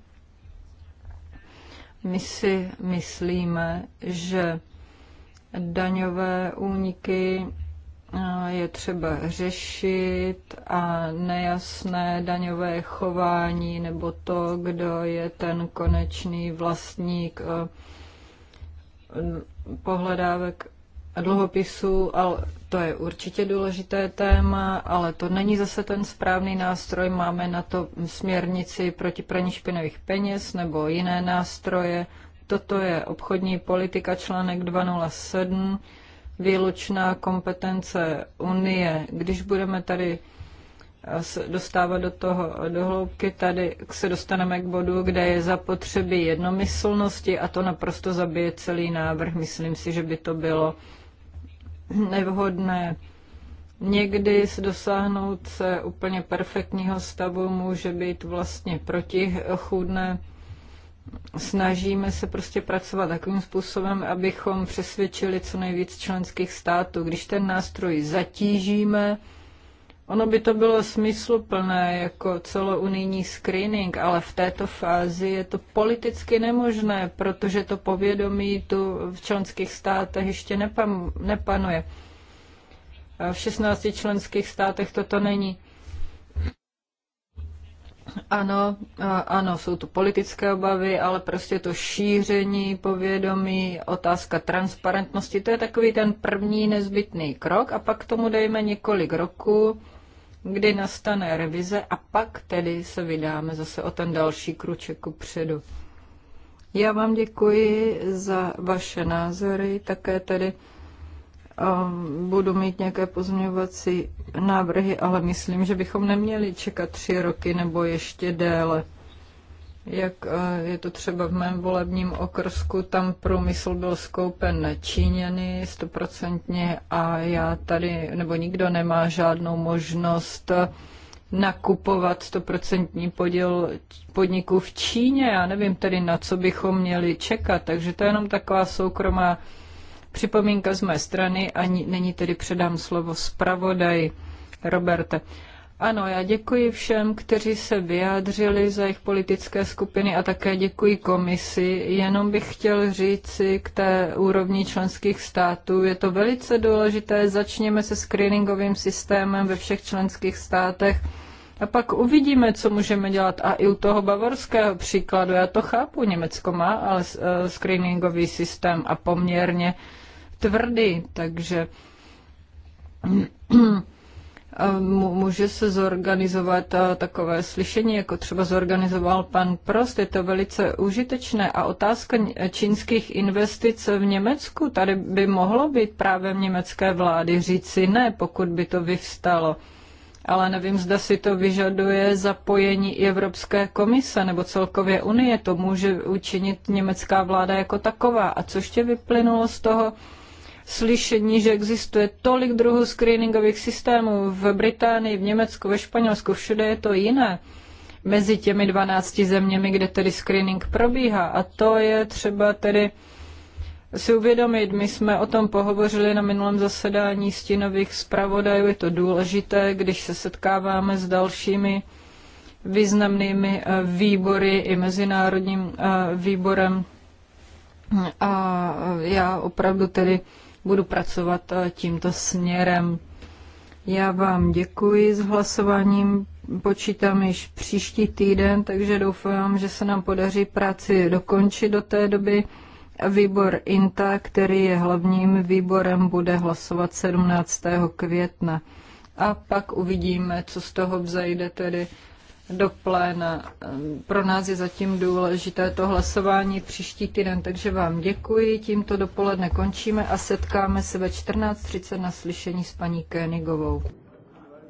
My si myslíme, že daňové úniky je třeba řešit a nejasné daňové chování nebo to, kdo je ten konečný vlastník e, pohledávek a dluhopisů, ale to je určitě důležité téma, ale to není zase ten správný nástroj. Máme na to směrnici proti praní špinavých peněz nebo jiné nástroje. Toto je obchodní politika článek 207 výlučná kompetence Unie. Když budeme tady eh, dostávat do toho do hloubky, tady se dostaneme k bodu, kde je zapotřebí jednomyslnosti a to naprosto zabije celý návrh. Myslím si, že by to bylo nevhodné. Někdy dosáhnout se úplně perfektního stavu může být vlastně protichůdné snažíme se prostě pracovat takovým způsobem, abychom přesvědčili co nejvíc členských států. Když ten nástroj zatížíme, ono by to bylo smysluplné jako celounijní screening, ale v této fázi je to politicky nemožné, protože to povědomí tu v členských státech ještě nepanuje. V 16 členských státech toto není. Ano, ano, jsou tu politické obavy, ale prostě to šíření povědomí, otázka transparentnosti, to je takový ten první nezbytný krok a pak tomu dejme několik roků, kdy nastane revize a pak tedy se vydáme zase o ten další kruček ku předu. Já vám děkuji za vaše názory, také tedy budu mít nějaké pozměňovací návrhy, ale myslím, že bychom neměli čekat tři roky nebo ještě déle. Jak e, je to třeba v mém volebním okrsku, tam průmysl byl skoupen na Číňany stoprocentně a já tady, nebo nikdo nemá žádnou možnost nakupovat stoprocentní podíl podniků v Číně. Já nevím tedy, na co bychom měli čekat, takže to je jenom taková soukromá připomínka z mé strany a není tedy předám slovo zpravodaji. Roberte. Ano, já děkuji všem, kteří se vyjádřili za jejich politické skupiny a také děkuji komisi. Jenom bych chtěl říci k té úrovni členských států. Je to velice důležité. Začněme se screeningovým systémem ve všech členských státech. A pak uvidíme, co můžeme dělat. A i u toho bavorského příkladu, já to chápu, Německo má ale eh, screeningový systém a poměrně tvrdý, takže eh, může se zorganizovat eh, takové slyšení, jako třeba zorganizoval pan Prost. Je to velice užitečné. A otázka čínských investic v Německu, tady by mohlo být právě německé vlády říci ne, pokud by to vyvstalo. Ale nevím, zda si to vyžaduje zapojení i Evropské komise nebo celkově Unie. To může učinit německá vláda jako taková. A co ještě vyplynulo z toho, slyšení, že existuje tolik druhů screeningových systémů v Británii, v Německu, ve Španělsku, všude je to jiné mezi těmi 12 zeměmi, kde tedy screening probíhá. A to je třeba tedy si uvědomit. My jsme o tom pohovořili na minulém zasedání stínových zpravodajů. Je to důležité, když se setkáváme s dalšími významnými eh, výbory i mezinárodním eh, výborem. A eh, já opravdu tedy budu pracovat eh, tímto směrem. Já vám děkuji s hlasováním. Počítám již příští týden, takže doufám, že se nám podaří práci dokončit do té doby. Výbor INTA, který je hlavním výborem, bude hlasovat 17. května. A pak uvidíme, co z toho vzejde tedy do pléna. Ehm, pro nás je zatím důležité to hlasování příští týden, takže vám děkuji. Tímto dopoledne končíme a setkáme se ve 14.30 na slyšení s paní Kénigovou.